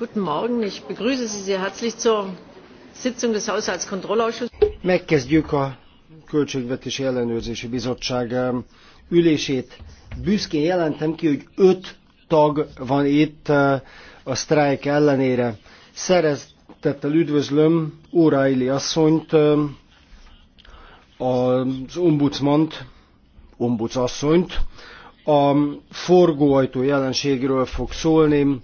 Guten Morgen, ich begrüße Sie sehr herzlich zur Sitzung des Haushaltskontrollausschusses. Megkezdjük a Költségvetési Ellenőrzési Bizottság ehm, ülését. Büszkén jelentem ki, hogy öt tag van itt ehm, a sztrájk ellenére. Szeretettel üdvözlöm Óráili asszonyt, ehm, az ombudsmant, ombudsasszonyt. A forgóajtó jelenségről fog szólni,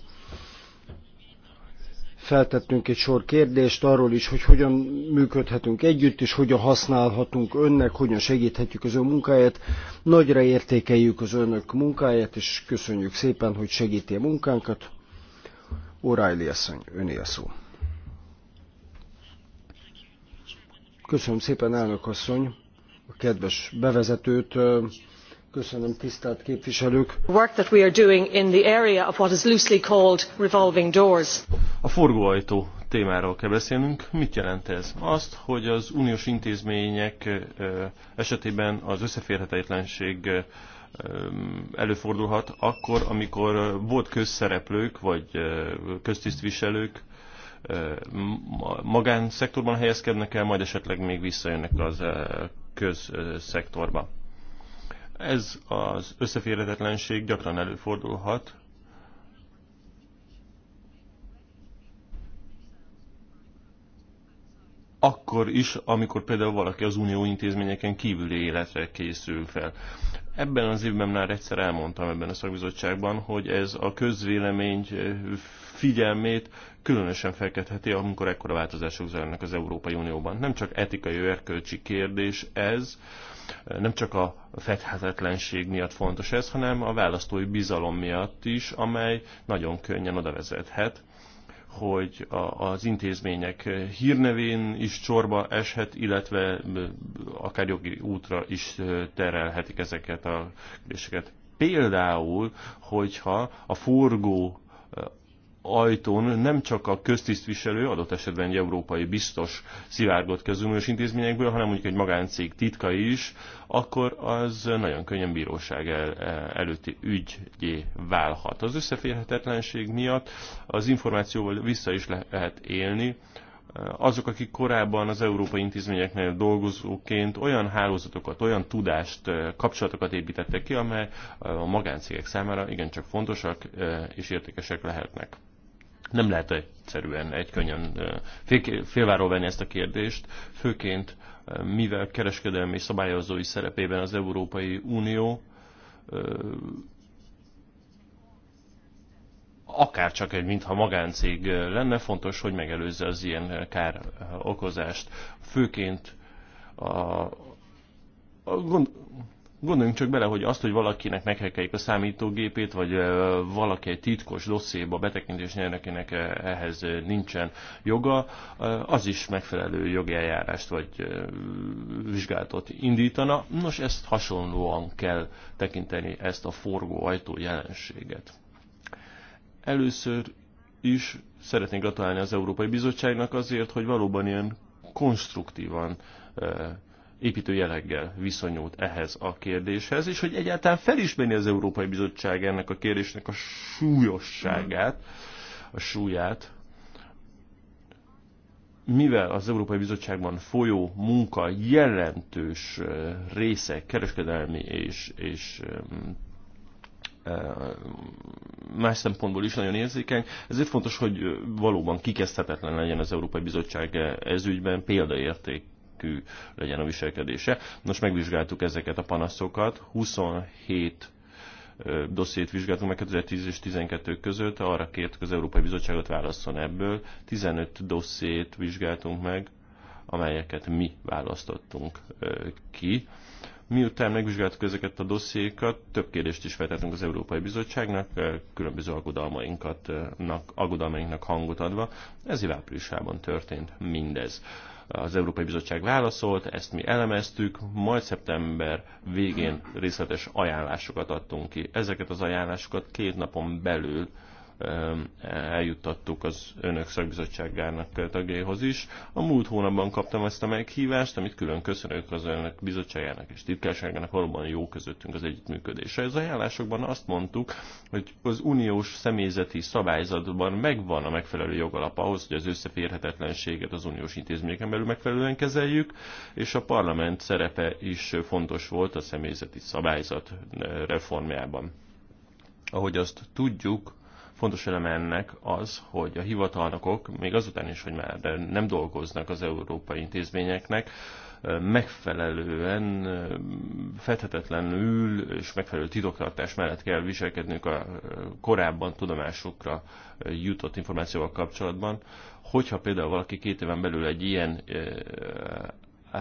feltettünk egy sor kérdést arról is, hogy hogyan működhetünk együtt, és hogyan használhatunk önnek, hogyan segíthetjük az ön munkáját. Nagyra értékeljük az önök munkáját, és köszönjük szépen, hogy segíti a munkánkat. O'Reilly asszony, öné a szó. Köszönöm szépen, elnök asszony, a kedves bevezetőt. Köszönöm, tisztelt képviselők. Work that we are doing in the area of what is loosely called revolving doors. A forgóajtó témáról kell beszélnünk. Mit jelent ez? Azt, hogy az uniós intézmények esetében az összeférhetetlenség előfordulhat akkor, amikor volt közszereplők vagy köztisztviselők magánszektorban helyezkednek el, majd esetleg még visszajönnek az közszektorba. Ez az összeférhetetlenség gyakran előfordulhat, akkor is, amikor például valaki az unió intézményeken kívüli életre készül fel. Ebben az évben már egyszer elmondtam ebben a szakbizottságban, hogy ez a közvélemény figyelmét különösen felkedheti, amikor ekkora változások zajlanak az Európai Unióban. Nem csak etikai, erkölcsi kérdés ez, nem csak a fedhetetlenség miatt fontos ez, hanem a választói bizalom miatt is, amely nagyon könnyen oda vezethet, hogy az intézmények hírnevén is csorba eshet, illetve akár jogi útra is terelhetik ezeket a kérdéseket. Például, hogyha a forgó ajtón nem csak a köztisztviselő, adott esetben egy európai biztos szivárgott közülműs intézményekből, hanem mondjuk egy magáncég titka is, akkor az nagyon könnyen bíróság el, e, előtti ügyé válhat. Az összeférhetetlenség miatt az információval vissza is lehet élni, azok, akik korábban az európai intézményeknél dolgozóként olyan hálózatokat, olyan tudást, e, kapcsolatokat építettek ki, amely a magáncégek számára igencsak fontosak e, és értékesek lehetnek. Nem lehet egyszerűen, egy könnyen fél, félváról venni ezt a kérdést, főként mivel kereskedelmi szabályozói szerepében az Európai Unió akár csak egy, mintha magáncég lenne, fontos, hogy megelőzze az ilyen kár okozást. Főként a, a gond, Gondoljunk csak bele, hogy azt, hogy valakinek meghekeljük a számítógépét, vagy valaki egy titkos dosszéba betekintés nyernekének ehhez nincsen joga, az is megfelelő jogi eljárást vagy vizsgálatot indítana. Nos, ezt hasonlóan kell tekinteni ezt a forgóajtó jelenséget. Először is szeretnék gratulálni az Európai Bizottságnak azért, hogy valóban ilyen konstruktívan építő jelleggel viszonyult ehhez a kérdéshez, és hogy egyáltalán felismerni az Európai Bizottság ennek a kérdésnek a súlyosságát, a súlyát, mivel az Európai Bizottságban folyó munka jelentős része kereskedelmi és, és más szempontból is nagyon érzékeny, ezért fontos, hogy valóban kikezdhetetlen legyen az Európai Bizottság ezügyben példaérték értékű legyen a viselkedése. Most megvizsgáltuk ezeket a panaszokat, 27 dossziét vizsgáltunk meg 2010 és 12 között, arra kértük az Európai Bizottságot válaszol ebből, 15 dossziét vizsgáltunk meg, amelyeket mi választottunk ki. Miután megvizsgáltuk ezeket a dossziékat, több kérdést is feltettünk az Európai Bizottságnak, különböző aggodalmainknak, aggodalmainknak hangot adva. Ez áprilisában történt mindez az Európai Bizottság válaszolt, ezt mi elemeztük, majd szeptember végén részletes ajánlásokat adtunk ki. Ezeket az ajánlásokat két napon belül eljuttattuk az önök szakbizottságának tagjaihoz is. A múlt hónapban kaptam ezt a meghívást, amit külön köszönök az önök bizottságának és titkárságának, valóban jó közöttünk az együttműködésre. Az ajánlásokban azt mondtuk, hogy az uniós személyzeti szabályzatban megvan a megfelelő jogalap ahhoz, hogy az összeférhetetlenséget az uniós intézményeken belül megfelelően kezeljük, és a parlament szerepe is fontos volt a személyzeti szabályzat reformjában. Ahogy azt tudjuk, Fontos eleme ennek az, hogy a hivatalnokok még azután is, hogy már nem dolgoznak az európai intézményeknek, megfelelően, fethetetlenül és megfelelő titoktartás mellett kell viselkednünk a korábban tudomásukra jutott információval kapcsolatban. Hogyha például valaki két éven belül egy ilyen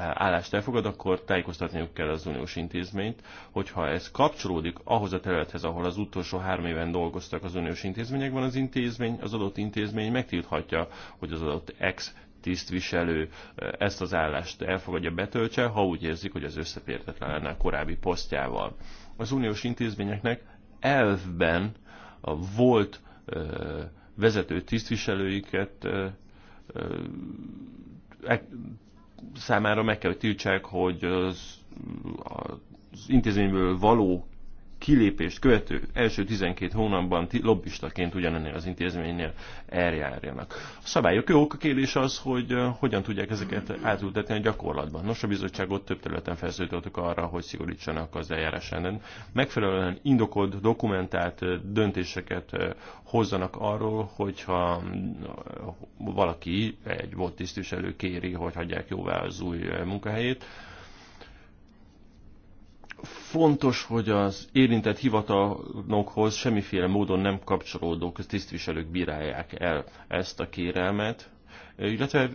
állást elfogad, akkor tájékoztatniuk kell az uniós intézményt, hogyha ez kapcsolódik ahhoz a területhez, ahol az utolsó három éven dolgoztak az uniós intézményekben, az intézmény, az adott intézmény megtilthatja, hogy az adott ex tisztviselő eh, ezt az állást elfogadja, betöltse, ha úgy érzik, hogy az összepértetlen lenne a korábbi posztjával. Az uniós intézményeknek elvben a volt eh, vezető tisztviselőiket eh, számára meg kell, hogy tiltsák, hogy az, az intézményből való kilépést követő első 12 hónapban lobbistaként ugyanennél az intézménynél eljárjanak. A szabályok jók, a kérdés az, hogy hogyan tudják ezeket átültetni a gyakorlatban. Nos, a bizottságot több területen felszólítottuk arra, hogy szigorítsanak az eljárás renden. Megfelelően indokolt, dokumentált döntéseket hozzanak arról, hogyha valaki, egy volt tisztviselő kéri, hogy hagyják jóvá az új munkahelyét, Fontos, hogy az érintett hivatalnokhoz semmiféle módon nem kapcsolódó tisztviselők bírálják el ezt a kérelmet, illetve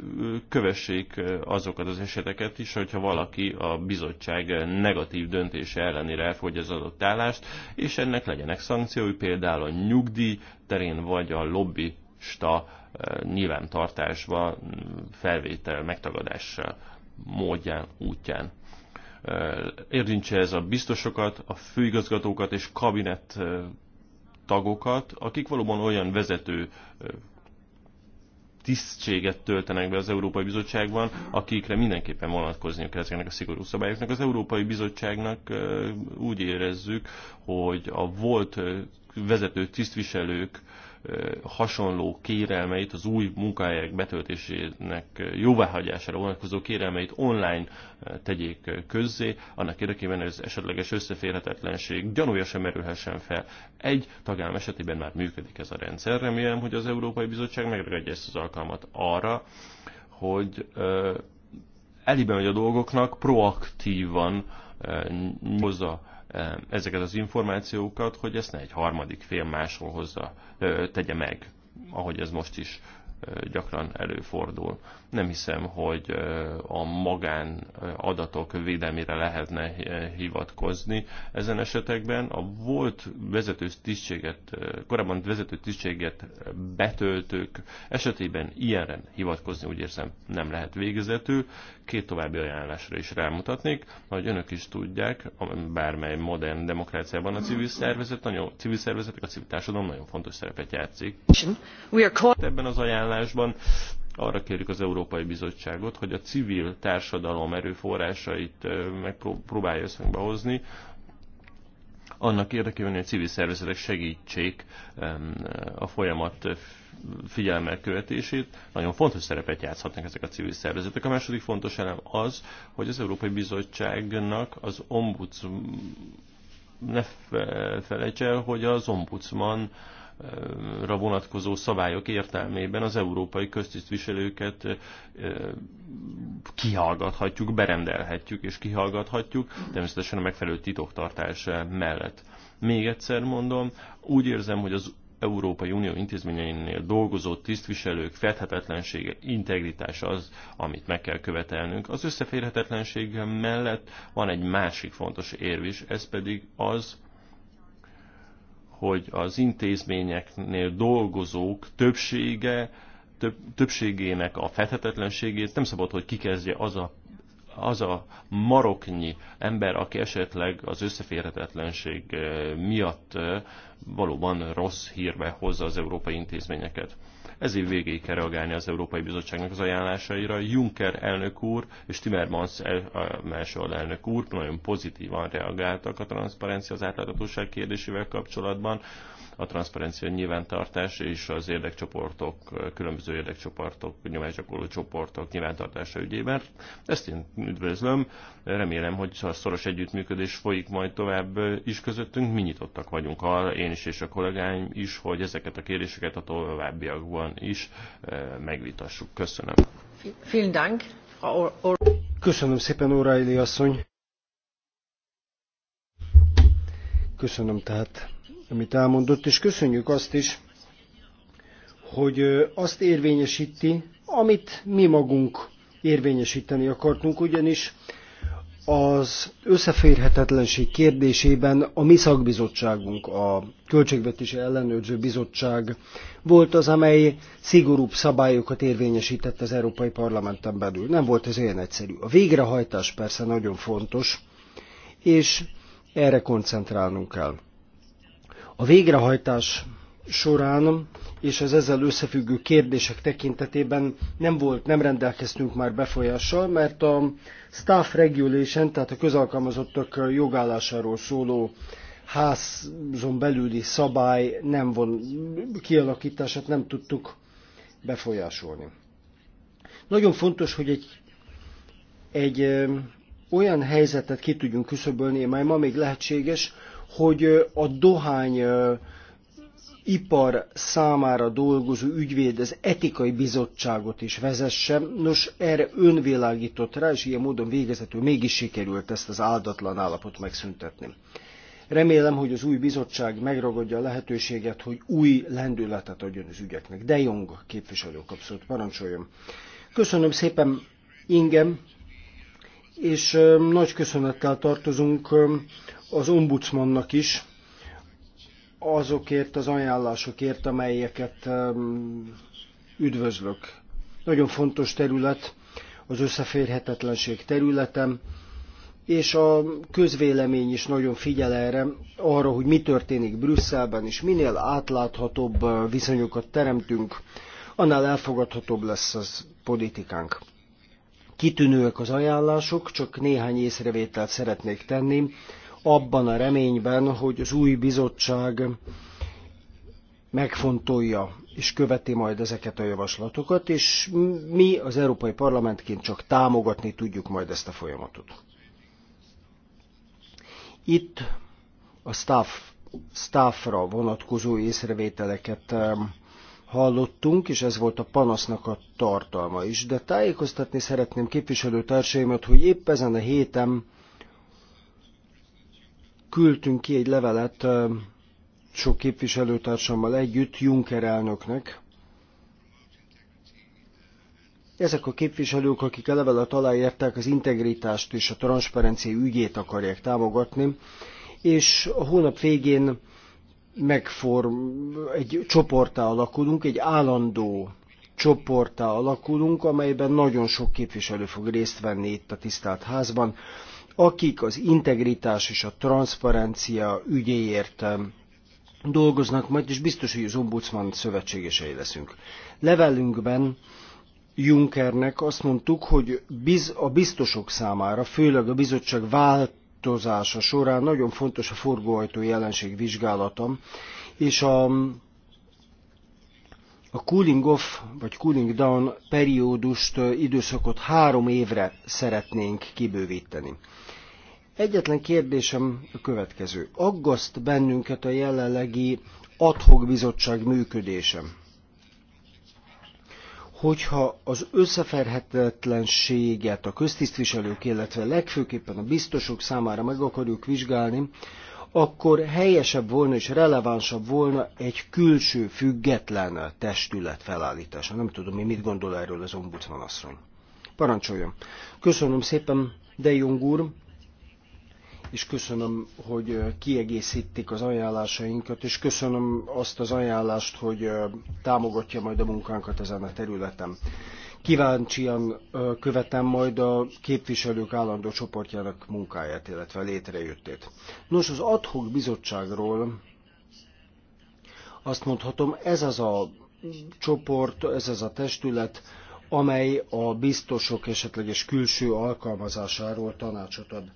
kövessék azokat az eseteket is, hogyha valaki a bizottság negatív döntése ellenére elfogyja az adott állást, és ennek legyenek szankciói, például a nyugdíj terén vagy a lobbista nyilvántartásba felvétel megtagadással módján, útján érintse ez a biztosokat, a főigazgatókat és kabinett tagokat, akik valóban olyan vezető tisztséget töltenek be az Európai Bizottságban, akikre mindenképpen vonatkozniuk kell ezeknek a szigorú szabályoknak. Az Európai Bizottságnak úgy érezzük, hogy a volt vezető tisztviselők hasonló kérelmeit, az új munkahelyek betöltésének jóváhagyására vonatkozó kérelmeit online tegyék közzé, annak érdekében, hogy az esetleges összeférhetetlenség gyanúja sem merülhessen fel. Egy tagállam esetében már működik ez a rendszer. Remélem, hogy az Európai Bizottság megragadja ezt az alkalmat arra, hogy elibe megy a dolgoknak proaktívan hozza Eh, ezeket az információkat, hogy ezt ne egy harmadik fél máshol hozza, tegye meg, ahogy ez most is gyakran előfordul. Nem hiszem, hogy a magán adatok védelmére lehetne hivatkozni. Ezen esetekben a volt vezető tisztséget, korábban vezető tisztséget betöltők esetében ilyenre hivatkozni úgy érzem nem lehet végezetül. Két további ajánlásra is rámutatnék, hogy önök is tudják, bármely modern demokráciában a civil, szervezet, nagyon, civil szervezetek, a civil társadalom nagyon fontos szerepet játszik. Ebben az ajánlásban arra kérjük az Európai Bizottságot, hogy a civil társadalom erőforrásait megpróbálja összhangba hozni, annak érdekében, hogy a civil szervezetek segítsék a folyamat figyelemmel követését. Nagyon fontos szerepet játszhatnak ezek a civil szervezetek. A második fontos elem az, hogy az Európai Bizottságnak az ombudsman, ne felejts el, hogy az ombudsman ra vonatkozó szabályok értelmében az európai köztisztviselőket kihallgathatjuk, berendelhetjük és kihallgathatjuk, természetesen a megfelelő titoktartás mellett. Még egyszer mondom, úgy érzem, hogy az Európai Unió intézményeinél dolgozó tisztviselők fedhetetlensége, integritása az, amit meg kell követelnünk. Az összeférhetetlenség mellett van egy másik fontos érv is, ez pedig az, hogy az intézményeknél dolgozók többsége, több, többségének a fethetetlenségét nem szabad, hogy kikezdje az a az a maroknyi ember, aki esetleg az összeférhetetlenség eh, miatt eh, valóban rossz hírbe hozza az európai intézményeket. Ez év végéig kell reagálni az Európai Bizottságnak az ajánlásaira. Juncker elnök úr és Timmermans el, a első elnök úr nagyon pozitívan reagáltak a transzparencia az átláthatóság kérdésével kapcsolatban a transzparencia nyilvántartás és az érdekcsoportok, különböző érdekcsoportok, nyomásgyakorló csoportok nyilvántartása ügyében. Ezt én üdvözlöm, remélem, hogy a szoros együttműködés folyik majd tovább is közöttünk, mi nyitottak vagyunk al, én is és a kollégáim is, hogy ezeket a kérdéseket a továbbiakban is eh, megvitassuk. Köszönöm. Vielen Dank. Köszönöm szépen, Óráili asszony. Köszönöm tehát amit elmondott, és köszönjük azt is, hogy azt érvényesíti, amit mi magunk érvényesíteni akartunk, ugyanis az összeférhetetlenség kérdésében a mi szakbizottságunk, a Költségvetési Ellenőrző Bizottság volt az, amely szigorúbb szabályokat érvényesített az Európai Parlamenten belül. Nem volt ez olyan egyszerű. A végrehajtás persze nagyon fontos, és erre koncentrálnunk kell. A végrehajtás során és az ezzel összefüggő kérdések tekintetében nem volt, nem rendelkeztünk már befolyással, mert a staff regulation, tehát a közalkalmazottak jogállásáról szóló házon belüli szabály nem von, kialakítását nem tudtuk befolyásolni. Nagyon fontos, hogy egy, egy olyan helyzetet ki tudjunk küszöbölni, mely ma még lehetséges, hogy a dohány ipar számára dolgozó ügyvéd az etikai bizottságot is vezesse. Nos, erre önvilágított rá, és ilyen módon végezetül mégis sikerült ezt az áldatlan állapot megszüntetni. Remélem, hogy az új bizottság megragadja a lehetőséget, hogy új lendületet adjon az ügyeknek. De Jong képviselő kapszót parancsoljon. Köszönöm szépen ingem, és nagy köszönettel tartozunk az ombudsmannak is azokért az ajánlásokért, amelyeket üdvözlök. Nagyon fontos terület az összeférhetetlenség területem, és a közvélemény is nagyon figyel erre, arra, hogy mi történik Brüsszelben, és minél átláthatóbb eh, viszonyokat teremtünk, annál elfogadhatóbb lesz az politikánk. Kitűnőek az ajánlások, csak néhány észrevételt szeretnék tenni abban a reményben, hogy az új bizottság megfontolja és követi majd ezeket a javaslatokat, és mi az Európai Parlamentként csak támogatni tudjuk majd ezt a folyamatot. Itt a staff, staffra vonatkozó észrevételeket um, hallottunk, és ez volt a panasznak a tartalma is, de tájékoztatni szeretném képviselőtársaimat, hogy épp ezen a héten küldtünk ki egy levelet sok képviselőtársammal együtt Juncker elnöknek. Ezek a képviselők, akik a levelet aláírták, az integritást és a transzparencia ügyét akarják támogatni, és a hónap végén megform, egy csoportá alakulunk, egy állandó csoportá alakulunk, amelyben nagyon sok képviselő fog részt venni itt a tisztelt házban akik az integritás és a transzparencia ügyéért dolgoznak majd, és biztos, hogy az ombudsman szövetségesei leszünk. Levelünkben Junckernek azt mondtuk, hogy biz, a biztosok számára, főleg a bizottság változása során nagyon fontos a forgóajtó jelenség vizsgálata, és a, a cooling off vagy cooling down periódust, időszakot három évre szeretnénk kibővíteni. Egyetlen kérdésem a következő. Aggaszt bennünket a jelenlegi adhok bizottság működése. Hogyha az összeferhetetlenséget a köztisztviselők, illetve legfőképpen a biztosok számára meg akarjuk vizsgálni, akkor helyesebb volna és relevánsabb volna egy külső független testület felállítása. Nem tudom, mi mit gondol erről az ombudsman asszony. Parancsoljon. Köszönöm szépen, de Jung úr és köszönöm, hogy kiegészítik az ajánlásainkat, és köszönöm azt az ajánlást, hogy támogatja majd a munkánkat ezen a területen. Kíváncsian követem majd a képviselők állandó csoportjának munkáját, illetve létrejöttét. Nos, az adhok bizottságról azt mondhatom, ez az a csoport, ez az a testület, amely a biztosok esetleges külső alkalmazásáról tanácsot ad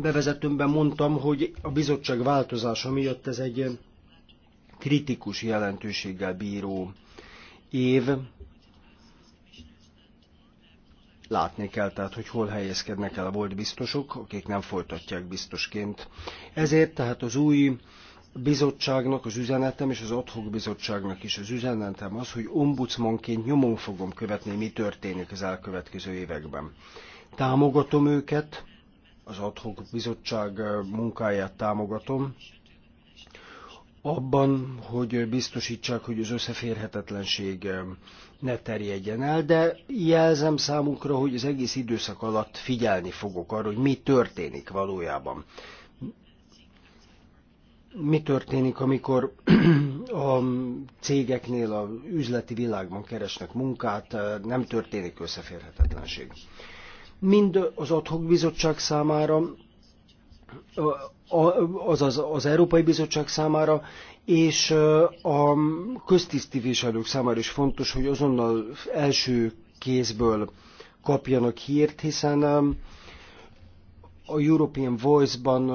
bevezetőmben mondtam, hogy a bizottság változása miatt ez egy kritikus jelentőséggel bíró év. Látni kell tehát, hogy hol helyezkednek el a volt biztosok, akik nem folytatják biztosként. Ezért tehát az új bizottságnak az üzenetem, és az adhok bizottságnak is az üzenetem az, hogy ombudsmanként nyomon fogom követni, mi történik az elkövetkező években. Támogatom őket, az adhok bizottság eh, munkáját támogatom, abban, hogy biztosítsák, hogy az összeférhetetlenség eh, ne terjedjen el, de jelzem számukra, hogy az egész időszak alatt figyelni fogok arra, hogy mi történik valójában. Mi történik, amikor a cégeknél, a üzleti világban keresnek munkát, eh, nem történik összeférhetetlenség mind az adhok bizottság számára, az az Európai Bizottság számára, és a köztisztviselők számára is fontos, hogy azonnal első kézből kapjanak hírt, hiszen a European Voice-ban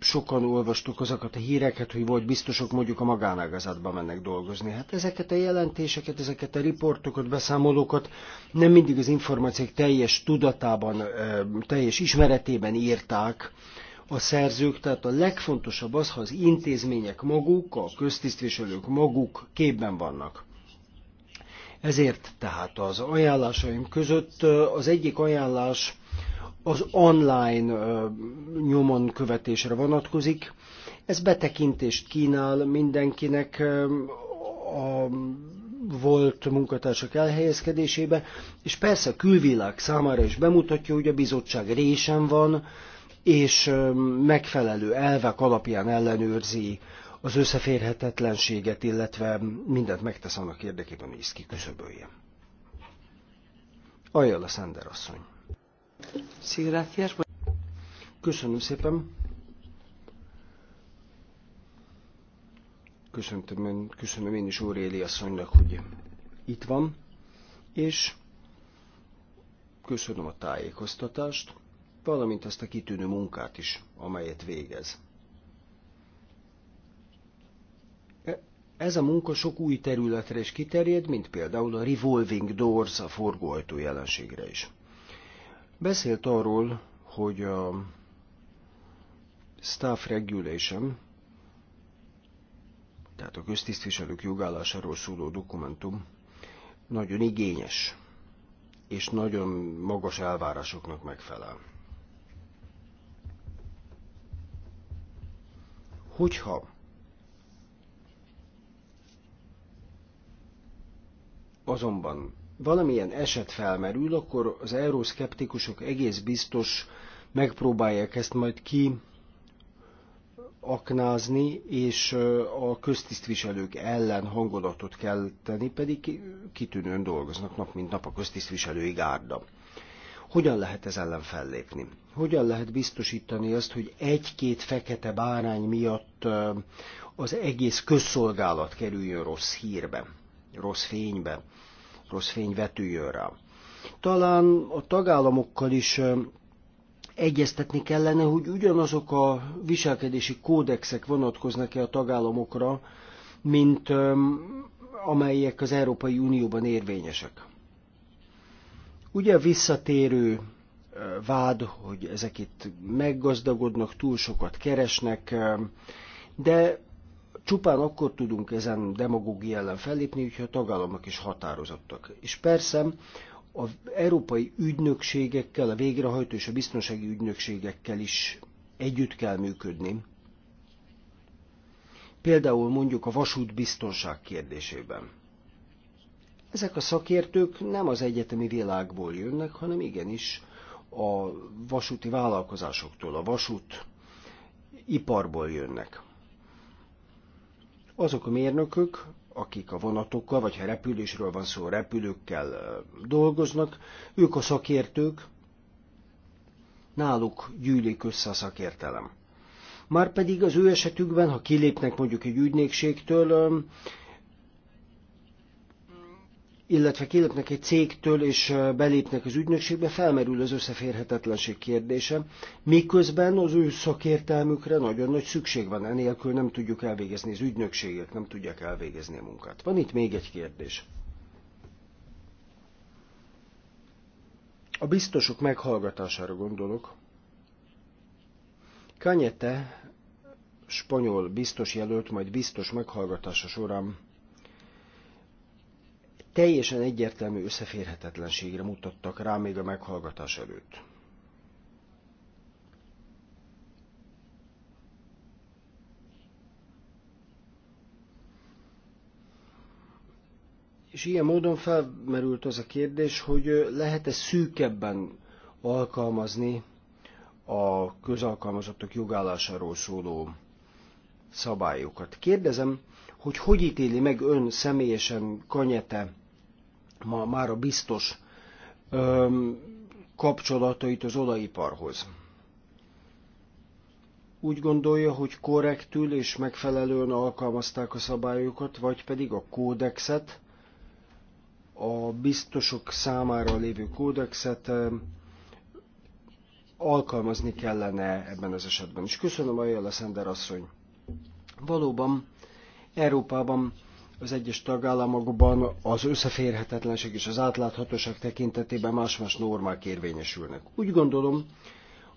sokan olvastuk azokat a híreket, hogy volt biztosok mondjuk a magánágazatba mennek dolgozni. Hát ezeket a jelentéseket, ezeket a riportokat, beszámolókat nem mindig az információk teljes tudatában, teljes ismeretében írták a szerzők, tehát a legfontosabb az, ha az intézmények maguk, a köztisztviselők maguk képben vannak. Ezért tehát az ajánlásaim között az egyik ajánlás az online nyomon követésre vonatkozik. Ez betekintést kínál mindenkinek a volt munkatársak elhelyezkedésébe, és persze a külvilág számára is bemutatja, hogy a bizottság résen van, és megfelelő elvek alapján ellenőrzi az összeférhetetlenséget, illetve mindent megtesz annak érdekében, hogy ezt kiküszöbölje. Ajjal a Szender asszony! Köszönöm szépen. Köszöntöm, köszönöm én is Óréli asszonynak, hogy itt van, és köszönöm a tájékoztatást, valamint azt a kitűnő munkát is, amelyet végez. E, ez a munka sok új területre is kiterjed, mint például a revolving doors, a forgóajtó jelenségre is. Beszélt arról, hogy a staff regulation, tehát a köztisztviselők jogállásáról szóló dokumentum nagyon igényes, és nagyon magas elvárásoknak megfelel. Hogyha azonban valamilyen eset felmerül, akkor az euroszkeptikusok egész biztos megpróbálják ezt majd ki aknázni, és a köztisztviselők ellen hangulatot kell tenni, pedig kitűnően dolgoznak nap mint nap a köztisztviselői gárda. Hogyan lehet ez ellen fellépni? Hogyan lehet biztosítani azt, hogy egy-két fekete bárány miatt az egész közszolgálat kerüljön rossz hírbe, rossz fénybe? rossz fény vetőjön rá. Talán a tagállamokkal is egyeztetni kellene, hogy ugyanazok a viselkedési kódexek vonatkoznak-e a tagállamokra, mint amelyek az Európai Unióban érvényesek. Ugye visszatérő vád, hogy ezek itt meggazdagodnak, túl sokat keresnek, de Csupán akkor tudunk ezen demagógia ellen fellépni, hogyha a tagállamok is határozottak. És persze az európai ügynökségekkel, a végrehajtó és a biztonsági ügynökségekkel is együtt kell működni. Például mondjuk a vasút biztonság kérdésében. Ezek a szakértők nem az egyetemi világból jönnek, hanem igenis a vasúti vállalkozásoktól, a vasút iparból jönnek. Azok a mérnökök, akik a vonatokkal, vagy ha repülésről van szó, repülőkkel dolgoznak, ők a szakértők, náluk gyűlik össze a szakértelem. Márpedig az ő esetükben, ha kilépnek mondjuk egy ügynékségtől, illetve kilépnek egy cégtől és belépnek az ügynökségbe, felmerül az összeférhetetlenség kérdése, miközben az ő szakértelmükre nagyon nagy szükség van, enélkül nem tudjuk elvégezni, az ügynökségek nem tudják elvégezni a munkát. Van itt még egy kérdés. A biztosok meghallgatására gondolok. Kanyete, spanyol biztos jelölt, majd biztos meghallgatása során teljesen egyértelmű összeférhetetlenségre mutattak rá még a meghallgatás előtt. És ilyen módon felmerült az a kérdés, hogy lehet-e szűkebben alkalmazni a közalkalmazottak jogállásáról szóló szabályokat. Kérdezem, hogy hogy ítéli meg ön személyesen Kanyete ma már a biztos öm, kapcsolatait az olajiparhoz. Úgy gondolja, hogy korrektül és megfelelően alkalmazták a szabályokat, vagy pedig a kódexet, a biztosok számára lévő kódexet alkalmazni kellene ebben az esetben. És köszönöm a Jelle Szender asszony. Valóban Európában az egyes tagállamokban az összeférhetetlenség és az átláthatóság tekintetében más-más normák érvényesülnek. Úgy gondolom,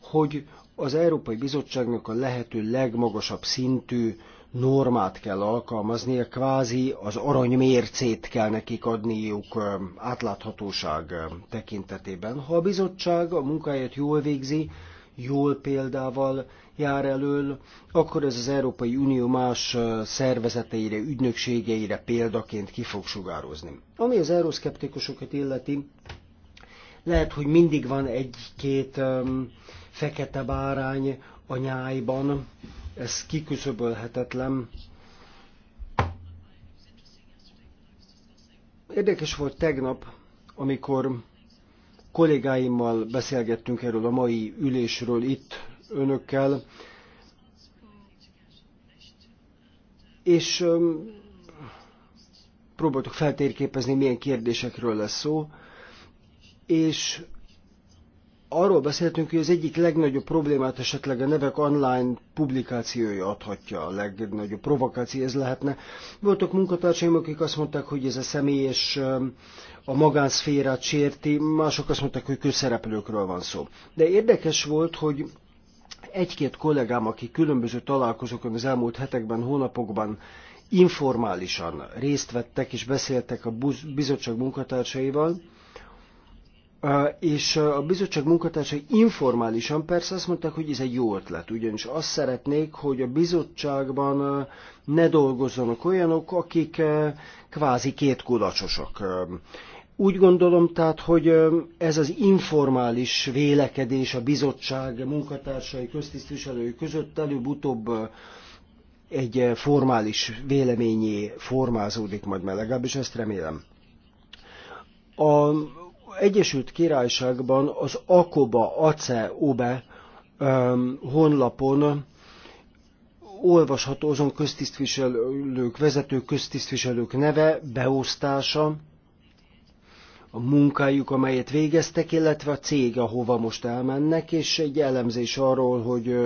hogy az Európai Bizottságnak a lehető legmagasabb szintű normát kell alkalmaznia, kvázi az aranymércét kell nekik adniuk átláthatóság tekintetében. Ha a bizottság a munkáját jól végzi, jól példával jár elől, akkor ez az Európai Unió más szervezeteire, ügynökségeire példaként ki fog sugározni. Ami az euroszkeptikusokat illeti, lehet, hogy mindig van egy-két um, fekete bárány a nyájban, ez kiküszöbölhetetlen. Érdekes volt tegnap, amikor kollégáimmal beszélgettünk erről a mai ülésről itt önökkel, és próbáltuk feltérképezni, milyen kérdésekről lesz szó, és arról beszéltünk, hogy az egyik legnagyobb problémát esetleg a nevek online publikációja adhatja, a legnagyobb provokáció ez lehetne. Voltak munkatársaim, akik azt mondták, hogy ez a személyes, um, a magánszférát sérti, mások azt mondták, hogy közszereplőkről van szó. De érdekes volt, hogy egy-két kollégám, aki különböző találkozókon az elmúlt hetekben, hónapokban informálisan részt vettek és beszéltek a bizottság munkatársaival, és a bizottság munkatársai informálisan persze azt mondták, hogy ez egy jó ötlet, ugyanis azt szeretnék, hogy a bizottságban ne dolgozzanak olyanok, akik kvázi két kudacsosak. Úgy gondolom tehát, hogy ez az informális vélekedés a bizottság munkatársai köztisztviselői között előbb-utóbb egy formális véleményé formázódik majd meg, legalábbis ezt remélem. A Egyesült Királyságban az Akoba Ace Obe um, honlapon olvasható azon köztisztviselők, vezető köztisztviselők neve, beosztása, a munkájuk, amelyet végeztek, illetve a cég, ahova most elmennek, és egy elemzés arról, hogy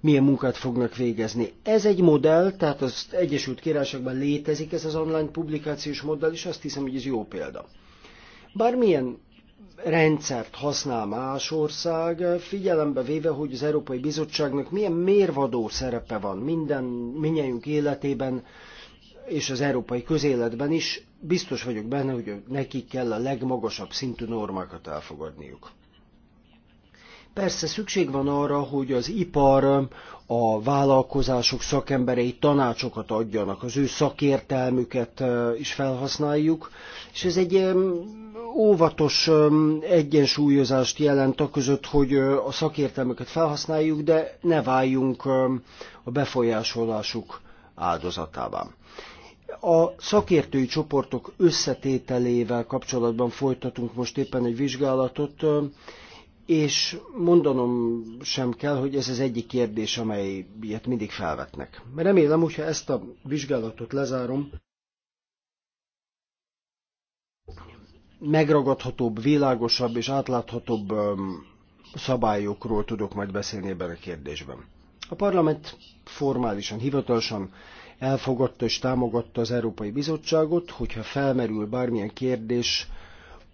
milyen munkát fognak végezni. Ez egy modell, tehát az Egyesült Királyságban létezik ez az online publikációs modell, és azt hiszem, hogy ez jó példa. Bármilyen rendszert használ más ország, figyelembe véve, hogy az Európai Bizottságnak milyen mérvadó szerepe van minden minnyájunk életében, és az európai közéletben is, biztos vagyok benne, hogy nekik kell a legmagasabb szintű normákat elfogadniuk. Persze szükség van arra, hogy az ipar, a vállalkozások szakemberei tanácsokat adjanak, az ő szakértelmüket is felhasználjuk, és ez egy óvatos egyensúlyozást jelent a között, hogy a szakértelmeket felhasználjuk, de ne váljunk a befolyásolásuk áldozatává. A szakértői csoportok összetételével kapcsolatban folytatunk most éppen egy vizsgálatot, és mondanom sem kell, hogy ez az egyik kérdés, amelyet mindig felvetnek. Remélem, hogyha ezt a vizsgálatot lezárom, megragadhatóbb, világosabb és átláthatóbb szabályokról tudok majd beszélni ebben a kérdésben. A parlament formálisan, hivatalosan elfogadta és támogatta az Európai Bizottságot, hogyha felmerül bármilyen kérdés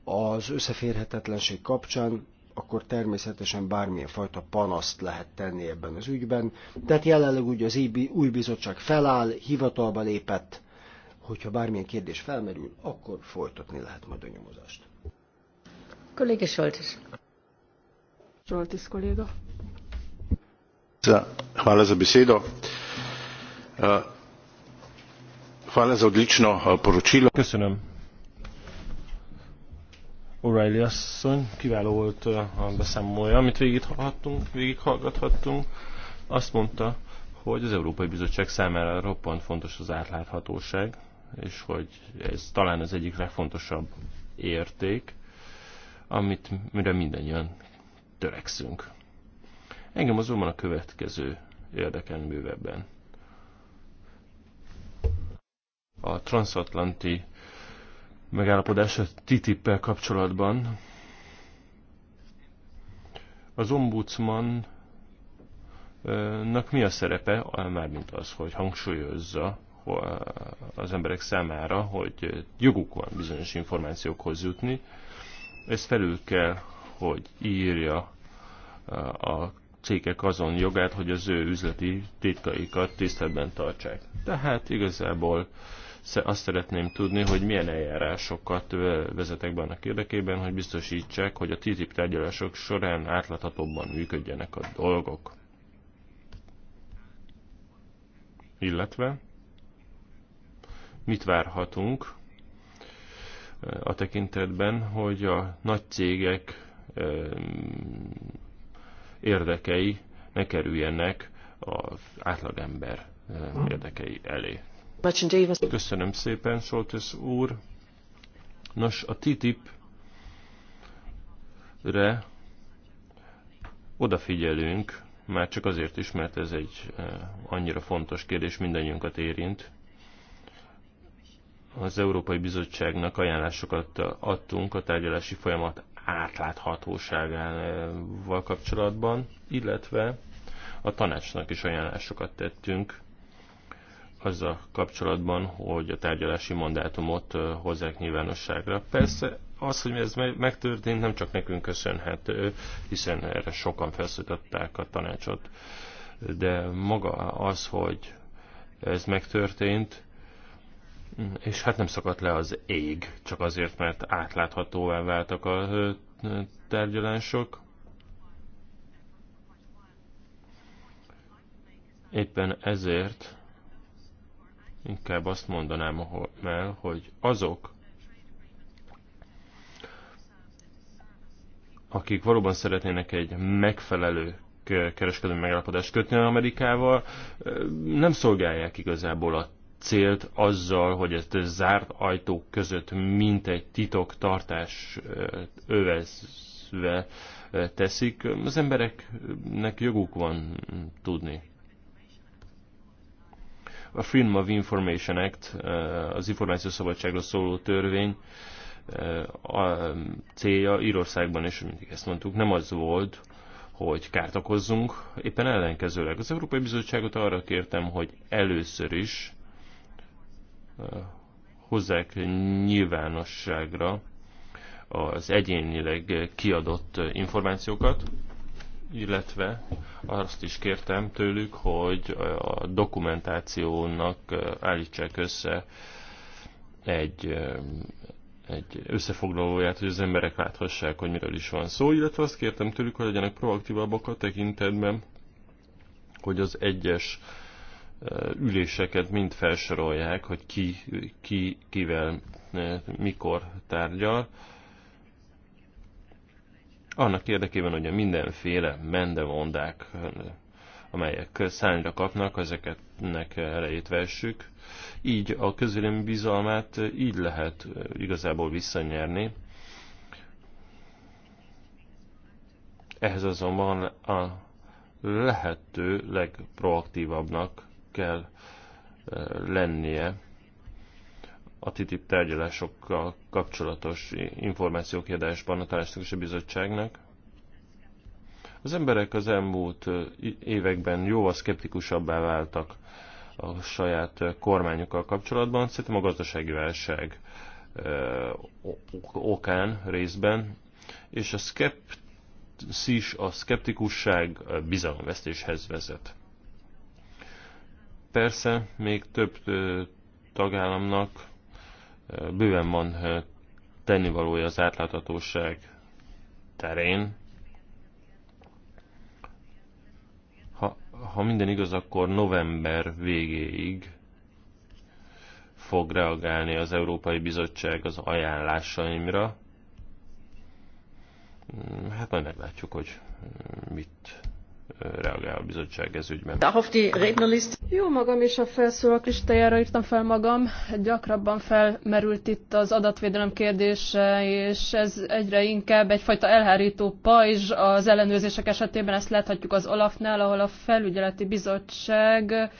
az összeférhetetlenség kapcsán, akkor természetesen bármilyen fajta panaszt lehet tenni ebben az ügyben. Tehát jelenleg ugye az új bizottság feláll, hivatalba lépett, hogyha bármilyen kérdés felmerül, akkor folytatni lehet majd a nyomozást. Kolléga Soltis. Soltis kolléga. Hvala za besedo. Eh, hvala za odlično eh, poročilo. Köszönöm. O'Reilly asszony, kiváló volt eh, a beszámolója, amit végighallgathattunk. végighallgathattunk. Azt mondta, hogy az Európai Bizottság számára roppant fontos az átláthatóság, és hogy ez talán az egyik legfontosabb érték, amit mire mindannyian törekszünk. Engem azonban a következő érdekel művebben: A transatlanti megállapodás a ttip kapcsolatban az ombudsman mi a szerepe, mármint az, hogy hangsúlyozza az emberek számára, hogy joguk van bizonyos információkhoz jutni. Ezt felül kell, hogy írja eh, a cégek azon jogát, hogy az ő üzleti titkaikat tiszteletben tartsák. Tehát igazából azt szeretném tudni, hogy milyen eljárásokat eh, vezetek be annak érdekében, hogy biztosítsák, hogy a TTIP tárgyalások során átláthatóbban működjenek a dolgok. Illetve mit várhatunk eh, a tekintetben, hogy a nagy cégek eh, érdekei ne kerüljenek az átlagember eh, érdekei elé. Köszönöm szépen, Soltes úr. Nos, a TTIP-re odafigyelünk, már csak azért is, mert ez egy annyira fontos kérdés, mindannyiunkat érint az Európai Bizottságnak ajánlásokat adtunk a tárgyalási folyamat átláthatóságával kapcsolatban, illetve a tanácsnak is ajánlásokat tettünk azzal kapcsolatban, hogy a tárgyalási mandátumot hozzák nyilvánosságra. Persze az, hogy ez megtörtént, nem csak nekünk köszönhető, hiszen erre sokan felszították a tanácsot, de maga az, hogy ez megtörtént, és hát nem szakadt le az ég, csak azért, mert átláthatóvá váltak a tárgyalások. Éppen ezért inkább azt mondanám el, hogy azok, akik valóban szeretnének egy megfelelő kereskedelmi megállapodást kötni Amerikával, nem szolgálják igazából a célt azzal, hogy ezt zárt ajtók között mint egy titoktartás övezve teszik. Az embereknek joguk van tudni. A Freedom of Information Act, az szabadságra szóló törvény a célja Írországban, és mindig ezt mondtuk, nem az volt, hogy kárt okozzunk, éppen ellenkezőleg. Az Európai Bizottságot arra kértem, hogy először is hozzák nyilvánosságra az egyénileg kiadott információkat, illetve azt is kértem tőlük, hogy a dokumentációnak állítsák össze egy, egy összefoglalóját, hogy az emberek láthassák, hogy miről is van szó, illetve azt kértem tőlük, hogy legyenek proaktívabbak a tekintetben, hogy az egyes uh, üléseket mind felsorolják, hogy ki, ki kivel, mikor tárgyal. Annak érdekében, hogy a mindenféle mendemondák, amelyek szányra kapnak, ezeket elejét vessük. Így a közvélemény bizalmát így lehet igazából visszanyerni. Ehhez azonban a lehető legproaktívabbnak kell eh, lennie a TTIP tárgyalásokkal kapcsolatos információkiadásban a Tanácsokosi Bizottságnak. Az emberek az elmúlt eh, években jóval szkeptikusabbá váltak a saját eh, kormányokkal kapcsolatban. Szerintem a gazdasági válság okán részben, és a szkeptis, a szkeptikusság bizalomvesztéshez vezet. Persze, még több tagállamnak bőven van tennivalója az átláthatóság terén. Ha, ha minden igaz, akkor november végéig fog reagálni az Európai Bizottság az ajánlásaimra. Mm, hát majd meglátjuk, hogy mm, mit reagál a bizottság ez ügyben. Jó magam is a felszólalók listájára írtam fel magam. Gyakrabban felmerült itt az adatvédelem kérdése, és ez egyre inkább egyfajta elhárító pajzs az ellenőrzések esetében. Ezt láthatjuk az Olafnál, ahol a felügyeleti bizottság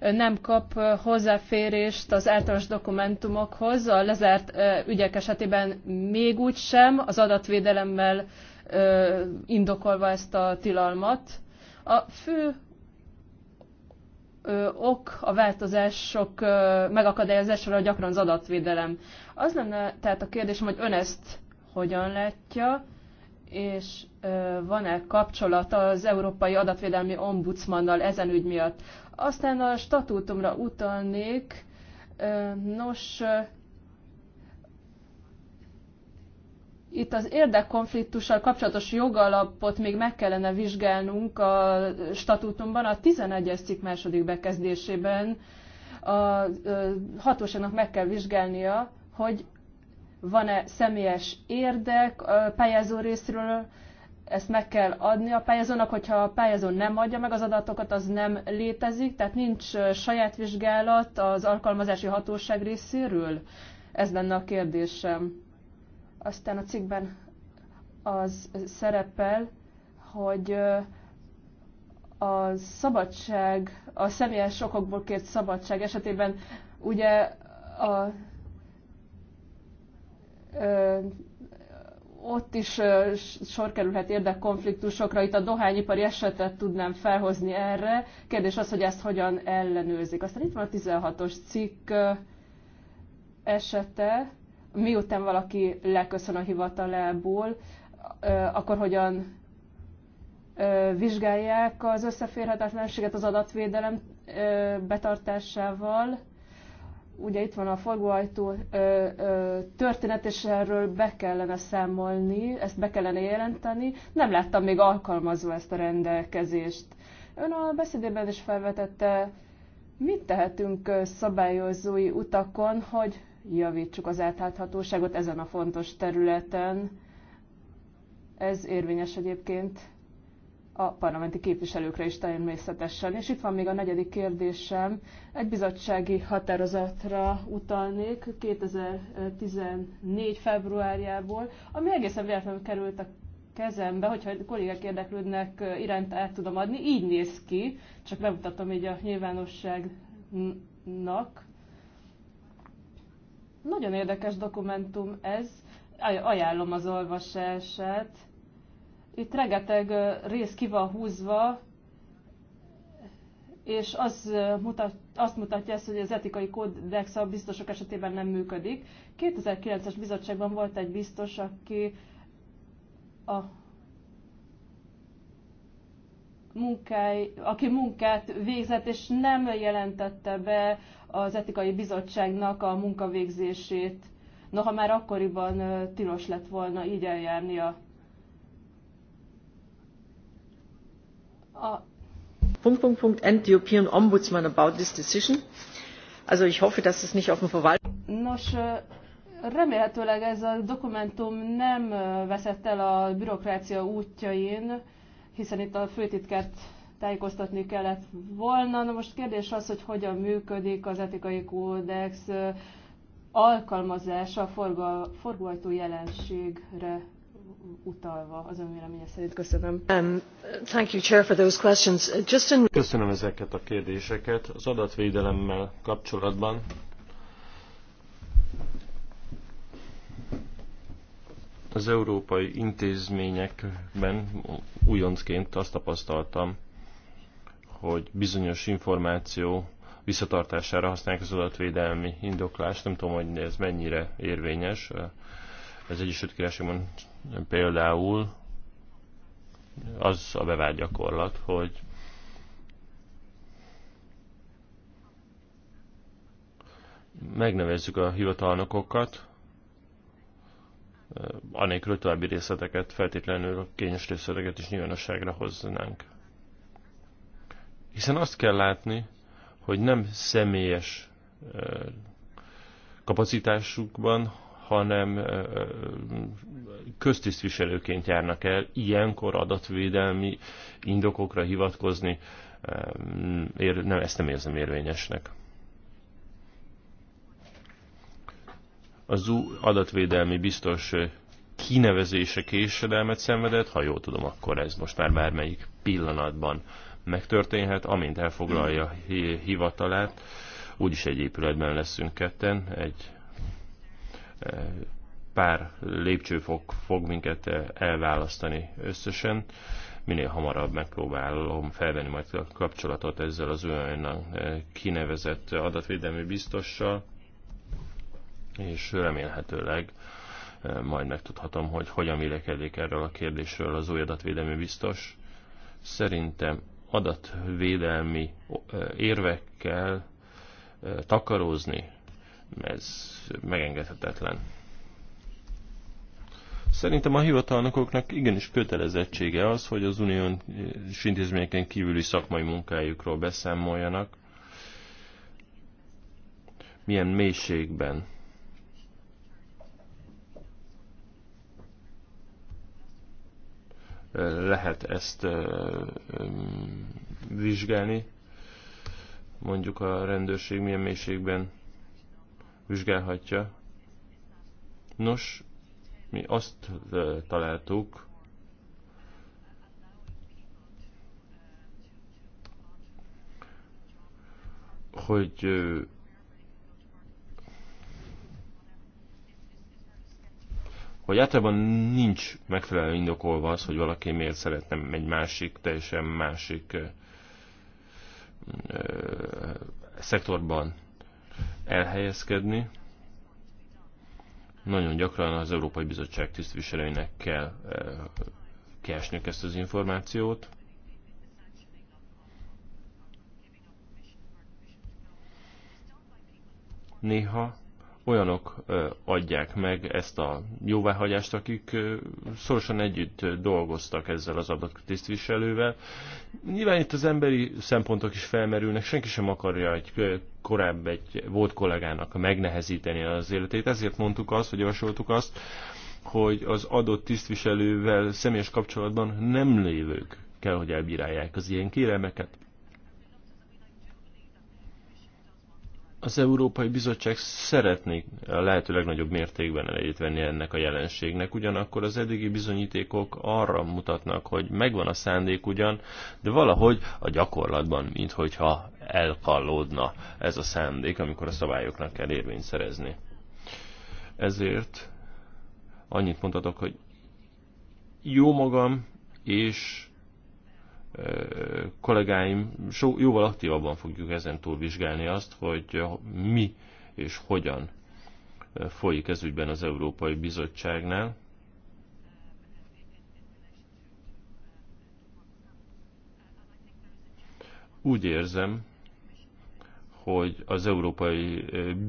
nem kap hozzáférést az általános dokumentumokhoz, a lezárt eh, ügyek esetében még úgy sem, az adatvédelemmel indokolva ezt a tilalmat. A fő ok a változások megakadályozására gyakran az adatvédelem. Az lenne tehát a kérdésem, hogy ön ezt hogyan látja, és van-e kapcsolata az Európai Adatvédelmi Ombudsmannal ezen ügy miatt. Aztán a statútumra utalnék. Nos, Itt az érdekkonfliktussal kapcsolatos jogalapot még meg kellene vizsgálnunk a statútumban, a 11 cikk második bekezdésében a hatóságnak meg kell vizsgálnia, hogy van-e személyes érdek a pályázó részről, ezt meg kell adni a pályázónak, hogyha a pályázó nem adja meg az adatokat, az nem létezik, tehát nincs saját vizsgálat az alkalmazási hatóság részéről? Ez lenne a kérdésem. Aztán a cikkben az szerepel, hogy a szabadság, a személyes okokból kért szabadság esetében ugye a, ö, ott is ö, sor kerülhet érdekkonfliktusokra, itt a dohányipari esetet tudnám felhozni erre. Kérdés az, hogy ezt hogyan ellenőrzik. Aztán itt van a 16-os cikk ö, esete, miután valaki leköszön a hivatalából, akkor hogyan vizsgálják az összeférhetetlenséget az adatvédelem betartásával. Ugye itt van a forgóajtó történet, és erről be kellene számolni, ezt be kellene jelenteni. Nem láttam még alkalmazva ezt a rendelkezést. Ön a beszédében is felvetette, mit tehetünk szabályozói utakon, hogy javítsuk az átláthatóságot ezen a fontos területen. Ez érvényes egyébként a parlamenti képviselőkre is természetesen. És itt van még a negyedik kérdésem. Egy bizottsági határozatra utalnék 2014. februárjából, ami egészen véletlenül került a kezembe, hogyha a kollégák érdeklődnek iránt át tudom adni. Így néz ki, csak bemutatom így a nyilvánosságnak. Nagyon érdekes dokumentum ez, ajánlom az olvasását. Itt rengeteg rész ki van húzva, és az mutat, azt mutatja ezt, hogy az etikai kódex a biztosok esetében nem működik. 2009-es bizottságban volt egy biztos, aki a munkáj, aki munkát végzett, és nem jelentette be az etikai bizottságnak a munkavégzését. Noha már akkoriban tilos lett volna így eljárnia. A Punkt, Punkt, Punkt, and the European Ombudsman about this decision. Also ich hoffe, dass es nicht auf dem Verwaltung... Nos, remélhetőleg ez a dokumentum nem veszett el a bürokrácia útjain, hiszen itt a főtitkert tájékoztatni kellett volna. Na most kérdés az, hogy hogyan működik az etikai kódex alkalmazása a forgóajtó jelenségre utalva az önvéleménye szerint. Köszönöm. Um, thank you, Chair, for those questions. Uh, just in... Köszönöm ezeket a kérdéseket. Az adatvédelemmel kapcsolatban az európai intézményekben újoncként azt tapasztaltam, hogy bizonyos információ visszatartására használják az adatvédelmi indoklást. Nem tudom, hogy ez mennyire érvényes. Az Egyesült Királyságban például az a bevált gyakorlat, hogy megnevezzük a hivatalnokokat, anélkül további részleteket, feltétlenül a kényes részleteket is nyilvánosságra hozzanánk. Hiszen azt kell látni, hogy nem személyes kapacitásukban, hanem köztisztviselőként járnak el, ilyenkor adatvédelmi indokokra hivatkozni, nem, ezt nem érzem érvényesnek. Az adatvédelmi biztos kinevezése késedelmet szenvedett, ha jól tudom, akkor ez most már bármelyik pillanatban megtörténhet, amint elfoglalja hivatalát. Úgyis egy épületben leszünk ketten, egy e, pár lépcsőfok fog minket e, elválasztani összesen. Minél hamarabb megpróbálom felvenni majd a kapcsolatot ezzel az olyan e, kinevezett adatvédelmi biztossal, és remélhetőleg majd megtudhatom, hogy hogyan vélekedik erről a kérdésről az új adatvédelmi biztos. Szerintem adatvédelmi érvekkel takarózni, ez megengedhetetlen. Szerintem a hivatalnokoknak igenis kötelezettsége az, hogy az unión intézményeken kívüli szakmai munkájukról beszámoljanak, milyen mélységben lehet ezt vizsgálni, mondjuk a rendőrség milyen mélységben vizsgálhatja. Nos, mi azt találtuk, hogy hogy általában nincs megfelelő indokolva az, hogy valaki miért szeretne egy másik, teljesen másik ö, ö, szektorban elhelyezkedni. Nagyon gyakran az Európai Bizottság tisztviselőinek kell ö, ezt az információt. Néha olyanok adják meg ezt a jóváhagyást, akik szorosan együtt dolgoztak ezzel az adott tisztviselővel. Nyilván itt az emberi szempontok is felmerülnek, senki sem akarja egy korábbi egy volt kollégának megnehezíteni az életét, ezért mondtuk azt, vagy javasoltuk azt, hogy az adott tisztviselővel személyes kapcsolatban nem lévők kell, hogy elbírálják az ilyen kérelmeket. az Európai Bizottság szeretné a lehető legnagyobb mértékben elejét venni ennek a jelenségnek, ugyanakkor az eddigi bizonyítékok arra mutatnak, hogy megvan a szándék ugyan, de valahogy a gyakorlatban, minthogyha elkallódna ez a szándék, amikor a szabályoknak kell érvényt szerezni. Ezért annyit mondhatok, hogy jó magam és kollégáim jóval aktívabban fogjuk ezen túl vizsgálni azt, hogy mi és hogyan folyik ez ügyben az Európai Bizottságnál. Úgy érzem, hogy az Európai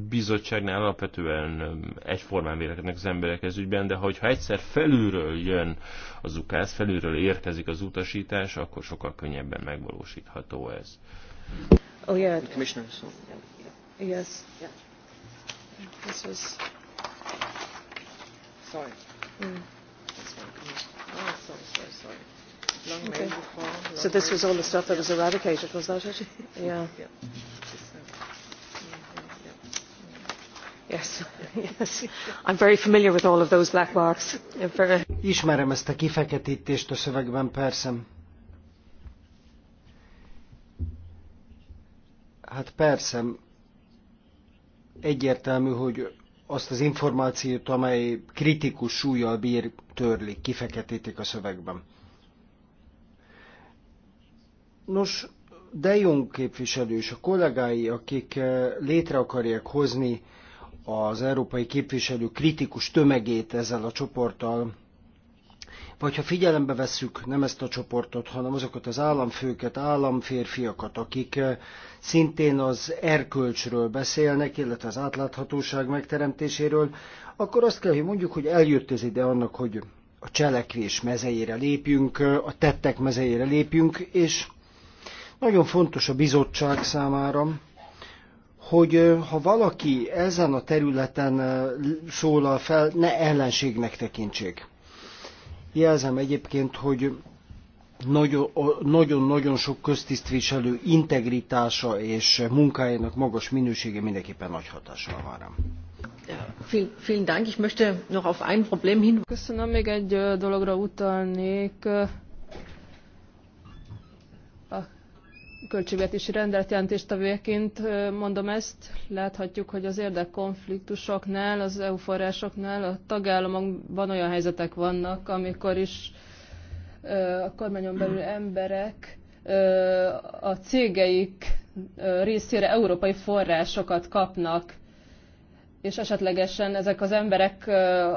Bizottságnál alapvetően egyformán vélekednek az emberek ez ügyben, de hogyha egyszer felülről jön az ukáz, felülről érkezik az utasítás, akkor sokkal könnyebben megvalósítható ez. Oh, yeah. The commissioner, so. Yes. Yeah. This was... Sorry. Mm. Oh, sorry, sorry, sorry. Long okay. before, long so this was all the stuff that was eradicated, was that it? Yeah. yeah. Yes, yes. I'm very familiar with all of those black marks. Ismerem ezt a kifeketítést a szövegben, persze. Hát persze, egyértelmű, hogy azt az információt, amely kritikus súlyjal bír, törlik, kifeketítik a szövegben. Nos, de Jong képviselő és a kollégái, akik eh, létre akarják hozni az európai képviselő kritikus tömegét ezzel a csoporttal, vagy ha figyelembe vesszük nem ezt a csoportot, hanem azokat az államfőket, államférfiakat, akik eh, szintén az erkölcsről beszélnek, illetve az átláthatóság megteremtéséről, akkor azt kell, hogy mondjuk, hogy eljött ez ide annak, hogy a cselekvés mezeire lépjünk, eh, a tettek mezeire lépjünk, és nagyon fontos a bizottság számára, hogy ha valaki ezen a területen szólal fel, ne ellenségnek tekintsék. Jelzem egyébként, hogy nagyon-nagyon sok köztisztviselő integritása és munkájának magas minősége mindenképpen nagy hatással van rám. Vielen Dank. Ich möchte noch auf ein Problem Köszönöm, még egy dologra utalnék. költségvetési rendeletjelentéstevőjeként mondom ezt, láthatjuk, hogy az érdekkonfliktusoknál, az EU forrásoknál a tagállamokban olyan helyzetek vannak, amikor is a kormányon belül emberek a cégeik részére európai forrásokat kapnak és esetlegesen ezek az emberek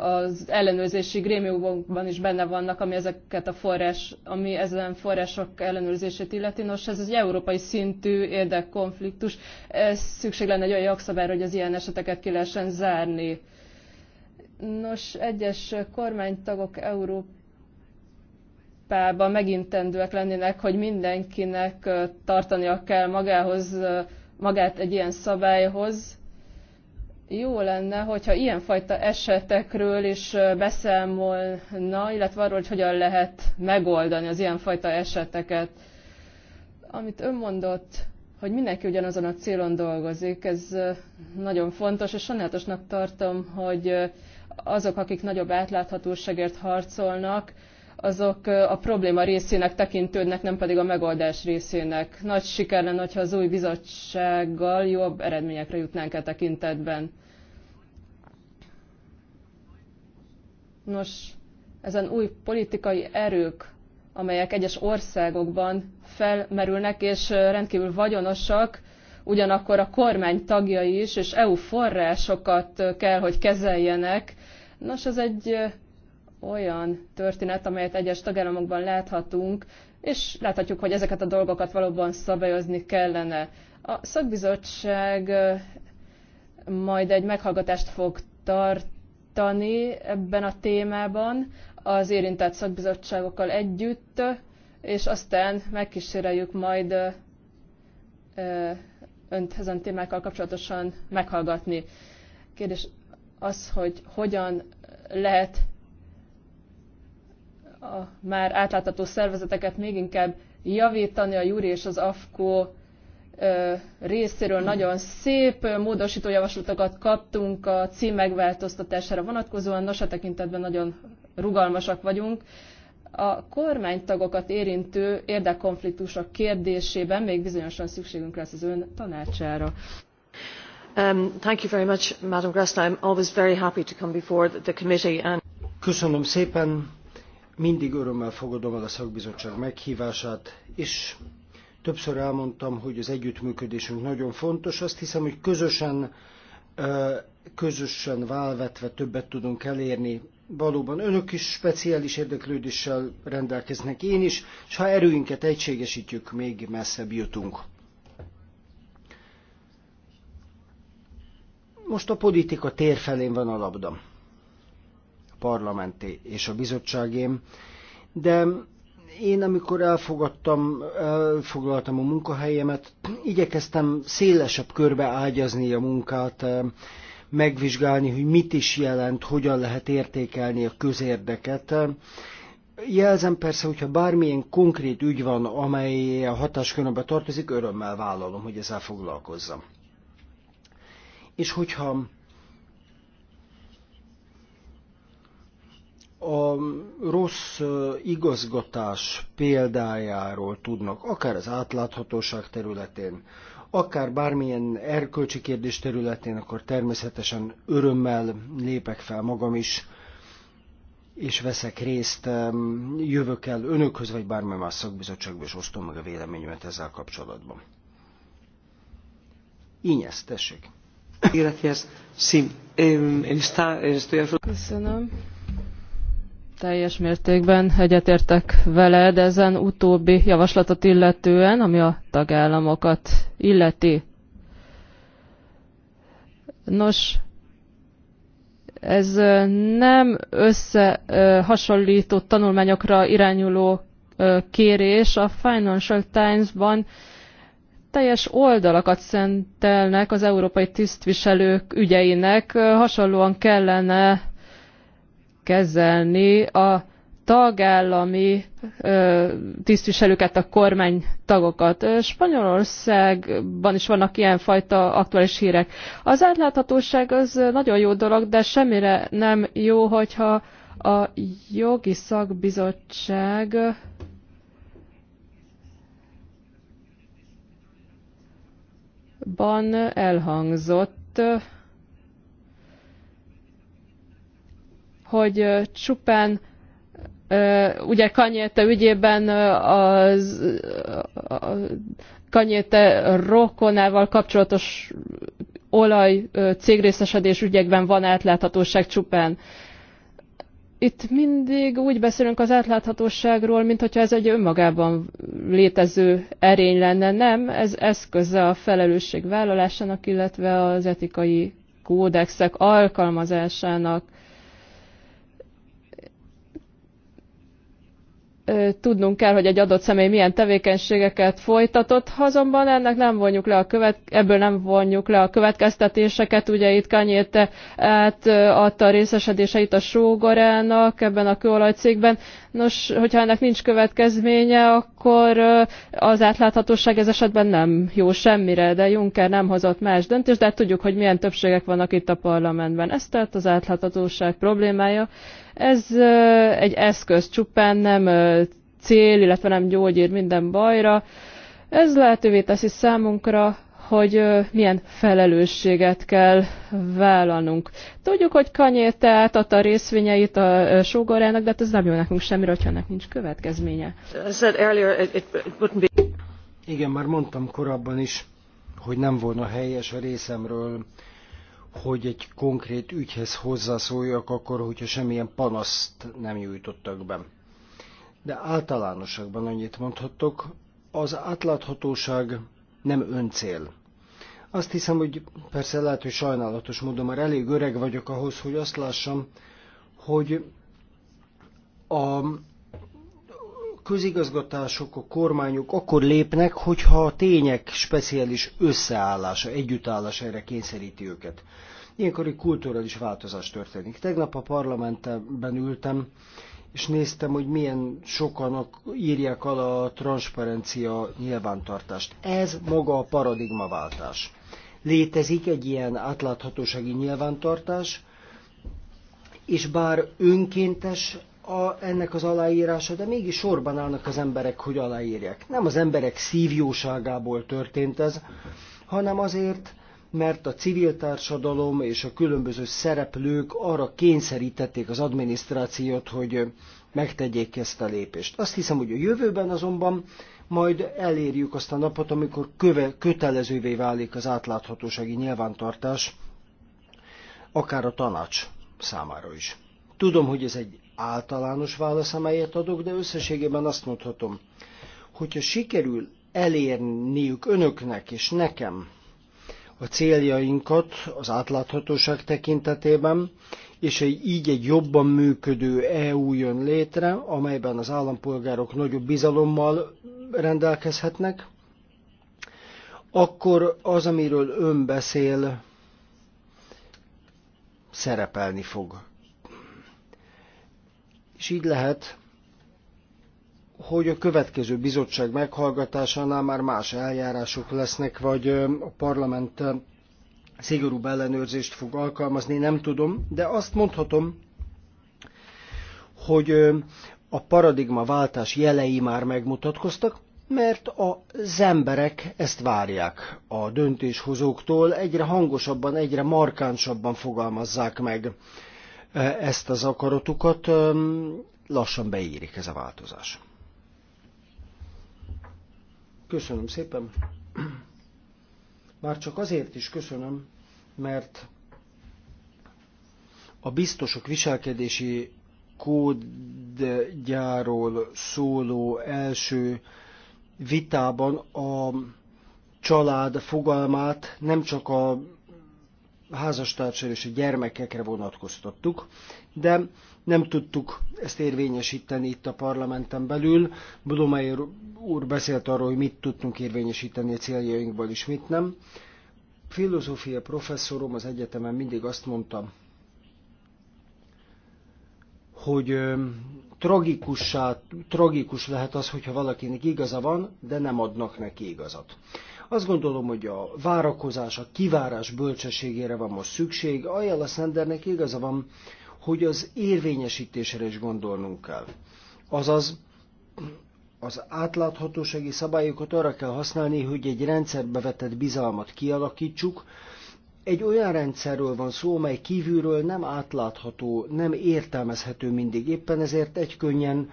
az ellenőrzési grémiumokban is benne vannak, ami ezeket a forrás, ami ezen források ellenőrzését illeti. Nos, ez egy európai szintű érdekkonfliktus. Ez szükség lenne egy olyan jogszabályra, hogy az ilyen eseteket ki lehessen zárni. Nos, egyes kormánytagok Európa Európában megintendőek lennének, hogy mindenkinek tartania kell magához, magát egy ilyen szabályhoz, jó lenne, hogyha ilyenfajta esetekről is beszámolna, illetve arról, hogy hogyan lehet megoldani az ilyenfajta eseteket. Amit ön mondott, hogy mindenki ugyanazon a célon dolgozik, ez nagyon fontos, és sajnálatosnak tartom, hogy azok, akik nagyobb átláthatóságért harcolnak, azok a probléma részének tekintődnek, nem pedig a megoldás részének. Nagy siker lenne, hogyha az új bizottsággal jobb eredményekre jutnánk e tekintetben. Nos, ezen új politikai erők, amelyek egyes országokban felmerülnek, és rendkívül vagyonosak, ugyanakkor a kormány tagjai is, és EU forrásokat kell, hogy kezeljenek. Nos, ez egy olyan történet, amelyet egyes tagállamokban láthatunk, és láthatjuk, hogy ezeket a dolgokat valóban szabályozni kellene. A szakbizottság majd egy meghallgatást fog tartani ebben a témában az érintett szakbizottságokkal együtt, és aztán megkíséreljük majd önt ezen témákkal kapcsolatosan meghallgatni. Kérdés az, hogy hogyan lehet a már átlátható szervezeteket még inkább javítani a Júri és az AFKO részéről nagyon szép módosító javaslatokat kaptunk a cím megváltoztatására vonatkozóan, nos a tekintetben nagyon rugalmasak vagyunk. A kormánytagokat érintő érdekkonfliktusok kérdésében még bizonyosan szükségünk lesz az ön tanácsára. Um, thank you very much, Madam Gressler. I'm always very happy to come before the committee. And... Köszönöm szépen, mindig örömmel fogadom el a szakbizottság meghívását, és többször elmondtam, hogy az együttműködésünk nagyon fontos. Azt hiszem, hogy közösen, közösen válvetve többet tudunk elérni. Valóban önök is speciális érdeklődéssel rendelkeznek, én is, és ha erőinket egységesítjük, még messzebb jutunk. Most a politika tér felén van a labda parlamenti és a bizottságém, de én, amikor elfogadtam, elfoglaltam a munkahelyemet, igyekeztem szélesebb körbe ágyazni a munkát, megvizsgálni, hogy mit is jelent, hogyan lehet értékelni a közérdeket. Jelzem persze, hogyha bármilyen konkrét ügy van, amely a hatáskörömbe tartozik, örömmel vállalom, hogy ezzel foglalkozzam. És hogyha a rossz igazgatás példájáról tudnak, akár az átláthatóság területén, akár bármilyen erkölcsi kérdés területén, akkor természetesen örömmel lépek fel magam is, és veszek részt, jövök el önökhöz, vagy bármely más szakbizottságba, és osztom meg a véleményemet ezzel kapcsolatban. Ínyesz, tessék. Köszönöm. Teljes mértékben egyetértek veled ezen utóbbi javaslatot illetően, ami a tagállamokat illeti. Nos, ez nem összehasonlított tanulmányokra irányuló kérés. A Financial Times-ban teljes oldalakat szentelnek az európai tisztviselők ügyeinek. Hasonlóan kellene kezelni a tagállami ö, tisztviselőket, a kormány tagokat. Spanyolországban is vannak ilyenfajta aktuális hírek. Az átláthatóság az nagyon jó dolog, de semmire nem jó, hogyha a jogi szakbizottság ban elhangzott hogy csupán ugye kanyéte ügyében az, a kanyéte rokonával kapcsolatos olaj cégrészesedés ügyekben van átláthatóság csupán. Itt mindig úgy beszélünk az átláthatóságról, mint hogyha ez egy önmagában létező erény lenne. Nem, ez eszköze a felelősség vállalásának, illetve az etikai kódexek alkalmazásának tudnunk kell, hogy egy adott személy milyen tevékenységeket folytatott, azonban ennek nem vonjuk le a követ, ebből nem vonjuk le a következtetéseket. Ugye itt Kanyéte átadta a részesedéseit a sógorának ebben a kőolajcégben. Nos, hogyha ennek nincs következménye, akkor az átláthatóság ez esetben nem jó semmire, de Juncker nem hozott más döntést, de hát tudjuk, hogy milyen többségek vannak itt a parlamentben. Ez tehát az átláthatóság problémája. Ez egy eszköz csupán, nem cél, illetve nem gyógyír minden bajra. Ez lehetővé teszi számunkra, hogy milyen felelősséget kell vállalnunk. Tudjuk, hogy Kanyét átadta a részvényeit a sógorának, de hát ez nem jó nekünk semmire, hogyha ennek nincs következménye. Igen, már mondtam korábban is, hogy nem volna helyes a részemről hogy egy konkrét ügyhez hozzászóljak, akkor, hogyha semmilyen panaszt nem nyújtottak be. De általánosakban annyit mondhattok, az átláthatóság nem öncél. Azt hiszem, hogy persze lehet, hogy sajnálatos módon már elég öreg vagyok ahhoz, hogy azt lássam, hogy a közigazgatások, a kormányok akkor lépnek, hogyha a tények speciális összeállása, együttállása erre kényszeríti őket. Ilyenkor egy kulturális változás történik. Tegnap a parlamentben ültem, és néztem, hogy milyen sokan írják alá a transparencia nyilvántartást. Ez maga a paradigmaváltás. Létezik egy ilyen átláthatósági nyilvántartás, és bár önkéntes a, ennek az aláírása, de mégis sorban állnak az emberek, hogy aláírják. Nem az emberek szívjóságából történt ez, hanem azért, mert a civil társadalom és a különböző szereplők arra kényszerítették az adminisztrációt, hogy megtegyék ezt a lépést. Azt hiszem, hogy a jövőben azonban majd elérjük azt a napot, amikor köve, kötelezővé válik az átláthatósági nyilvántartás, akár a tanács számára is. Tudom, hogy ez egy általános válasz, amelyet adok, de összességében azt mondhatom, hogyha sikerül elérniük önöknek és nekem a céljainkat az átláthatóság tekintetében, és egy, így egy jobban működő EU jön létre, amelyben az állampolgárok nagyobb bizalommal rendelkezhetnek, akkor az, amiről ön beszél, szerepelni fog és így lehet, hogy a következő bizottság meghallgatásánál már más eljárások lesznek, vagy a parlament szigorúbb ellenőrzést fog alkalmazni, nem tudom, de azt mondhatom, hogy a paradigma váltás jelei már megmutatkoztak, mert az emberek ezt várják a döntéshozóktól, egyre hangosabban, egyre markánsabban fogalmazzák meg ezt az akaratukat, lassan beírik ez a változás. Köszönöm szépen. Már csak azért is köszönöm, mert a biztosok viselkedési kódjáról szóló első vitában a család fogalmát nem csak a házastársai és a gyermekekre vonatkoztattuk, de nem tudtuk ezt érvényesíteni itt a parlamenten belül. Budomai úr beszélt arról, hogy mit tudtunk érvényesíteni a céljainkból, és mit nem. Filozófia professzorom az egyetemen mindig azt mondta, hogy tragikussá, tragikus lehet az, hogyha valakinek igaza van, de nem adnak neki igazat. Azt gondolom, hogy a várakozás, a kivárás bölcsességére van most szükség. A Szendernek igaza van, hogy az érvényesítésre is gondolnunk kell. Azaz, az átláthatósági szabályokat arra kell használni, hogy egy rendszerbe vetett bizalmat kialakítsuk. Egy olyan rendszerről van szó, amely kívülről nem átlátható, nem értelmezhető mindig. Éppen ezért egy könnyen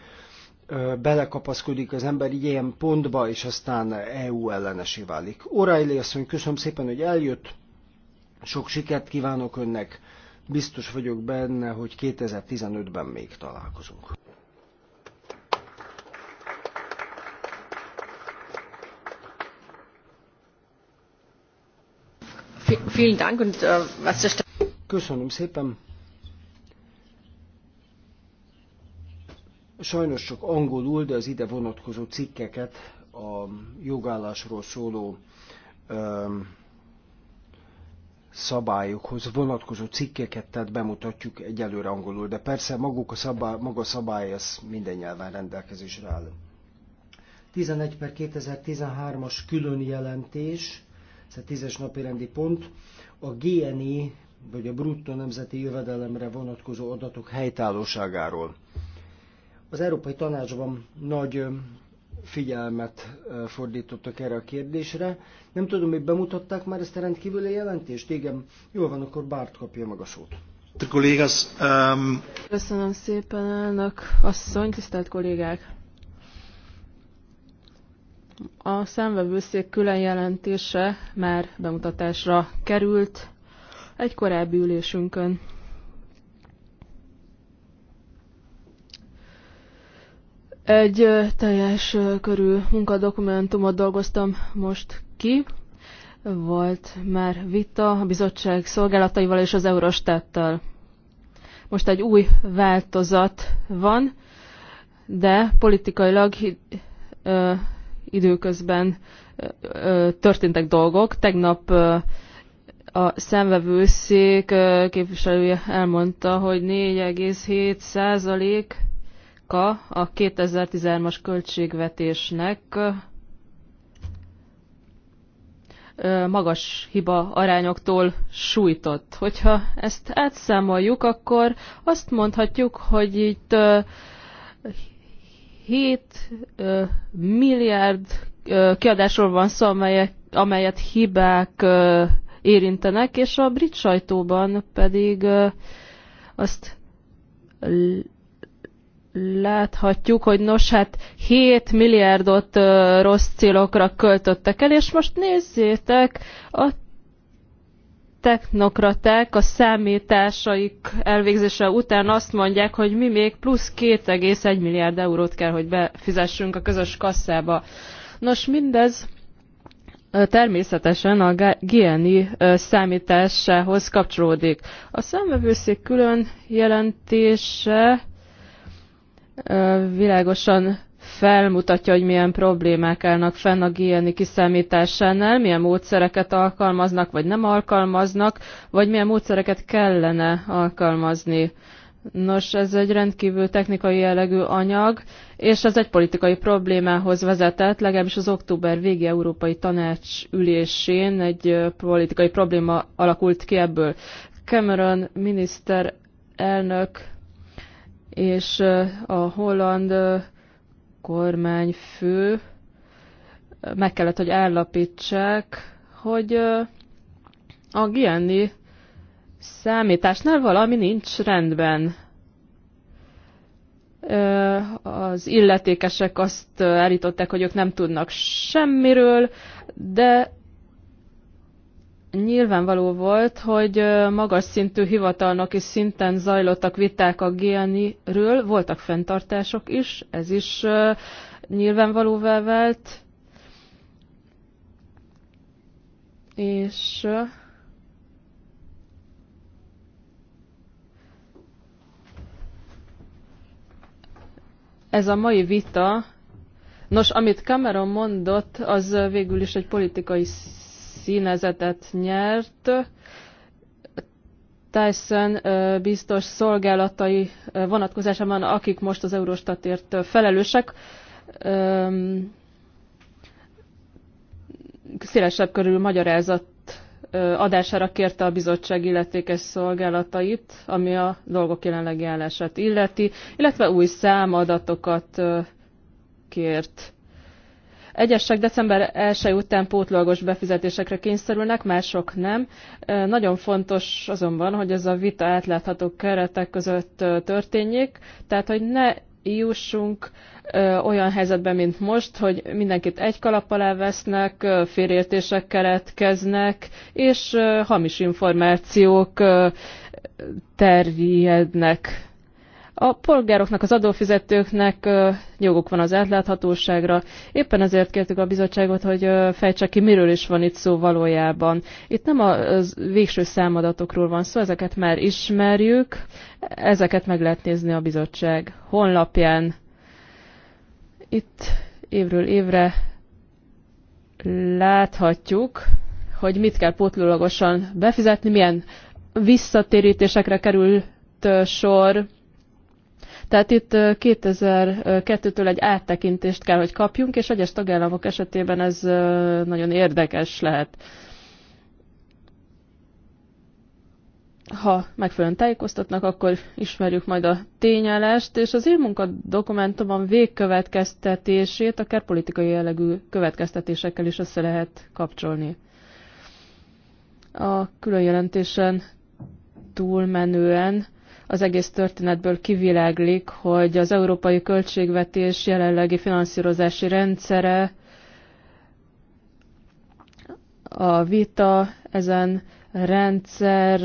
belekapaszkodik az ember ilyen pontba, és aztán EU ellenesé válik. O'Reilly asszony, köszönöm szépen, hogy eljött, sok sikert kívánok önnek, biztos vagyok benne, hogy 2015-ben még találkozunk. Äh, köszönöm szépen. Sajnos csak angolul, de az ide vonatkozó cikkeket a jogállásról szóló öm, szabályokhoz vonatkozó cikkeket, tehát bemutatjuk egyelőre angolul, de persze maguk a szabály, maga a szabály, az minden nyelven rendelkezésre áll. 11 per 2013-as külön jelentés, ez a 10-es napi rendi pont, a GNI, vagy a bruttó nemzeti jövedelemre vonatkozó adatok helytállóságáról. Az Európai Tanácsban nagy figyelmet fordítottak erre a kérdésre. Nem tudom, hogy bemutatták már ezt a rendkívüli jelentést? Igen, jól van, akkor Bárt kapja meg a szót. Köszönöm szépen, elnök asszony, tisztelt kollégák! A szemvevőszék külön jelentése már bemutatásra került egy korábbi ülésünkön. Egy teljes körű munkadokumentumot dolgoztam most ki. Volt már vita a bizottság szolgálataival és az Eurostattal. Most egy új változat van, de politikailag ö, időközben ö, történtek dolgok. Tegnap ö, a szemvevőszék képviselője elmondta, hogy 4,7 százalék sarka a 2013-as költségvetésnek magas hiba arányoktól sújtott. Hogyha ezt átszámoljuk, akkor azt mondhatjuk, hogy itt 7 milliárd kiadásról van szó, amelyek, amelyet hibák érintenek, és a brit sajtóban pedig azt láthatjuk, hogy nos, hát 7 milliárdot rossz célokra költöttek el, és most nézzétek, a technokraták a számításaik elvégzése után azt mondják, hogy mi még plusz 2,1 milliárd eurót kell, hogy befizessünk a közös kasszába. Nos, mindez természetesen a GNI számításához kapcsolódik. A számvevőszék külön jelentése világosan felmutatja, hogy milyen problémák állnak fenn a GNI kiszámításánál, milyen módszereket alkalmaznak, vagy nem alkalmaznak, vagy milyen módszereket kellene alkalmazni. Nos, ez egy rendkívül technikai jellegű anyag, és ez egy politikai problémához vezetett, legalábbis az október végi Európai Tanács ülésén egy politikai probléma alakult ki ebből. Cameron miniszter elnök és a holland kormányfő meg kellett, hogy állapítsák, hogy a Gianni számításnál valami nincs rendben. Az illetékesek azt állították, hogy ők nem tudnak semmiről, de nyilvánvaló volt, hogy magas szintű hivatalnoki szinten zajlottak viták a GNI-ről, voltak fenntartások is, ez is nyilvánvalóvá vált. És ez a mai vita, nos, amit Cameron mondott, az végül is egy politikai színezetet nyert. Tyson biztos szolgálatai vonatkozásában, akik most az Eurostatért felelősek, szélesebb körül magyarázat adására kérte a bizottság illetékes szolgálatait, ami a dolgok jelenlegi állását illeti, illetve új számadatokat kért. Egyesek december 1 után pótlagos befizetésekre kényszerülnek, mások nem. Nagyon fontos azonban, hogy ez a vita átlátható keretek között történjék, tehát hogy ne jussunk olyan helyzetben, mint most, hogy mindenkit egy kalap alá vesznek, félértések keletkeznek, és hamis információk terjednek. A polgároknak, az adófizetőknek joguk van az átláthatóságra. Éppen ezért kértük a bizottságot, hogy fejtse ki, miről is van itt szó valójában. Itt nem a végső számadatokról van szó, ezeket már ismerjük, ezeket meg lehet nézni a bizottság honlapján. Itt évről évre láthatjuk, hogy mit kell pótlólagosan befizetni, milyen visszatérítésekre került sor, tehát itt 2002-től egy áttekintést kell, hogy kapjunk, és egyes tagállamok esetében ez nagyon érdekes lehet. ha megfelelően tájékoztatnak, akkor ismerjük majd a tényelest, és az én munkadokumentumom végkövetkeztetését akár politikai jellegű következtetésekkel is össze lehet kapcsolni. A külön jelentésen túlmenően az egész történetből kiviláglik, hogy az európai költségvetés jelenlegi finanszírozási rendszere, a vita ezen rendszer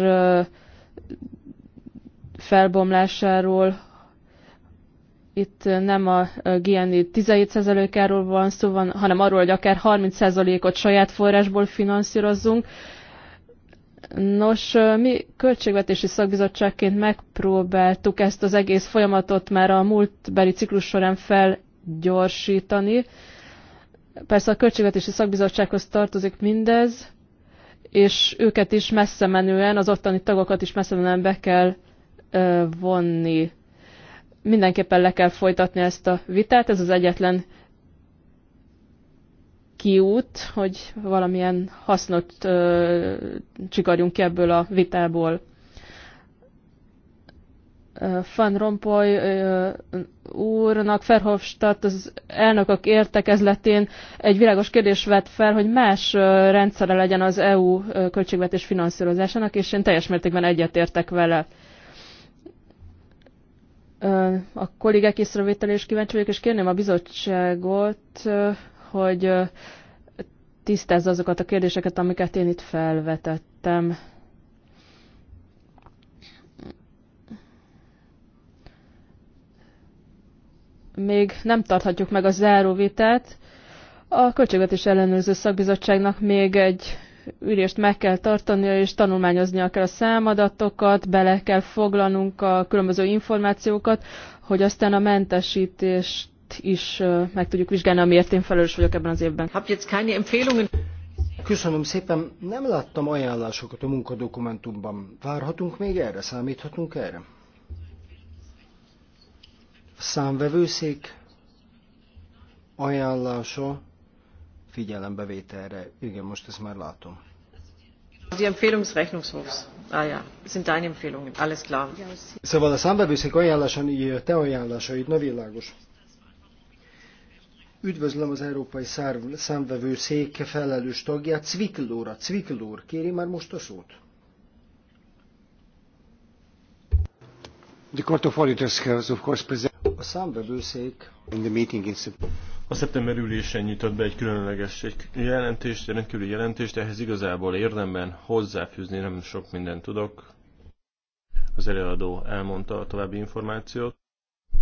felbomlásáról, itt nem a GNI 17%-áról van szó, van, hanem arról, hogy akár 30%-ot saját forrásból finanszírozzunk, Nos, mi költségvetési szakbizottságként megpróbáltuk ezt az egész folyamatot már a múltbeli ciklus során felgyorsítani. Persze a költségvetési szakbizottsághoz tartozik mindez, és őket is messze menően, az ottani tagokat is messze menően be kell ö, vonni. Mindenképpen le kell folytatni ezt a vitát, ez az egyetlen kiút, hogy valamilyen hasznot ö, csikarjunk ki ebből a vitából. Van Rompuy úrnak Ferhofstadt az elnökök értekezletén egy világos kérdés vett fel, hogy más rendszere legyen az EU költségvetés finanszírozásának, és én teljes mértékben egyetértek vele a kollégák észrevételé is kíváncsi vagyok, és kérném a bizottságot, hogy tisztázza azokat a kérdéseket, amiket én itt felvetettem. Még nem tarthatjuk meg a záróvitát. A Költségvetés Ellenőrző Szakbizottságnak még egy ülést meg kell tartania, és tanulmányoznia kell a számadatokat, bele kell foglalnunk a különböző információkat, hogy aztán a mentesítést is meg tudjuk vizsgálni, amiért én felelős vagyok ebben az évben. Köszönöm szépen. Nem láttam ajánlásokat a munkadokumentumban. Várhatunk még erre? Számíthatunk erre? A számvevőszék ajánlása figyelembevételre. Igen, most ezt már látom. Die Empfehlung des Rechnungshofs. Ah ja, sind alles klar. Szóval a számbevőszék ajánlása, te ajánlásaid, na világos. Üdvözlöm az Európai Számvevőszék felelős tagját, Cvikl úr. úr, kéri már most a szót. A számvevőszék a szeptember ülésen nyitott be egy különleges egy jelentést, egy rendkívüli jelentést, ehhez igazából érdemben hozzáfűzni nem sok mindent tudok. Az előadó elmondta a további információt.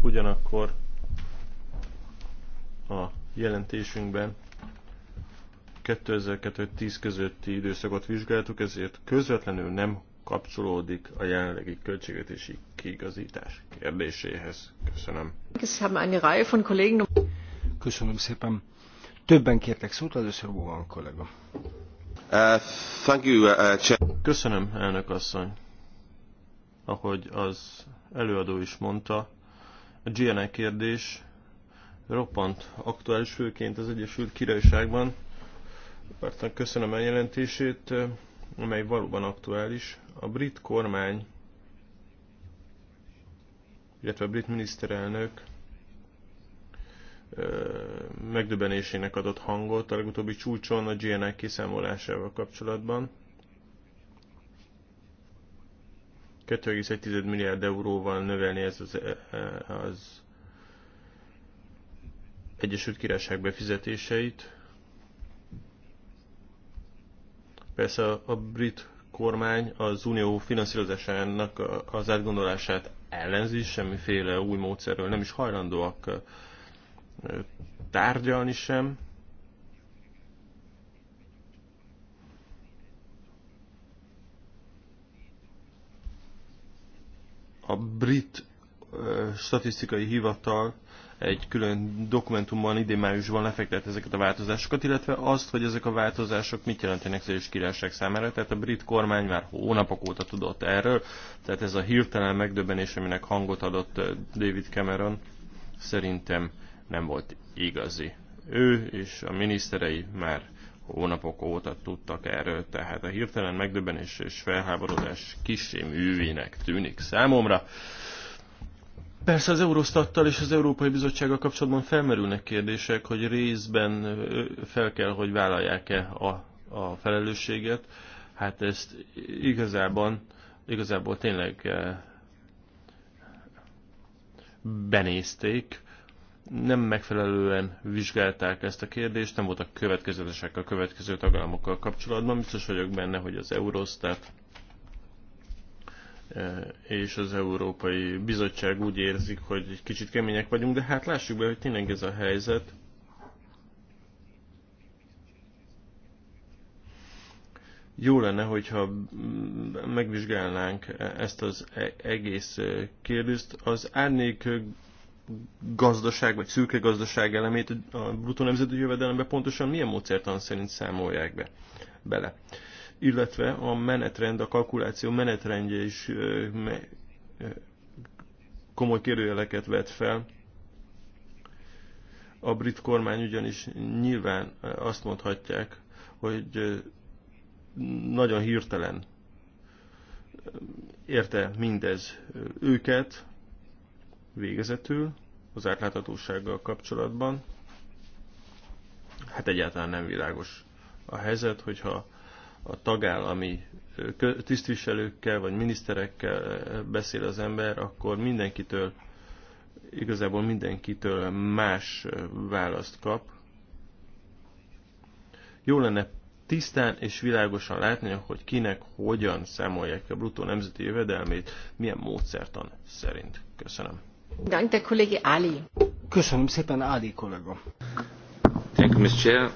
Ugyanakkor a jelentésünkben 2002-10 közötti időszakot vizsgáltuk, ezért közvetlenül nem kapcsolódik a jelenlegi költségvetési kiigazítás kérdéséhez. Köszönöm. Köszönöm szépen. Többen kértek szót, először van kollega. Uh, thank you, uh, Köszönöm, elnök asszony. Ahogy az előadó is mondta, a GNI e kérdés roppant aktuális, főként az Egyesült Királyságban. Pártnak köszönöm a jelentését, amely valóban aktuális. A brit kormány, illetve a brit miniszterelnök megdöbbenésének adott hangot a legutóbbi csúcson a GNL kiszámolásával kapcsolatban. 2,1 milliárd euróval növelni ez az, e, e, az Egyesült Királyság befizetéseit. Persze a, a brit kormány az unió finanszírozásának az átgondolását ellenzi, semmiféle új módszerről nem is hajlandóak tárgyalni sem. A brit statisztikai hivatal egy külön dokumentumban idén májusban lefektet ezeket a változásokat, illetve azt, hogy ezek a változások mit jelentenek az Egyes Királyság számára. Tehát a brit kormány már hónapok óta tudott erről, tehát ez a hirtelen megdöbbenés, aminek hangot adott eh, David Cameron, szerintem nem volt igazi. Ő és a miniszterei már hónapok óta tudtak erről, tehát a hirtelen megdöbbenés és felháborodás kisé művének tűnik számomra. Persze az Eurostattal és az Európai Bizottsággal kapcsolatban felmerülnek kérdések, hogy részben fel kell, hogy vállalják-e a, a felelősséget. Hát ezt igazában, igazából tényleg benézték, nem megfelelően vizsgálták ezt a kérdést, nem voltak következetesek a következő tagállamokkal kapcsolatban. Biztos vagyok benne, hogy az Eurostat E, és az Európai Bizottság úgy érzik, hogy egy kicsit kemények vagyunk, de hát lássuk be, hogy tényleg ez a helyzet. Jó lenne, hogyha megvizsgálnánk ezt az e-, egész kérdést. Az árnyék gazdaság, vagy szürke gazdaság elemét a bruttó nemzeti jövedelembe pontosan milyen módszertan szerint számolják be bele illetve a menetrend, a kalkuláció menetrendje is komoly kérdőjeleket vet fel. A brit kormány ugyanis nyilván azt mondhatják, hogy nagyon hirtelen érte mindez őket végezetül az átláthatósággal kapcsolatban. Hát egyáltalán nem világos a helyzet, hogyha a tagállami tisztviselőkkel vagy miniszterekkel beszél az ember, akkor mindenkitől, igazából mindenkitől más választ kap. Jó lenne tisztán és világosan látni, hogy kinek hogyan számolják a bruttó nemzeti jövedelmét, milyen módszertan szerint. Köszönöm. Ali. Köszönöm szépen, Ali kollega. Thank you, Mr.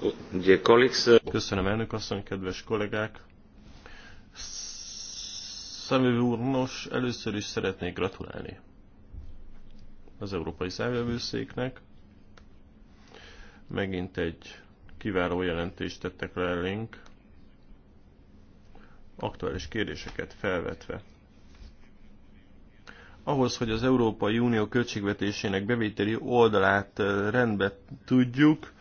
Uh, Köszönöm, elnök asszony, kedves kollégák! Szemövő úr, nos, először is szeretnék gratulálni az Európai Szemüvőszéknek. Megint egy kiváló jelentést tettek le elénk, aktuális kérdéseket felvetve. Ahhoz, hogy az Európai Unió költségvetésének bevételi oldalát eh, rendbe tudjuk,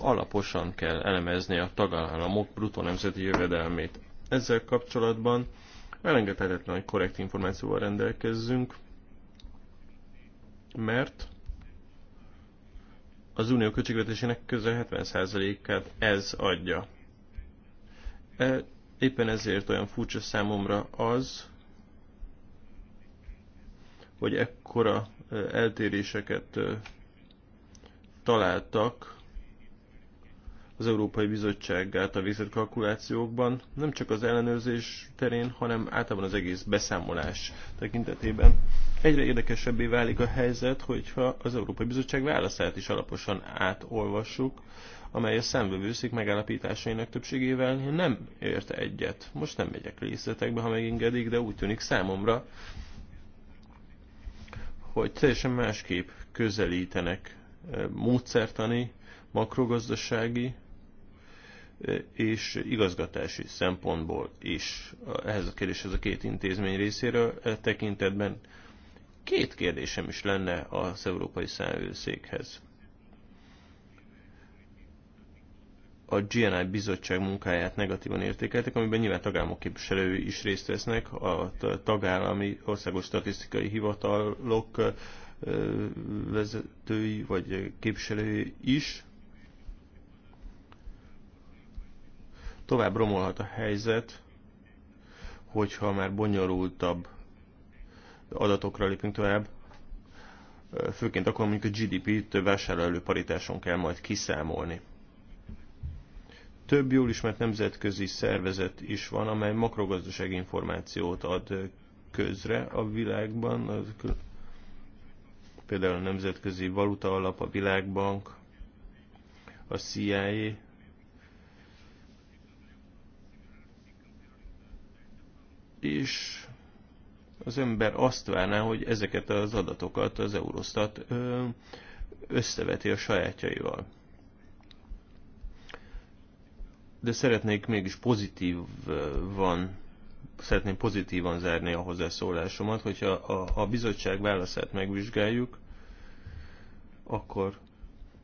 alaposan kell elemezni a tagállamok bruttó nemzeti jövedelmét. Ezzel kapcsolatban elengedhetetlen, hogy korrekt információval rendelkezzünk, mert az unió költségvetésének közel 70%-át ez adja. E, éppen ezért olyan furcsa számomra az, hogy ekkora e, eltéréseket e, találtak az Európai Bizottság által végzett kalkulációkban, nem csak az ellenőrzés terén, hanem általában az egész beszámolás tekintetében. Egyre érdekesebbé válik a helyzet, hogyha az Európai Bizottság válaszát is alaposan átolvassuk, amely a szemvevőszék megállapításainak többségével nem ért egyet. Most nem megyek részletekbe, ha megengedik, de úgy tűnik számomra, hogy teljesen másképp közelítenek eh, módszertani, makrogazdasági és igazgatási szempontból is ehhez a kérdéshez a két intézmény részéről e tekintetben. Két kérdésem is lenne az Európai Számvőszékhez. A GNI bizottság munkáját negatívan értékeltek, amiben nyilván tagállamok képviselői is részt vesznek, a tagállami országos statisztikai hivatalok vezetői vagy képviselői is, Tovább romolhat a helyzet, hogyha már bonyolultabb adatokra lépünk tovább, főként akkor mondjuk a GDP-t vásárlóelő paritáson kell majd kiszámolni. Több jól ismert nemzetközi szervezet is van, amely makrogazdasági információt ad közre a világban, például a Nemzetközi Valuta Alap, a Világbank, a CIA, és az ember azt várná, hogy ezeket az adatokat az Eurostat összeveti a sajátjaival. De szeretnék mégis pozitívan szeretném pozitívan zárni a hozzászólásomat, hogyha a, a bizottság válaszát megvizsgáljuk, akkor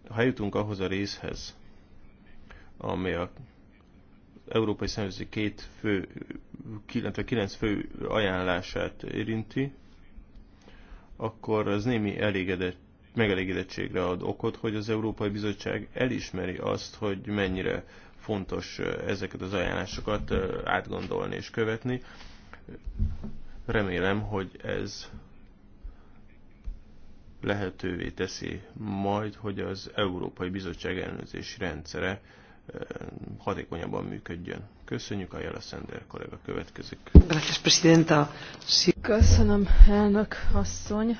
ha jutunk ahhoz a részhez, ami a Európai Szervező két fő, illetve kilenc fő ajánlását érinti, akkor az némi elégedett, megelégedettségre ad okot, hogy az Európai Bizottság elismeri azt, hogy mennyire fontos ezeket az ajánlásokat átgondolni és követni. Remélem, hogy ez lehetővé teszi majd, hogy az Európai Bizottság ellenőrzési rendszere hatékonyabban működjön. Köszönjük, a Jeleszender kollega következik. Köszönöm, elnök asszony.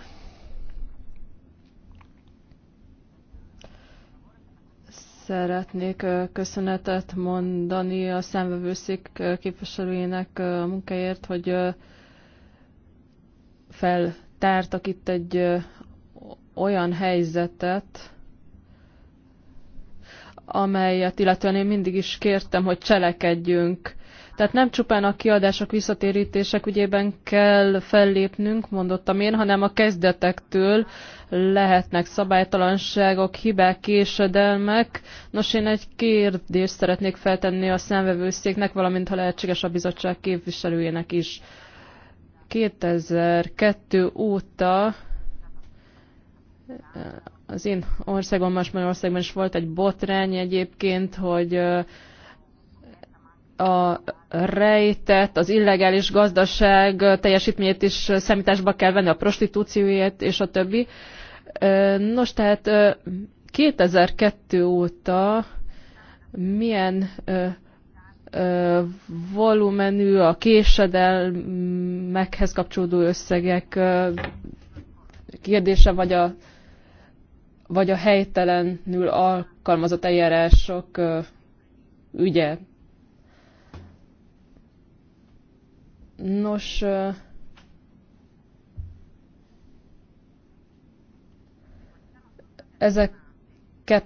Szeretnék köszönetet mondani a szemvevőszék képviselőjének a munkáért, hogy feltártak itt egy olyan helyzetet, amelyet illetően én mindig is kértem, hogy cselekedjünk. Tehát nem csupán a kiadások, visszatérítések ügyében kell fellépnünk, mondottam én, hanem a kezdetektől lehetnek szabálytalanságok, hibák, késedelmek. Nos, én egy kérdést szeretnék feltenni a szemvevőszéknek, valamint ha lehetséges a bizottság képviselőjének is. 2002 óta az én országom, más Magyarországban is volt egy botrány egyébként, hogy a rejtett, az illegális gazdaság teljesítményét is számításba kell venni, a prostitúcióját és a többi. Nos, tehát 2002 óta milyen volumenű a késedelmekhez kapcsolódó összegek kérdése, vagy a vagy a helytelenül alkalmazott eljárások ügye. Nos, ezeket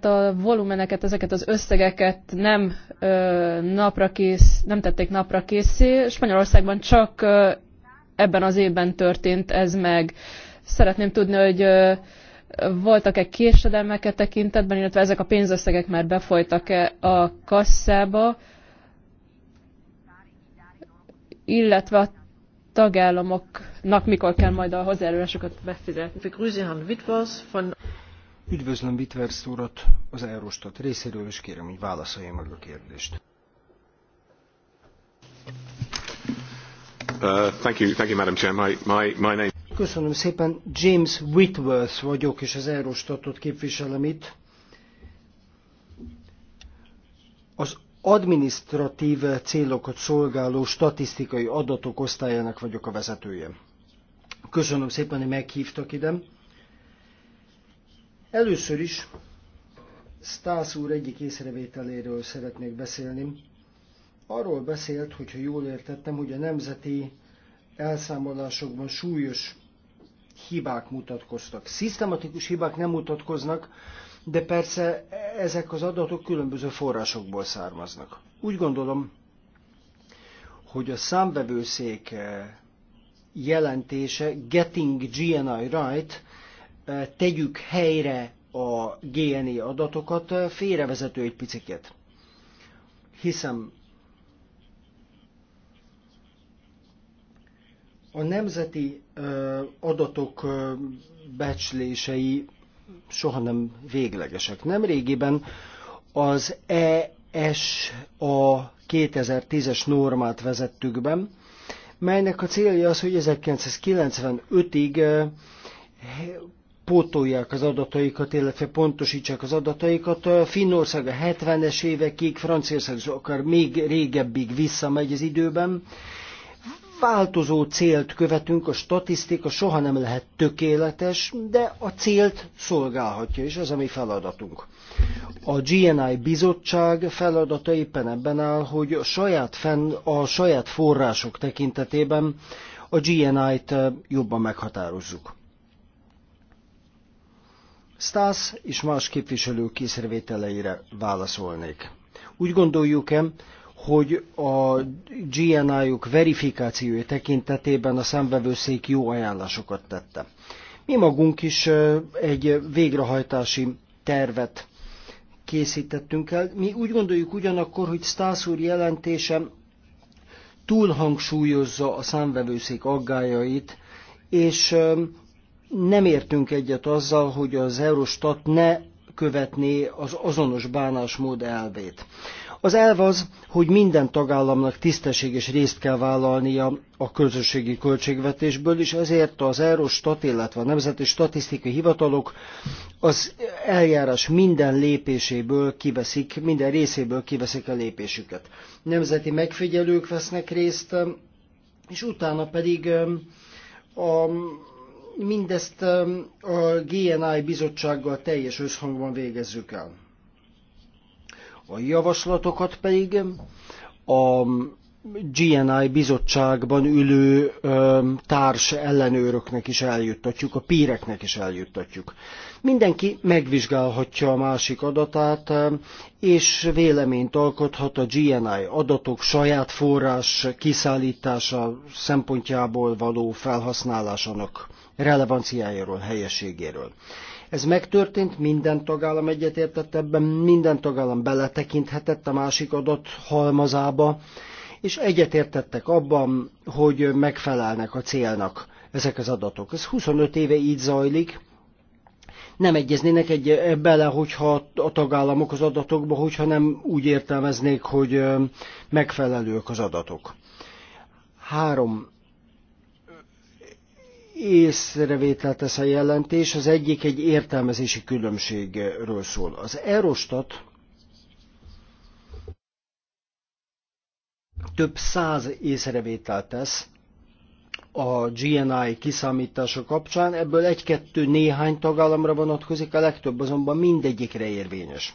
a volumeneket, ezeket az összegeket nem, ö, napra kész, nem tették napra készé. Spanyolországban csak ö, ebben az évben történt ez meg. Szeretném tudni, hogy ö, voltak-e késedelmeket tekintetben, illetve ezek a pénzösszegek már befolytak-e a kasszába, illetve a tagállamoknak mikor kell majd a hozzájárulásokat befizetni. Üdvözlöm Witvers úrat, az Eurostat részéről, és kérem, hogy válaszolja meg a kérdést. Uh, thank you, thank you, Madam Chair. My, my, my name... Köszönöm szépen, James Whitworth vagyok, és az Eurostatot képviselem itt. Az administratív célokat szolgáló statisztikai adatok osztályának vagyok a vezetője. Köszönöm szépen, hogy meghívtak ide. Először is Stász úr egyik észrevételéről szeretnék beszélni. Arról beszélt, hogyha jól értettem, hogy a nemzeti elszámolásokban súlyos hibák mutatkoztak. Szisztematikus hibák nem mutatkoznak, de persze ezek az adatok különböző forrásokból származnak. Úgy gondolom, hogy a számbevőszék eh, jelentése Getting GNI Right, eh, tegyük helyre a GNI adatokat, eh, félrevezető egy picit. Hiszem, A nemzeti adatok becslései soha nem véglegesek. Nemrégiben az ES a 2010-es normát vezettük be, melynek a célja az, hogy 1995-ig pótolják az adataikat, illetve pontosítsák az adataikat. Finnország a 70-es évekig, Franciaország akár még régebbig visszamegy az időben, változó célt követünk, a statisztika soha nem lehet tökéletes, de a célt szolgálhatja, és ez a mi feladatunk. A GNI bizottság feladata éppen ebben áll, hogy a saját, fenn, a saját források tekintetében a GNI-t eh, jobban meghatározzuk. Stász és más képviselők észrevételeire válaszolnék. Úgy gondoljuk-e, hogy a GNI-juk verifikációja tekintetében a számvevőszék jó ajánlásokat tette. Mi magunk is egy végrehajtási tervet készítettünk el. Mi úgy gondoljuk ugyanakkor, hogy Stász úr jelentése túlhangsúlyozza a számvevőszék aggájait, és nem értünk egyet azzal, hogy az Eurostat ne követné az azonos bánásmód elvét. Az elv az, hogy minden tagállamnak tisztességes részt kell vállalnia a közösségi költségvetésből, és ezért az Eurostat, illetve a Nemzeti Statisztikai Hivatalok az eljárás minden lépéséből kiveszik, minden részéből kiveszik a lépésüket. Nemzeti megfigyelők vesznek részt, és utána pedig a, mindezt a GNI bizottsággal teljes összhangban végezzük el. A javaslatokat pedig a GNI bizottságban ülő társ ellenőröknek is eljuttatjuk, a píreknek is eljuttatjuk. Mindenki megvizsgálhatja a másik adatát, és véleményt alkothat a GNI adatok saját forrás kiszállítása szempontjából való felhasználásának relevanciájáról, helyességéről. Ez megtörtént, minden tagállam egyetértett ebben, minden tagállam beletekinthetett a másik adott halmazába, és egyetértettek abban, hogy megfelelnek a célnak ezek az adatok. Ez 25 éve így zajlik, nem egyeznének egy, bele, hogyha a tagállamok az adatokba, hogyha nem úgy értelmeznék, hogy megfelelők az adatok. Három észrevételt tesz a jelentés, az egyik egy értelmezési különbségről szól. Az Eurostat több száz észrevételt tesz a GNI kiszámítása kapcsán, ebből egy-kettő néhány tagállamra vonatkozik, a legtöbb azonban mindegyikre érvényes.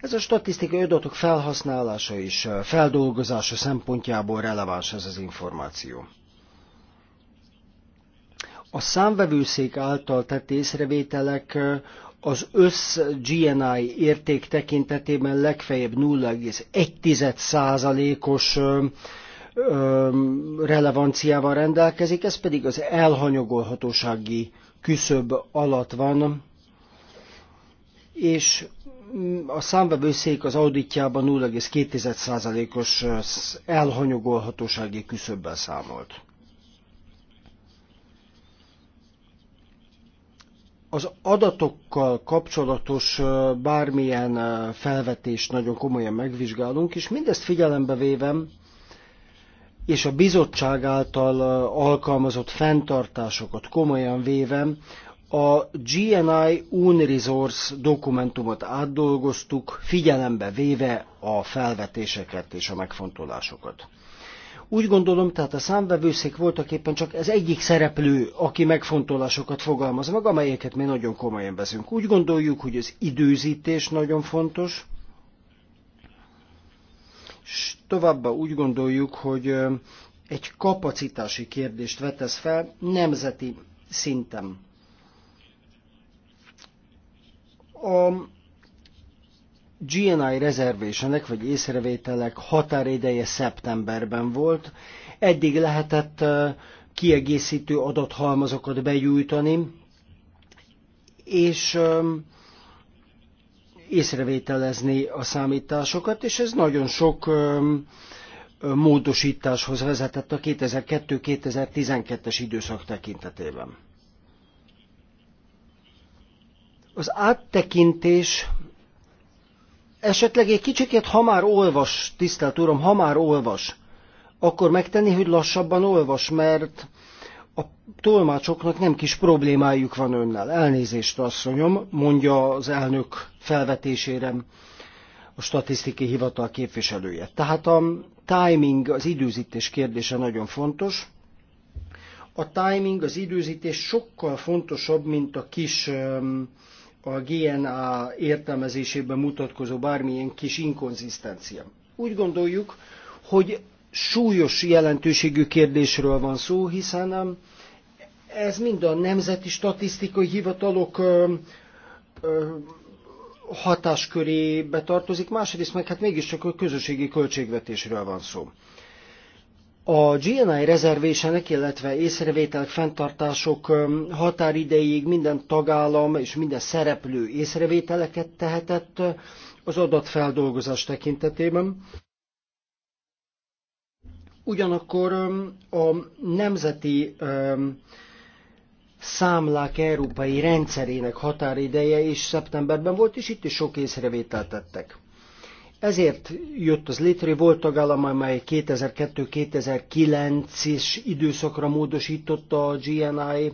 Ez a statisztikai adatok felhasználása és eh, feldolgozása szempontjából releváns ez az információ. A számvevőszék által tett észrevételek az össz GNI érték tekintetében legfeljebb 0,1%-os relevanciával rendelkezik, ez pedig az elhanyagolhatósági küszöb alatt van, és mm, a számvevőszék az auditjában 0,2%-os elhanyagolhatósági küszöbbel számolt. az adatokkal kapcsolatos bármilyen felvetést nagyon komolyan megvizsgálunk, és mindezt figyelembe vévem, és a bizottság által alkalmazott fenntartásokat komolyan vévem, a GNI Unresource dokumentumot átdolgoztuk, figyelembe véve a felvetéseket és a megfontolásokat. Úgy gondolom, tehát a számvevőszék voltak éppen csak az egyik szereplő, aki megfontolásokat fogalmaz meg, amelyeket mi nagyon komolyan veszünk. Úgy gondoljuk, hogy az időzítés nagyon fontos, és továbbá úgy gondoljuk, hogy egy kapacitási kérdést vetesz fel nemzeti szinten. A GNI reservationek, vagy észrevételek határideje szeptemberben volt. Eddig lehetett kiegészítő adathalmazokat begyújtani, és észrevételezni a számításokat, és ez nagyon sok módosításhoz vezetett a 2002-2012-es időszak tekintetében. Az áttekintés esetleg egy kicsikét, ha már olvas, tisztelt Uram, ha már olvas, akkor megtenni, hogy lassabban olvas, mert a tolmácsoknak nem kis problémájuk van önnel. Elnézést, asszonyom, mondja az elnök felvetésére a statisztikai hivatal képviselője. Tehát a timing, az időzítés kérdése nagyon fontos. A timing, az időzítés sokkal fontosabb, mint a kis um, a GNA értelmezésében mutatkozó bármilyen kis inkonzisztencia. Úgy gondoljuk, hogy súlyos jelentőségű kérdésről van szó, hiszen um, ez mind a nemzeti statisztikai hivatalok um, um, hatáskörébe tartozik, másrészt meg hát mégiscsak a közösségi költségvetésről van szó. A GNI rezervésenek illetve észrevételek, fenntartások határideig minden tagállam és minden szereplő észrevételeket tehetett az adatfeldolgozás tekintetében. Ugyanakkor a nemzeti számlák európai rendszerének határideje is szeptemberben volt, és itt is sok észrevételt tettek. Ezért jött az létre, volt tagállam, amely 2002-2009-es időszakra módosította a GNI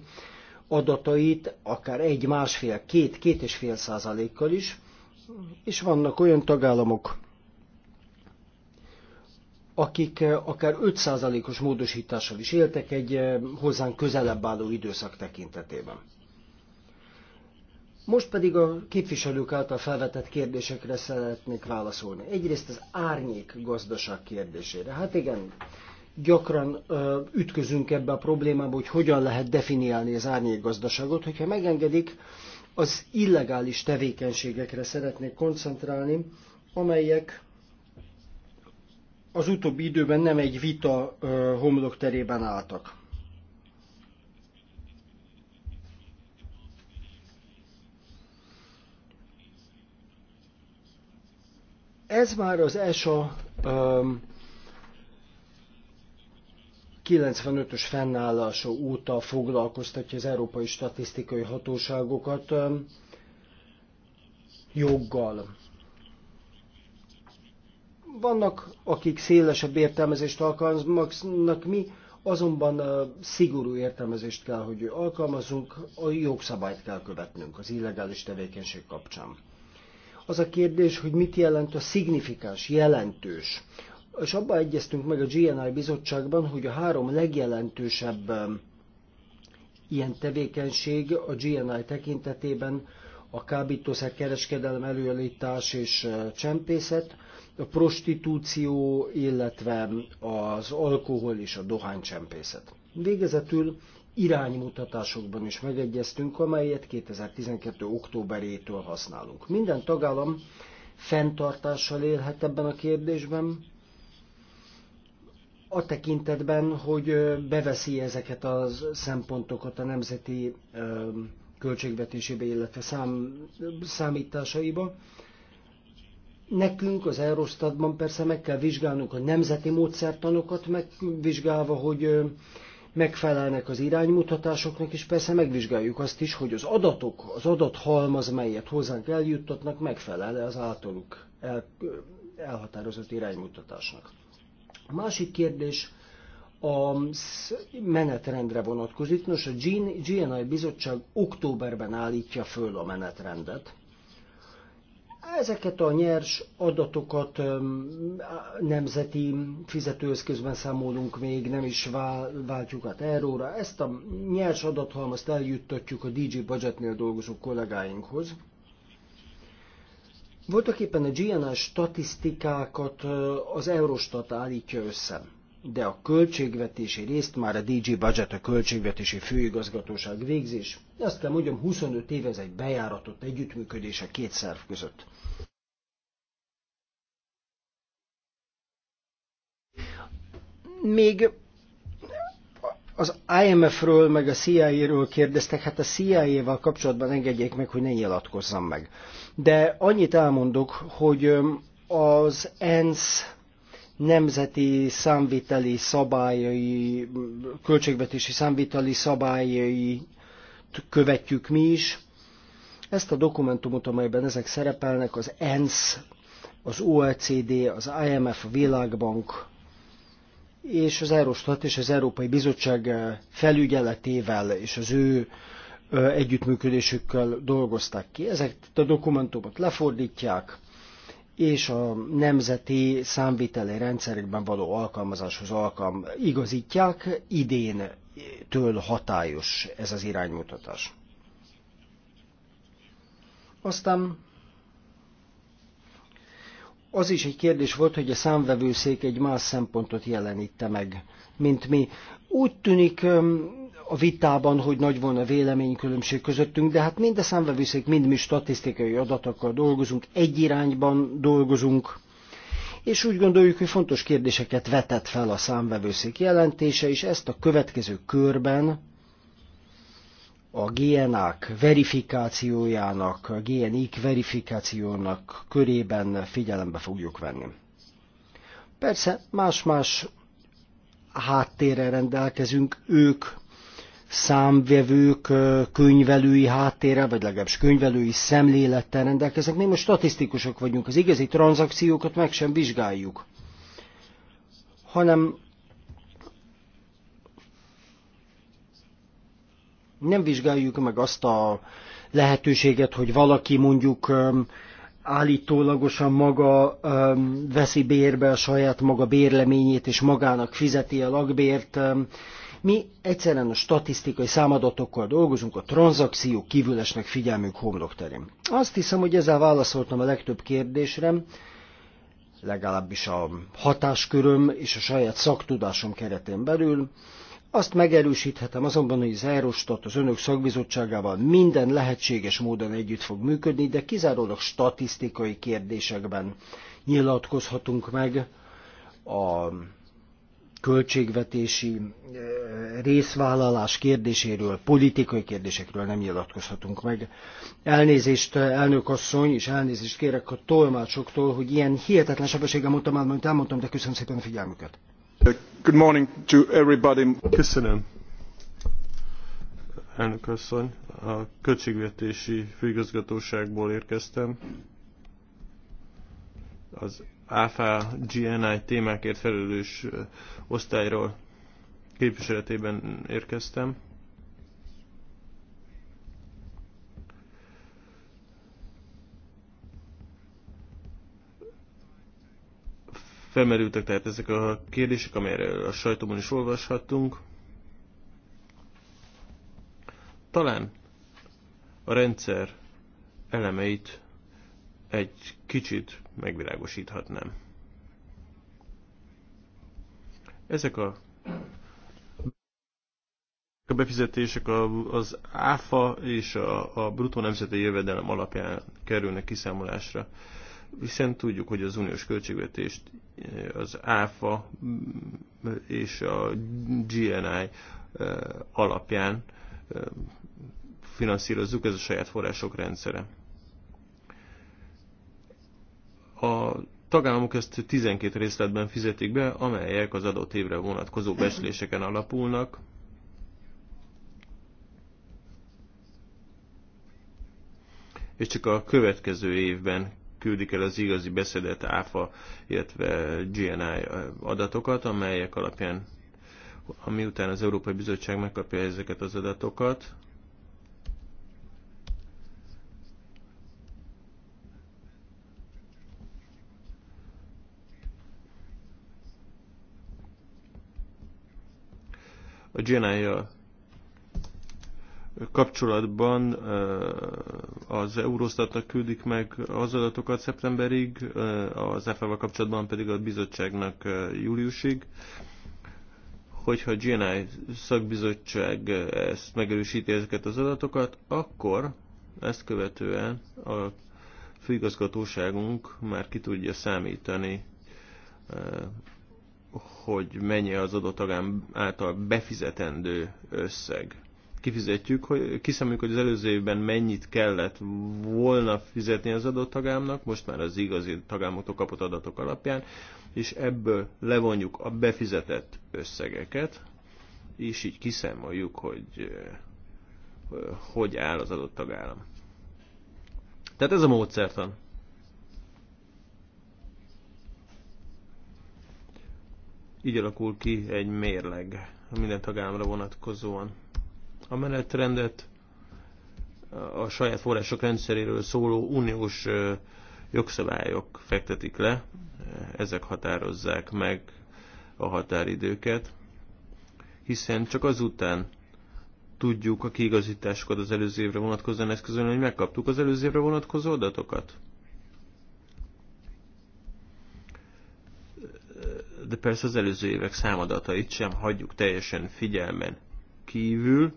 adatait, akár egy, másfél, két, két és fél százalékkal is, és vannak olyan tagállamok, akik eh, akár 5 százalékos módosítással is éltek egy eh, hozzánk közelebb álló időszak tekintetében. Most pedig a képviselők által felvetett kérdésekre szeretnék válaszolni. Egyrészt az árnyék gazdaság kérdésére. Hát igen, gyakran ö, ütközünk ebbe a problémába, hogy hogyan lehet definiálni az árnyék gazdaságot, Hogyha megengedik, az illegális tevékenységekre szeretnék koncentrálni, amelyek az utóbbi időben nem egy vita ö, homlokterében álltak. Ez már az ESA um, 95-ös fennállása óta foglalkoztatja az európai statisztikai hatóságokat um, joggal. Vannak, akik szélesebb értelmezést alkalmaznak, mi azonban uh, szigorú értelmezést kell, hogy alkalmazunk, a jogszabályt kell követnünk az illegális tevékenység kapcsán. Az a kérdés, hogy mit jelent a szignifikáns, jelentős. És abban egyeztünk meg a GNI bizottságban, hogy a három legjelentősebb um, ilyen tevékenység a GNI tekintetében a kábítószer kereskedelem előállítás és uh, csempészet, a prostitúció, illetve um, az alkohol és a dohánycsempészet. Végezetül iránymutatásokban is megegyeztünk, amelyet 2012. októberétől használunk. Minden tagállam fenntartással élhet ebben a kérdésben, a tekintetben, hogy beveszi ezeket a szempontokat a nemzeti költségvetésébe, illetve szám, számításaiba. Nekünk az Eurostatban persze meg kell vizsgálnunk a nemzeti módszertanokat, megvizsgálva, hogy megfelelnek az iránymutatásoknak, és persze megvizsgáljuk azt is, hogy az adatok, az adathalmaz, melyet hozzánk eljuttatnak, megfelel-e az általuk el, elhatározott iránymutatásnak. A másik kérdés a menetrendre vonatkozik. Nos, a GNI bizottság októberben állítja föl a menetrendet. Ezeket a nyers adatokat nemzeti fizetőeszközben számolunk még, nem is váltjuk át erróra. Ezt a nyers adathalmazt eljuttatjuk a DJ Budgetnél dolgozó kollégáinkhoz. Voltak éppen a GNS statisztikákat az Eurostat állítja össze de a költségvetési részt már a DG Budget, a költségvetési főigazgatóság végzés. Azt kell mondjam, 25 év ez egy bejáratott együttműködés a két szerv között. Még az IMF-ről meg a CIA-ről kérdeztek, hát a CIA-val kapcsolatban engedjék meg, hogy ne nyilatkozzam meg. De annyit elmondok, hogy az ENSZ nemzeti számviteli szabályai, költségvetési számviteli szabályai követjük mi is. Ezt a dokumentumot, amelyben ezek szerepelnek, az ENSZ, az OECD, az IMF, a Világbank és az Eurostat és az Európai Bizottság felügyeletével és az ő együttműködésükkel dolgozták ki. Ezeket a dokumentumot lefordítják, és a nemzeti számviteli rendszerekben való alkalmazáshoz alkalm igazítják, idén től hatályos ez az iránymutatás. Aztán az is egy kérdés volt, hogy a számvevőszék egy más szempontot jelenítte meg, mint mi. Úgy tűnik, a vitában, hogy nagy volna véleménykülönbség közöttünk, de hát mind a számbevőszék, mind mi statisztikai adatokkal dolgozunk, egy irányban dolgozunk, és úgy gondoljuk, hogy fontos kérdéseket vetett fel a számbevőszék jelentése, és ezt a következő körben a GNA-k verifikációjának, a GNI-k verifikációnak körében figyelembe fogjuk venni. Persze más-más háttérrel rendelkezünk, ők számvevők könyvelői háttérrel, vagy legalábbis könyvelői szemlélettel rendelkeznek. Mi most statisztikusok vagyunk, az igazi tranzakciókat meg sem vizsgáljuk, hanem nem vizsgáljuk meg azt a lehetőséget, hogy valaki mondjuk állítólagosan maga veszi bérbe a saját maga bérleményét, és magának fizeti a lakbért, mi egyszerűen a statisztikai számadatokkal dolgozunk, a tranzakciók kívül esnek figyelmünk homlokterén. Azt hiszem, hogy ezzel válaszoltam a legtöbb kérdésre, legalábbis a hatásköröm és a saját szaktudásom keretén belül. Azt megerősíthetem azonban, hogy az Eurostat az önök szakbizottságával minden lehetséges módon együtt fog működni, de kizárólag statisztikai kérdésekben nyilatkozhatunk meg a költségvetési eh, részvállalás kérdéséről, politikai kérdésekről nem nyilatkozhatunk meg. Elnézést, elnök asszony, és elnézést kérek a tolmácsoktól, hogy ilyen hihetetlen sebességgel mondtam el, amit elmondtam, de köszönöm szépen a figyelmüket. Good morning to everybody. Köszönöm. Elnök asszony, a költségvetési főigazgatóságból érkeztem. Az AFA GNI témákért felelős osztályról képviseletében érkeztem. Felmerültek tehát ezek a kérdések, amelyről a sajtóban is olvashattunk. Talán a rendszer elemeit egy kicsit megvilágosíthatnám. Ezek a a befizetések az áfa és a, bruttó nemzeti jövedelem alapján kerülnek kiszámolásra, hiszen tudjuk, hogy az uniós költségvetést eh, az áfa mm, és a GNI eh, alapján eh, finanszírozzuk, ez a saját források rendszere a tagállamok ezt 12 részletben fizetik be, amelyek az adott évre vonatkozó beszéléseken alapulnak. És csak a következő évben küldik el az igazi beszedett áfa, illetve GNI adatokat, amelyek alapján, amiután az Európai Bizottság megkapja ezeket az adatokat, a gni kapcsolatban eh, az Eurostatnak küldik meg az adatokat szeptemberig, eh, az EFA-val kapcsolatban pedig a bizottságnak eh, júliusig. Hogyha a GNI szakbizottság ezt megerősíti ezeket az adatokat, akkor ezt követően a főigazgatóságunk már ki tudja számítani hogy mennyi az adott tagám által befizetendő összeg. Kifizetjük, hogy kiszámoljuk, hogy az előző évben mennyit kellett volna fizetni az adott tagámnak, most már az igazi tagámoktól kapott adatok alapján, és ebből levonjuk a befizetett összegeket, és így kiszámoljuk, hogy hogy áll az adott tagállam. Tehát ez a módszertan. Így alakul ki egy mérleg minden tagállamra vonatkozóan. A menetrendet a saját források rendszeréről szóló uniós jogszabályok fektetik le, ezek határozzák meg a határidőket, hiszen csak azután tudjuk a kiigazításokat az előző évre vonatkozóan eszközön hogy megkaptuk az előző évre vonatkozó adatokat. de persze az előző évek számadatait sem hagyjuk teljesen figyelmen kívül,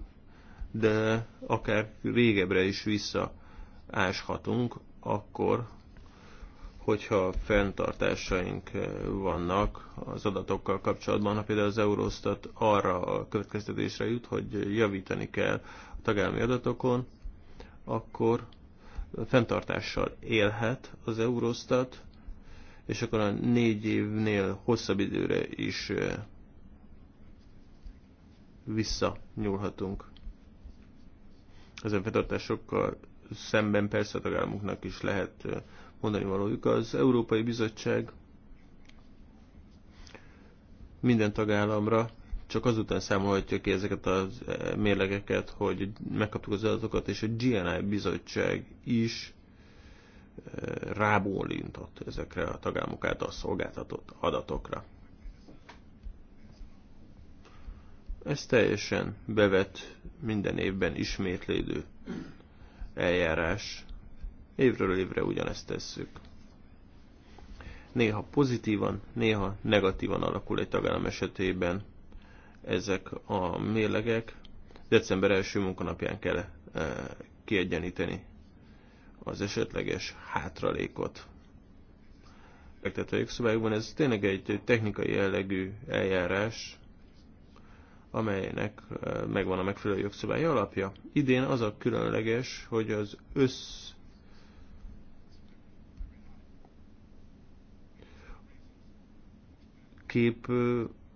de akár régebbre is visszaáshatunk, akkor, hogyha fenntartásaink vannak az adatokkal kapcsolatban, ha például az Eurostat arra a következtetésre jut, hogy javítani kell a tagállami adatokon, akkor fenntartással élhet az Eurostat, és akkor a négy évnél hosszabb időre is visszanyúlhatunk. Ezen fenntartásokkal szemben persze a tagállamoknak is lehet mondani valójuk. Az Európai Bizottság minden tagállamra csak azután számolhatja ki ezeket a mérlegeket, hogy megkaptuk az adatokat, és a GNI bizottság is rábólintott ezekre a tagállamok által szolgáltatott adatokra. Ez teljesen bevet minden évben ismétlődő eljárás. Évről évre ugyanezt tesszük. Néha pozitívan, néha negatívan alakul egy tagállam esetében ezek a mérlegek. December első munkanapján kell eh, kiegyeníteni az esetleges hátralékot. Tehát a jogszabályokban ez tényleg egy technikai jellegű eljárás, amelynek megvan a megfelelő jogszabály alapja. Idén az a különleges, hogy az össz kép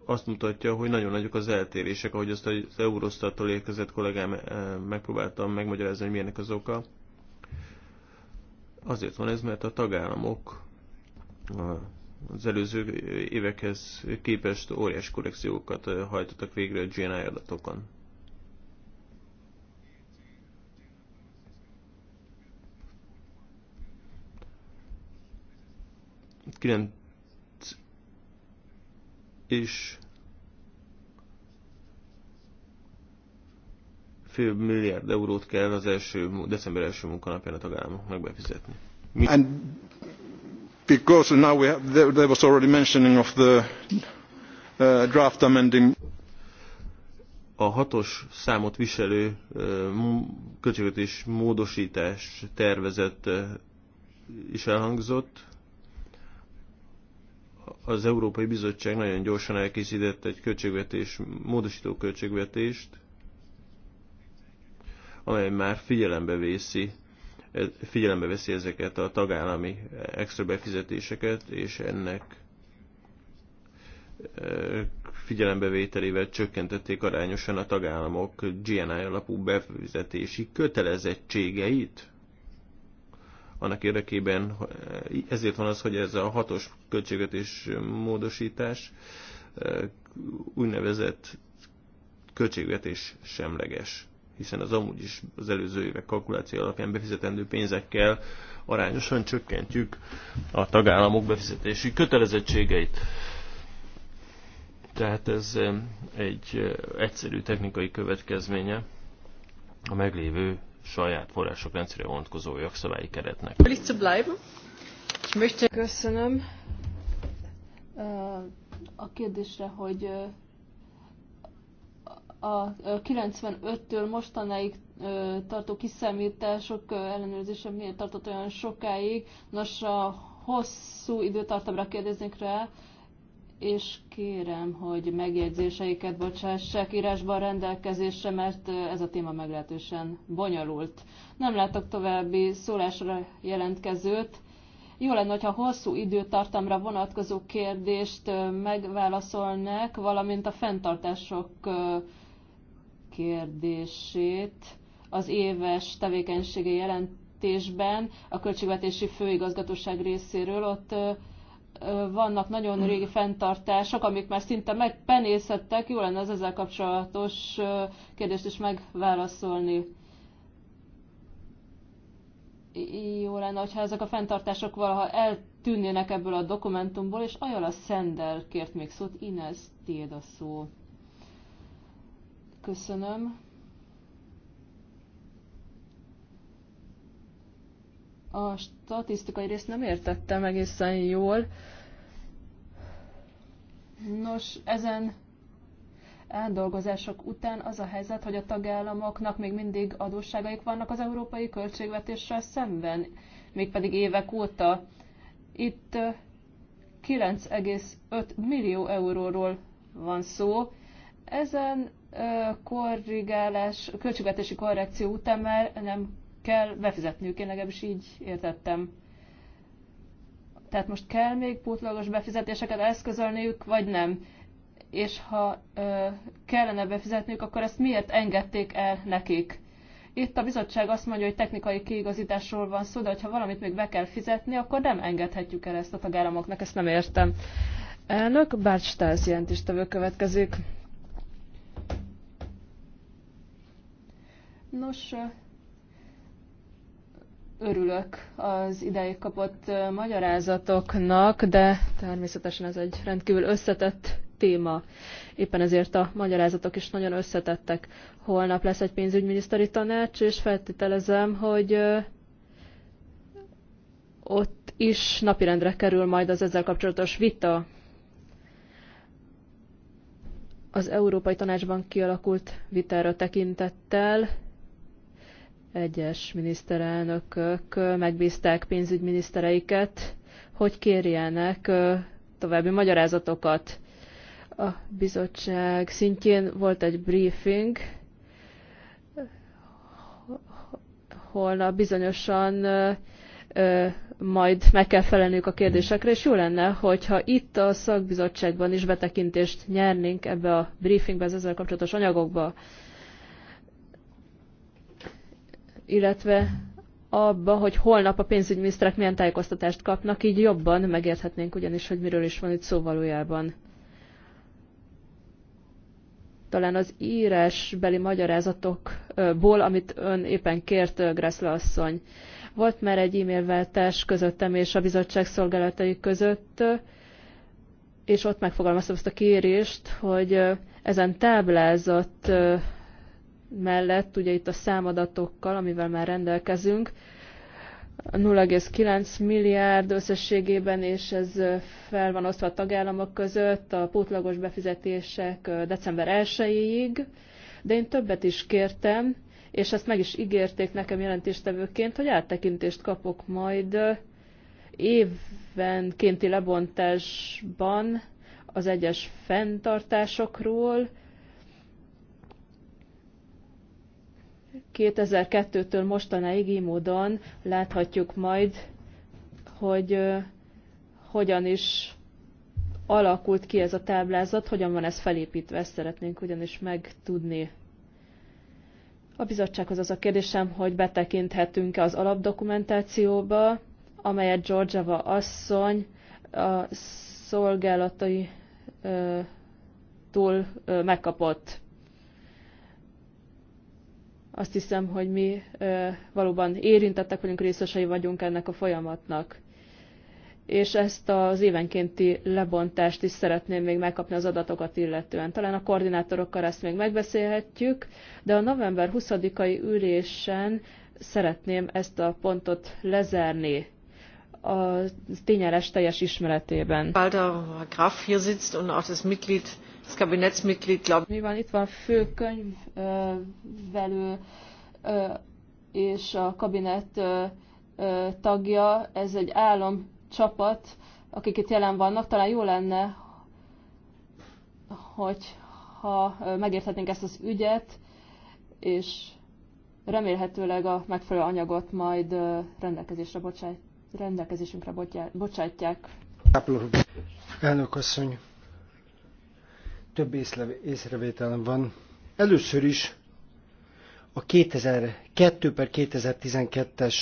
azt mutatja, hogy nagyon nagyok az eltérések, ahogy azt az Eurostattól érkezett kollégám megpróbáltam megmagyarázni, hogy milyenek az oka. Azért van ez, mert a tagállamok az előző évekhez képest óriás korrekciókat hajtottak végre a GNI adatokon. Kilenc és fél milliárd eurót kell az első, december első munkanapján a tagállamoknak befizetni. And because now we have, there, there was already mentioning of the uh, draft amending a hatos számot viselő uh, költségvetés módosítás tervezet uh, is elhangzott. Az Európai Bizottság nagyon gyorsan elkészített egy költségvetés, módosító költségvetést, amely már figyelembe veszi figyelembe veszi ezeket a tagállami extra befizetéseket, és ennek figyelembevételével csökkentették arányosan a tagállamok GNI alapú befizetési kötelezettségeit. Annak érdekében ezért van az, hogy ez a hatos költségvetés módosítás úgynevezett költségvetés semleges hiszen az amúgy is az előző évek kalkuláció alapján befizetendő pénzekkel arányosan csökkentjük a tagállamok befizetési kötelezettségeit. Tehát ez egy egyszerű technikai következménye a meglévő saját források rendszerre vonatkozó jogszabályi keretnek. Köszönöm. A kérdésre, hogy a 95-től mostanáig tartó kiszámítások ellenőrzése miért tartott olyan sokáig. Nos, a hosszú időtartamra kérdeznék rá, és kérem, hogy megjegyzéseiket bocsássák írásban rendelkezésre, mert ez a téma meglehetősen bonyolult. Nem látok további szólásra jelentkezőt. Jó lenne, hogyha hosszú időtartamra vonatkozó kérdést megválaszolnák, valamint a fenntartások kérdését az éves tevékenysége jelentésben a Költségvetési Főigazgatóság részéről. Ott vannak nagyon régi fenntartások, amik már szinte megpenészettek. Jó lenne az ezzel kapcsolatos kérdést is megválaszolni. Jó lenne, hogyha ezek a fenntartások valaha eltűnnének ebből a dokumentumból, és Ajala Szendel kért még szót, Inez, tiéd a szó. Köszönöm. A statisztikai részt nem értettem egészen jól. Nos, ezen átdolgozások után az a helyzet, hogy a tagállamoknak még mindig adósságaik vannak az európai költségvetéssel szemben, mégpedig évek óta. Itt 9,5 millió euróról van szó. Ezen korrigálás, költségvetési korrekció után már nem kell befizetniük, én legalábbis így értettem. Tehát most kell még pótlagos befizetéseket eszközölniük, vagy nem? És ha ö, kellene befizetniük, akkor ezt miért engedték el nekik? Itt a bizottság azt mondja, hogy technikai kiigazításról van szó, de ha valamit még be kell fizetni, akkor nem engedhetjük el ezt a tagállamoknak, ezt nem értem. Elnök Bárcs Stász jelentéstevő következik. Nos, örülök az ideig kapott magyarázatoknak, de természetesen ez egy rendkívül összetett téma. Éppen ezért a magyarázatok is nagyon összetettek. Holnap lesz egy pénzügyminiszteri tanács, és feltételezem, hogy ott is napirendre kerül majd az ezzel kapcsolatos vita. Az Európai Tanácsban kialakult vitára tekintettel egyes miniszterelnökök megbízták pénzügyminisztereiket, hogy kérjenek további magyarázatokat. A bizottság szintjén volt egy briefing, holnap bizonyosan majd meg kell felelniük a kérdésekre, és jó lenne, hogyha itt a szakbizottságban is betekintést nyernénk ebbe a briefingbe, az ezzel kapcsolatos anyagokba illetve abba, hogy holnap a pénzügyminiszterek milyen tájékoztatást kapnak, így jobban megérthetnénk ugyanis, hogy miről is van itt szó valójában. Talán az írásbeli magyarázatokból, amit ön éppen kért, Gressle asszony. Volt már egy e-mailváltás közöttem és a bizottság szolgálatai között, és ott megfogalmaztam azt a kérést, hogy ezen táblázat mellett, ugye itt a számadatokkal, amivel már rendelkezünk, 0,9 milliárd összességében, és ez fel van osztva a tagállamok között a pótlagos befizetések december 1-ig, de én többet is kértem, és ezt meg is ígérték nekem jelentéstevőként, hogy áttekintést kapok majd évenkénti lebontásban az egyes fenntartásokról, 2002-től mostanáig így módon láthatjuk majd, hogy hogyan is alakult ki ez a táblázat, hogyan van ez felépítve, ezt szeretnénk ugyanis megtudni. A bizottsághoz az a kérdésem, hogy betekinthetünk-e az alapdokumentációba, amelyet Georgiava asszony a szolgálatai túl megkapott. Azt hiszem, hogy mi valóban érintettek vagyunk, részesei vagyunk ennek a folyamatnak. És ezt az évenkénti lebontást is szeretném még megkapni az adatokat illetően. Talán a koordinátorokkal ezt még megbeszélhetjük, de a november 20-ai ülésen szeretném ezt a pontot lezárni a tényeles teljes ismeretében. Walter Graf hier sitzt und auch das Mitglied das Kabinettsmitglied, glaube ich. Mi van, itt van főkönyvvelő és a kabinet tagja, ez egy államcsapat, akik itt jelen vannak, talán jó lenne, hogy ha megérthetnénk ezt az ügyet, és remélhetőleg a megfelelő anyagot majd rendelkezésre bocsájt, rendelkezésünkre bocsájtják. Elnök asszony, több észrevételem van. Először is a 2002 per 2012-es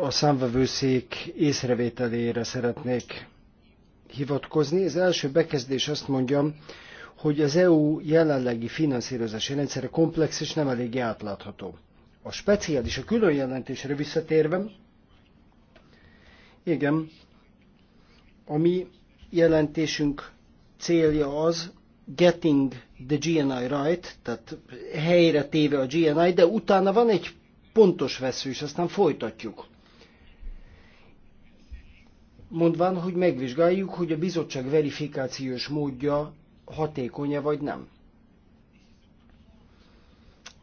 a számvevőszék észrevételére szeretnék hivatkozni. Az első bekezdés azt mondja, hogy az EU jelenlegi finanszírozási rendszere komplex és nem eléggé átlátható. A speciális, a külön jelentésre visszatérve, igen, ami jelentésünk célja az, getting the GNI right, tehát helyre téve a GNI, de utána van egy pontos vesző, és aztán folytatjuk. Mondván, hogy megvizsgáljuk, hogy a bizottság verifikációs módja hatékonya vagy nem.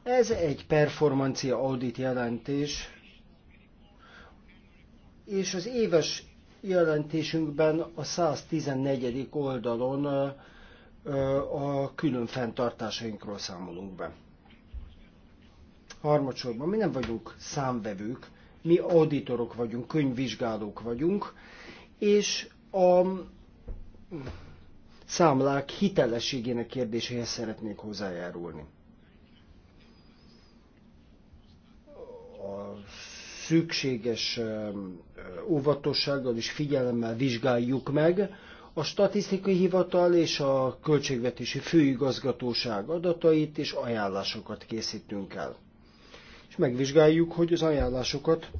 Ez egy performancia audit jelentés, és az éves jelentésünkben a 114. oldalon a külön fenntartásainkról számolunk be. Harmadsorban mi nem vagyunk számvevők, mi auditorok vagyunk, könyvvizsgálók vagyunk, és a számlák hitelességének kérdéséhez szeretnék hozzájárulni. A szükséges óvatossággal és figyelemmel vizsgáljuk meg. A statisztikai hivatal és a költségvetési főigazgatóság adatait és ajánlásokat készítünk el. És megvizsgáljuk, hogy az ajánlásokat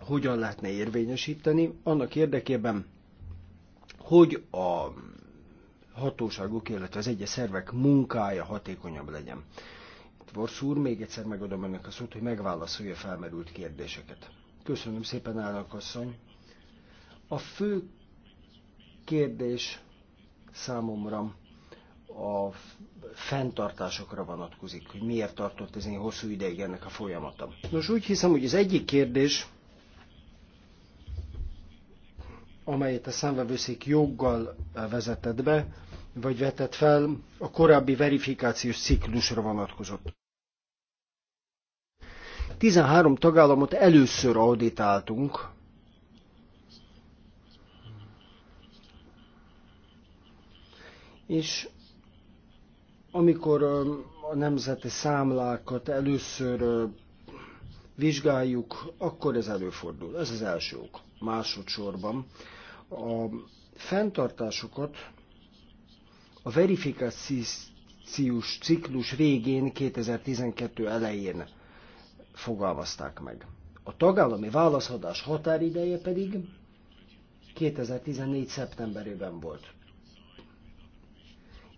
hogyan lehetne érvényesíteni, annak érdekében, hogy a hatóságok, illetve az egyes szervek munkája hatékonyabb legyen. Borsz úr, még egyszer megadom önnek a szót, hogy megválaszolja felmerült kérdéseket. Köszönöm szépen, állnak asszony. A fő kérdés számomra a fenntartásokra vonatkozik, hogy miért tartott ez én hosszú ideig ennek a folyamata. Nos, úgy hiszem, hogy az egyik kérdés, amelyet a számvevőszék joggal vezetett be, vagy vetett fel, a korábbi verifikációs ciklusra vonatkozott. 13 tagállamot először auditáltunk, és amikor a nemzeti számlákat először vizsgáljuk, akkor ez előfordul. Ez az első ok. Másodszorban a fenntartásokat a verifikációs ciklus végén, 2012 elején fogalmazták meg. A tagállami válaszadás határideje pedig 2014. szeptemberében volt.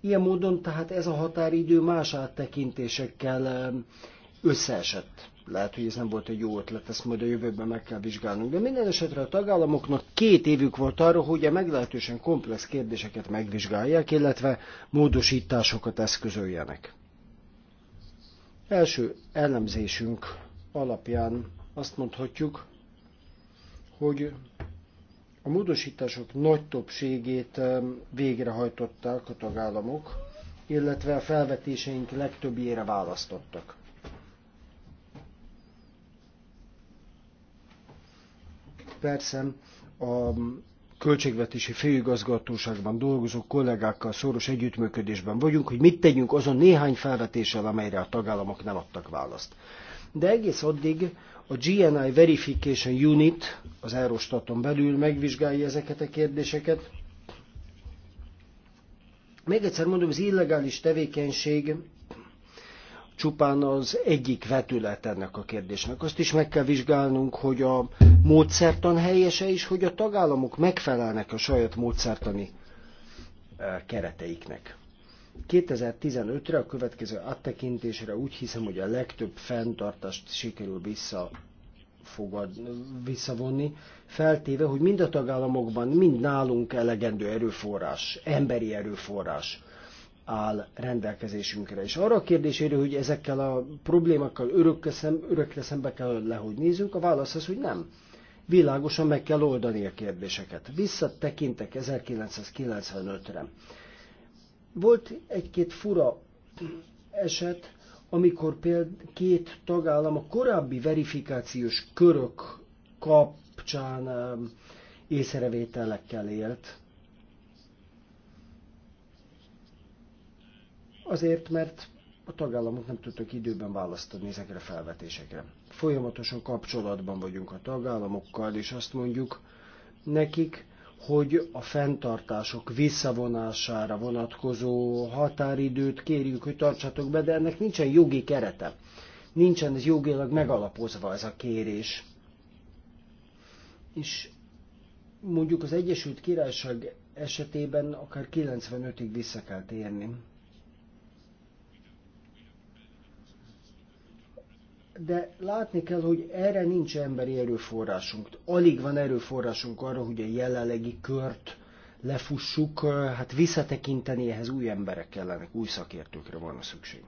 Ilyen módon tehát ez a határidő más áttekintésekkel összeesett. Lehet, hogy ez nem volt egy jó ötlet, ezt majd a jövőben meg kell vizsgálnunk. De minden esetre a tagállamoknak két évük volt arra, hogy a e meglehetősen komplex kérdéseket megvizsgálják, illetve módosításokat eszközöljenek. Első elemzésünk alapján azt mondhatjuk, hogy a módosítások nagy többségét végrehajtották a tagállamok, illetve a felvetéseink legtöbbjére választottak. Persze a költségvetési főigazgatóságban dolgozó kollégákkal szoros együttműködésben vagyunk, hogy mit tegyünk azon néhány felvetéssel, amelyre a tagállamok nem adtak választ de egész addig a GNI Verification Unit az Eurostaton belül megvizsgálja ezeket a kérdéseket. Még egyszer mondom, az illegális tevékenység csupán az egyik vetület ennek a kérdésnek. Azt is meg kell vizsgálnunk, hogy a módszertan helyese is, hogy a tagállamok megfelelnek a saját módszertani eh, kereteiknek. 2015-re, a következő áttekintésre úgy hiszem, hogy a legtöbb fenntartást sikerül vissza fogad, visszavonni, feltéve, hogy mind a tagállamokban, mind nálunk elegendő erőforrás, emberi erőforrás áll rendelkezésünkre. És arra a kérdésére, hogy ezekkel a problémákkal örökre, szem, örökre szembe kell le, hogy nézzünk, a válasz az, hogy nem. Világosan meg kell oldani a kérdéseket. Visszatekintek 1995-re. Volt egy-két fura eset, amikor például két tagállam a korábbi verifikációs körök kapcsán um, észrevételekkel élt. Azért, mert a tagállamok nem tudtak időben választani ezekre a felvetésekre. Folyamatosan kapcsolatban vagyunk a tagállamokkal, és azt mondjuk nekik, hogy a fenntartások visszavonására vonatkozó határidőt kérjük, hogy tartsatok be, de ennek nincsen jogi kerete. Nincsen ez jogilag megalapozva ez a kérés. És mondjuk az Egyesült Királyság esetében akár 95-ig vissza kell térni. de látni kell, hogy erre nincs emberi erőforrásunk. Alig van erőforrásunk arra, hogy a jelenlegi kört lefussuk, hát visszatekinteni ehhez új emberek kellenek, új szakértőkre van a szükség.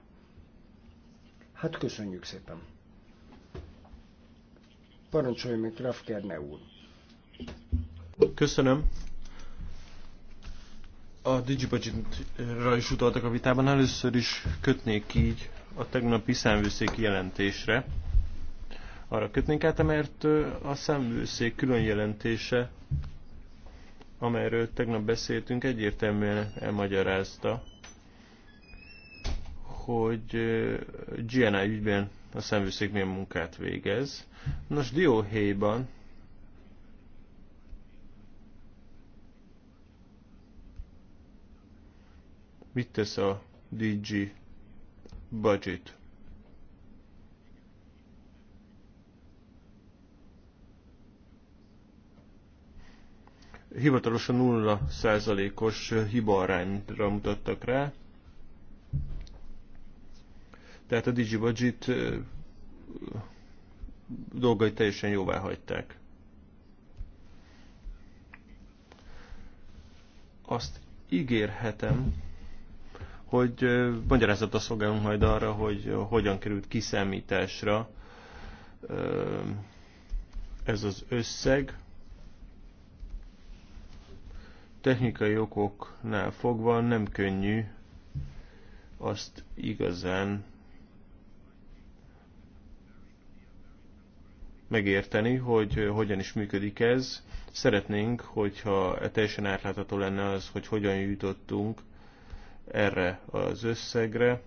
Hát köszönjük szépen. Parancsoljon meg, Rafkerne úr. Köszönöm. A Digibudget-ra is utaltak a vitában. Először is kötnék így a tegnapi számvőszék jelentésre. Arra kötnénk át, mert a számvőszék külön jelentése, amelyről tegnap beszéltünk, egyértelműen elmagyarázta, hogy GNI ügyben a számvőszék milyen munkát végez. Nos, Dióhéjban mit tesz a DG budget. Hivatalosan 0 százalékos hibaarányra mutattak rá, tehát a DigiBudget dolgai teljesen jóvá hagyták. Azt ígérhetem, hogy a szolgálunk majd arra, hogy hogyan került kiszámításra ez az összeg. Technikai okoknál fogva nem könnyű azt igazán megérteni, hogy hogyan is működik ez. Szeretnénk, hogyha teljesen átlátható lenne az, hogy hogyan jutottunk erre az összegre,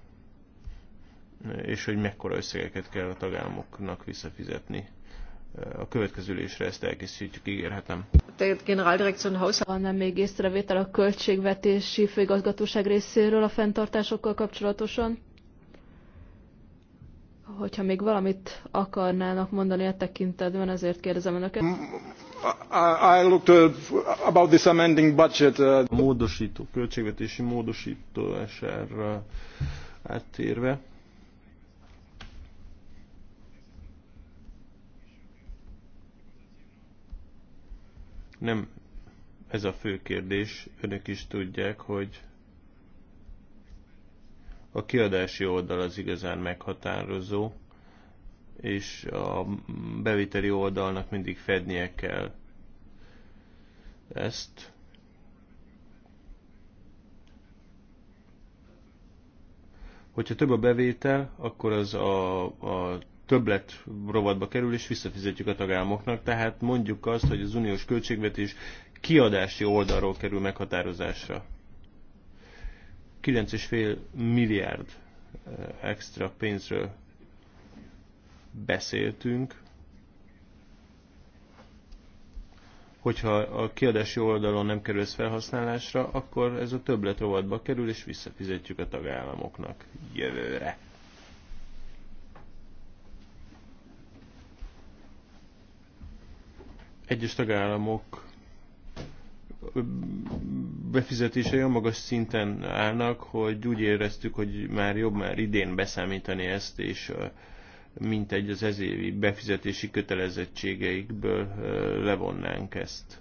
és hogy mekkora összegeket kell a tagállamoknak visszafizetni. A következő ülésre ezt elkészítjük, ígérhetem. van nem még észrevétel a költségvetési főigazgatóság részéről a fenntartásokkal kapcsolatosan? Hogyha még valamit akarnának mondani a e tekintetben, ezért kérdezem önöket. Mm, I looked uh, uh, A módosító, költségvetési áttérve. Nem ez a fő kérdés. Önök is tudják, hogy a kiadási oldal az igazán meghatározó és a bevételi oldalnak mindig fednie kell ezt. Hogyha több a bevétel, akkor az a, a többlet rovatba kerül, és visszafizetjük a tagállamoknak. Tehát mondjuk azt, hogy az uniós költségvetés kiadási oldalról kerül meghatározásra. 9,5 milliárd eh, extra pénzről beszéltünk. Hogyha a kiadási oldalon nem kerül felhasználásra, akkor ez a többlet rovatba kerül, és visszafizetjük a tagállamoknak jövőre. Egyes tagállamok befizetései olyan magas szinten állnak, hogy úgy éreztük, hogy már jobb már idén beszámítani ezt, és mintegy az ezévi befizetési kötelezettségeikből levonnánk ezt.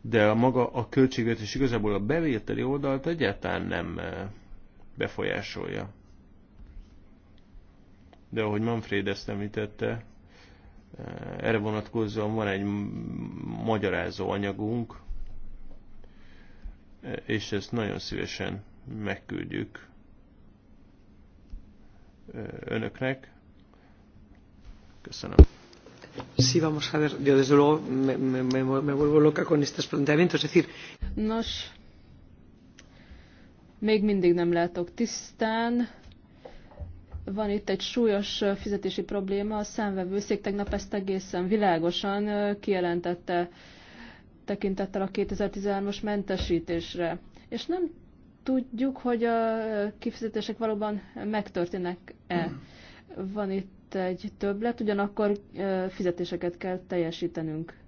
De a maga a költségvetés igazából a bevételi oldalt egyáltalán nem befolyásolja. De ahogy Manfred ezt említette, erre vonatkozóan van egy magyarázó anyagunk, és ezt nagyon szívesen megküldjük önöknek. Köszönöm. Sí, vamos a ver, yo desde luego me, me, me vuelvo loca con estos planteamientos, es decir... Nos, még mindig nem látok tisztán. Van itt egy súlyos fizetési probléma, a számvevőszék tegnap ezt egészen világosan kijelentette tekintettel a 2013-as mentesítésre. És nem tudjuk, hogy a kifizetések valóban megtörténnek-e. Hmm. Van itt egy többlet, ugyanakkor fizetéseket kell teljesítenünk.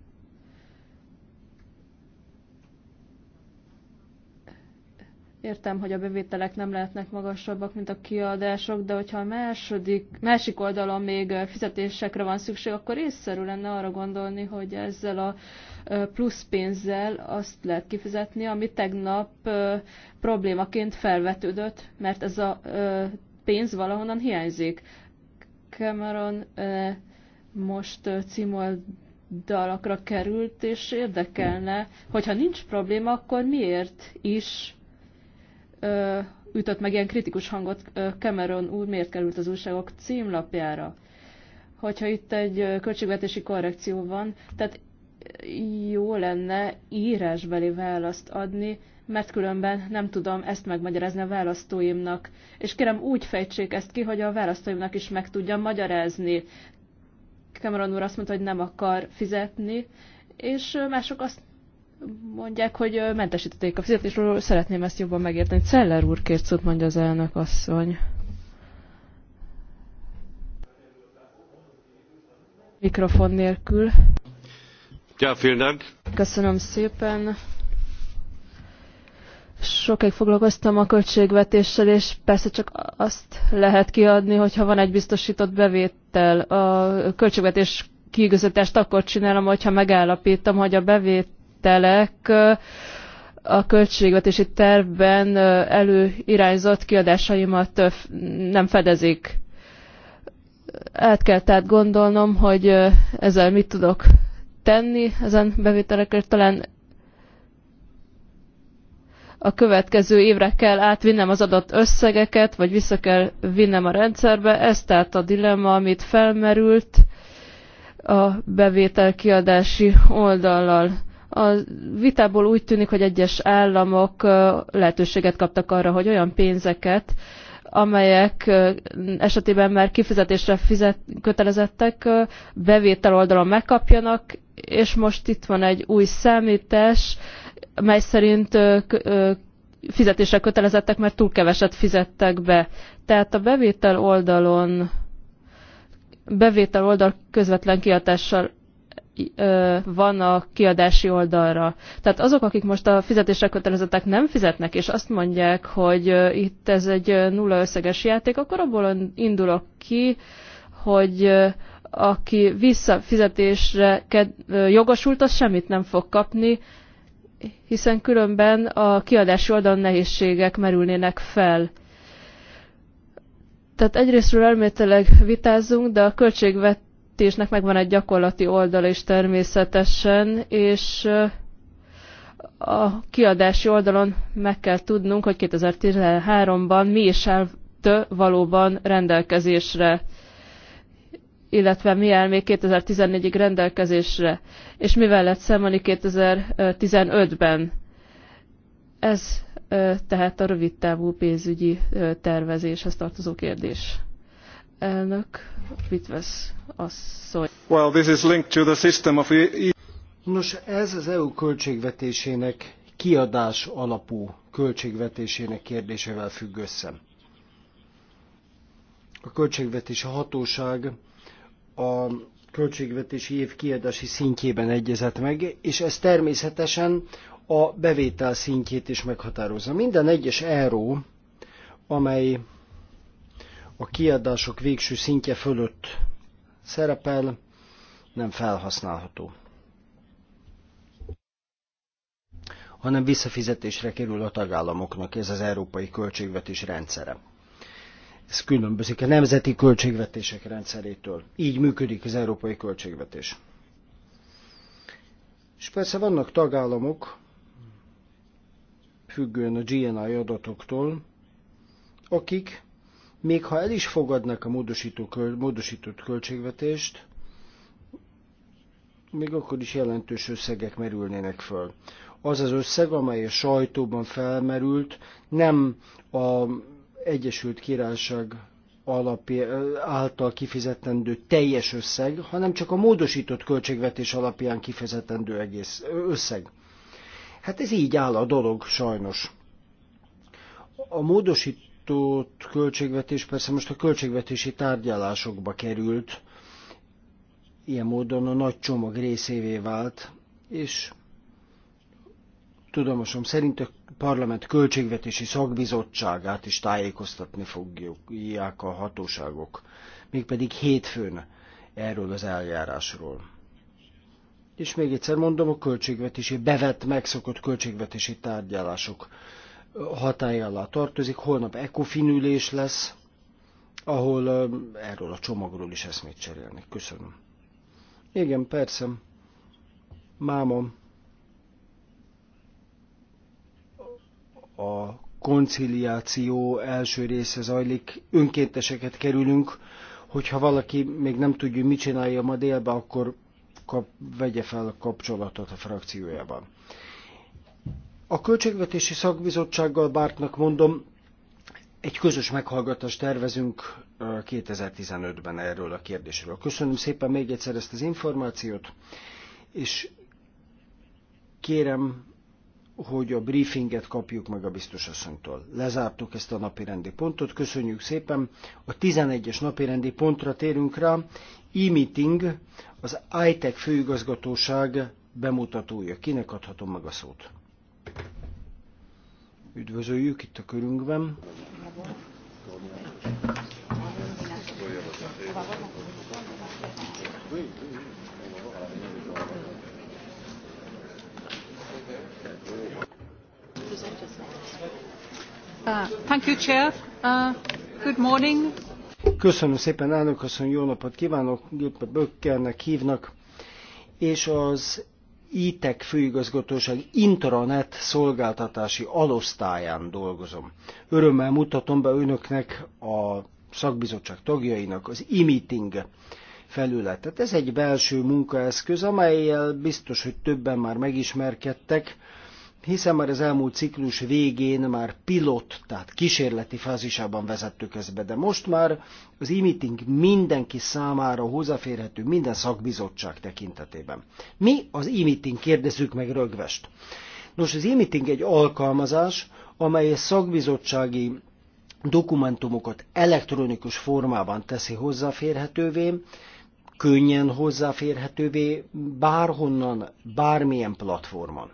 Értem, hogy a bevételek nem lehetnek magasabbak, mint a kiadások, de hogyha a második, másik oldalon még fizetésekre van szükség, akkor észszerű lenne arra gondolni, hogy ezzel a plusz pénzzel azt lehet kifizetni, ami tegnap problémaként felvetődött, mert ez a pénz valahonnan hiányzik. Cameron most címoldalakra került, és érdekelne, hogyha nincs probléma, akkor miért is ütött meg ilyen kritikus hangot Cameron úr, miért került az újságok címlapjára? Hogyha itt egy költségvetési korrekció van, tehát jó lenne írásbeli választ adni, mert különben nem tudom ezt megmagyarázni a választóimnak. És kérem úgy fejtsék ezt ki, hogy a választóimnak is meg tudjam magyarázni. Cameron úr azt mondta, hogy nem akar fizetni, és mások azt mondják, hogy mentesítették a fizetésről, szeretném ezt jobban megérteni. Celler úr kért szót, mondja az elnök asszony. Mikrofon nélkül. Köszönöm szépen. Sokáig foglalkoztam a költségvetéssel, és persze csak azt lehet kiadni, hogyha van egy biztosított bevétel. A költségvetés kiigazítást akkor csinálom, hogyha megállapítom, hogy a bevételek a költségvetési tervben előirányzott kiadásaimat nem fedezik. Át kell tehát gondolnom, hogy ezzel mit tudok tenni ezen bevételekért, talán a következő évre kell átvinnem az adott összegeket, vagy vissza kell vinnem a rendszerbe. Ez tehát a dilemma, amit felmerült a bevételkiadási oldallal. A vitából úgy tűnik, hogy egyes államok lehetőséget kaptak arra, hogy olyan pénzeket, amelyek esetében már kifizetésre fizet, kötelezettek, bevétel oldalon megkapjanak, és most itt van egy új számítás, mely szerint fizetésre kötelezettek, mert túl keveset fizettek be. Tehát a bevétel oldalon, bevétel oldal közvetlen kiadással van a kiadási oldalra. Tehát azok, akik most a fizetésre kötelezettek nem fizetnek, és azt mondják, hogy itt ez egy nulla összeges játék, akkor abból indulok ki, hogy aki visszafizetésre jogosult, az semmit nem fog kapni, hiszen különben a kiadási oldalon nehézségek merülnének fel. Tehát egyrésztről elméletileg vitázunk, de a költségvetésnek megvan egy gyakorlati oldala is természetesen, és a kiadási oldalon meg kell tudnunk, hogy 2013-ban mi is állt valóban rendelkezésre illetve mi áll még 2014-ig rendelkezésre, és mivel lett számolni 2015-ben. Ez tehát a rövid távú pénzügyi tervezéshez tartozó kérdés. Elnök a asszony. Well, this is linked to the system of... E- e- Nos, ez az EU költségvetésének kiadás alapú költségvetésének kérdésével függ össze. A költségvetési hatóság a költségvetési év kiadási szintjében egyezett meg, és ez természetesen a bevétel szintjét is meghatározza. Minden egyes euró, amely a kiadások végső szintje fölött szerepel, nem felhasználható, hanem visszafizetésre kerül a tagállamoknak ez az európai költségvetés rendszere. Ez különbözik a nemzeti költségvetések rendszerétől. Így működik az európai költségvetés. És persze vannak tagállamok, függően a GNI adatoktól, akik, még ha el is fogadnak a módosító, módosított költségvetést, még akkor is jelentős összegek merülnének föl. Az az összeg, amely a sajtóban felmerült, nem a Egyesült Királyság alapja, által kifizetendő teljes összeg, hanem csak a módosított költségvetés alapján kifizetendő egész összeg. Hát ez így áll a dolog, sajnos. A módosított költségvetés persze most a költségvetési tárgyalásokba került, ilyen módon a nagy csomag részévé vált, és tudomosom szerint a parlament költségvetési szakbizottságát is tájékoztatni fogják a hatóságok, mégpedig hétfőn erről az eljárásról. És még egyszer mondom, a költségvetési bevett, megszokott költségvetési tárgyalások hatája alá tartozik. Holnap ECOFIN ülés lesz, ahol erről a csomagról is eszmét cserélnek. Köszönöm. Igen, persze. Mámom a konciliáció első része zajlik, önkénteseket kerülünk, hogyha valaki még nem tudja, mit csinálja ma délbe, akkor kap, vegye fel a kapcsolatot a frakciójában. A Költségvetési Szakbizottsággal Bártnak mondom, egy közös meghallgatást tervezünk 2015-ben erről a kérdésről. Köszönöm szépen még egyszer ezt az információt, és kérem hogy a briefinget kapjuk meg a biztosasszonytól. Lezártuk ezt a napi rendi pontot, köszönjük szépen. A 11-es rendi pontra térünk rá. E-meeting, az ITEC főigazgatóság bemutatója. Kinek adhatom meg a szót? Üdvözöljük itt a körünkben. Uh, uh, Köszönöm szépen, elnök asszony, jó napot kívánok, Gilbert Böckernek hívnak, és az ITEC főigazgatóság intranet szolgáltatási alosztályán dolgozom. Örömmel mutatom be önöknek a szakbizottság tagjainak az e-meeting felületet. Ez egy belső munkaeszköz, amelyel biztos, hogy többen már megismerkedtek, hiszen már az elmúlt ciklus végén már pilot, tehát kísérleti fázisában vezettük ezt be, de most már az e-meeting mindenki számára hozzáférhető minden szakbizottság tekintetében. Mi az e-meeting? Kérdezzük meg rögvest. Nos, az e-meeting egy alkalmazás, amely a szakbizottsági dokumentumokat elektronikus formában teszi hozzáférhetővé, könnyen hozzáférhetővé bárhonnan, bármilyen platformon.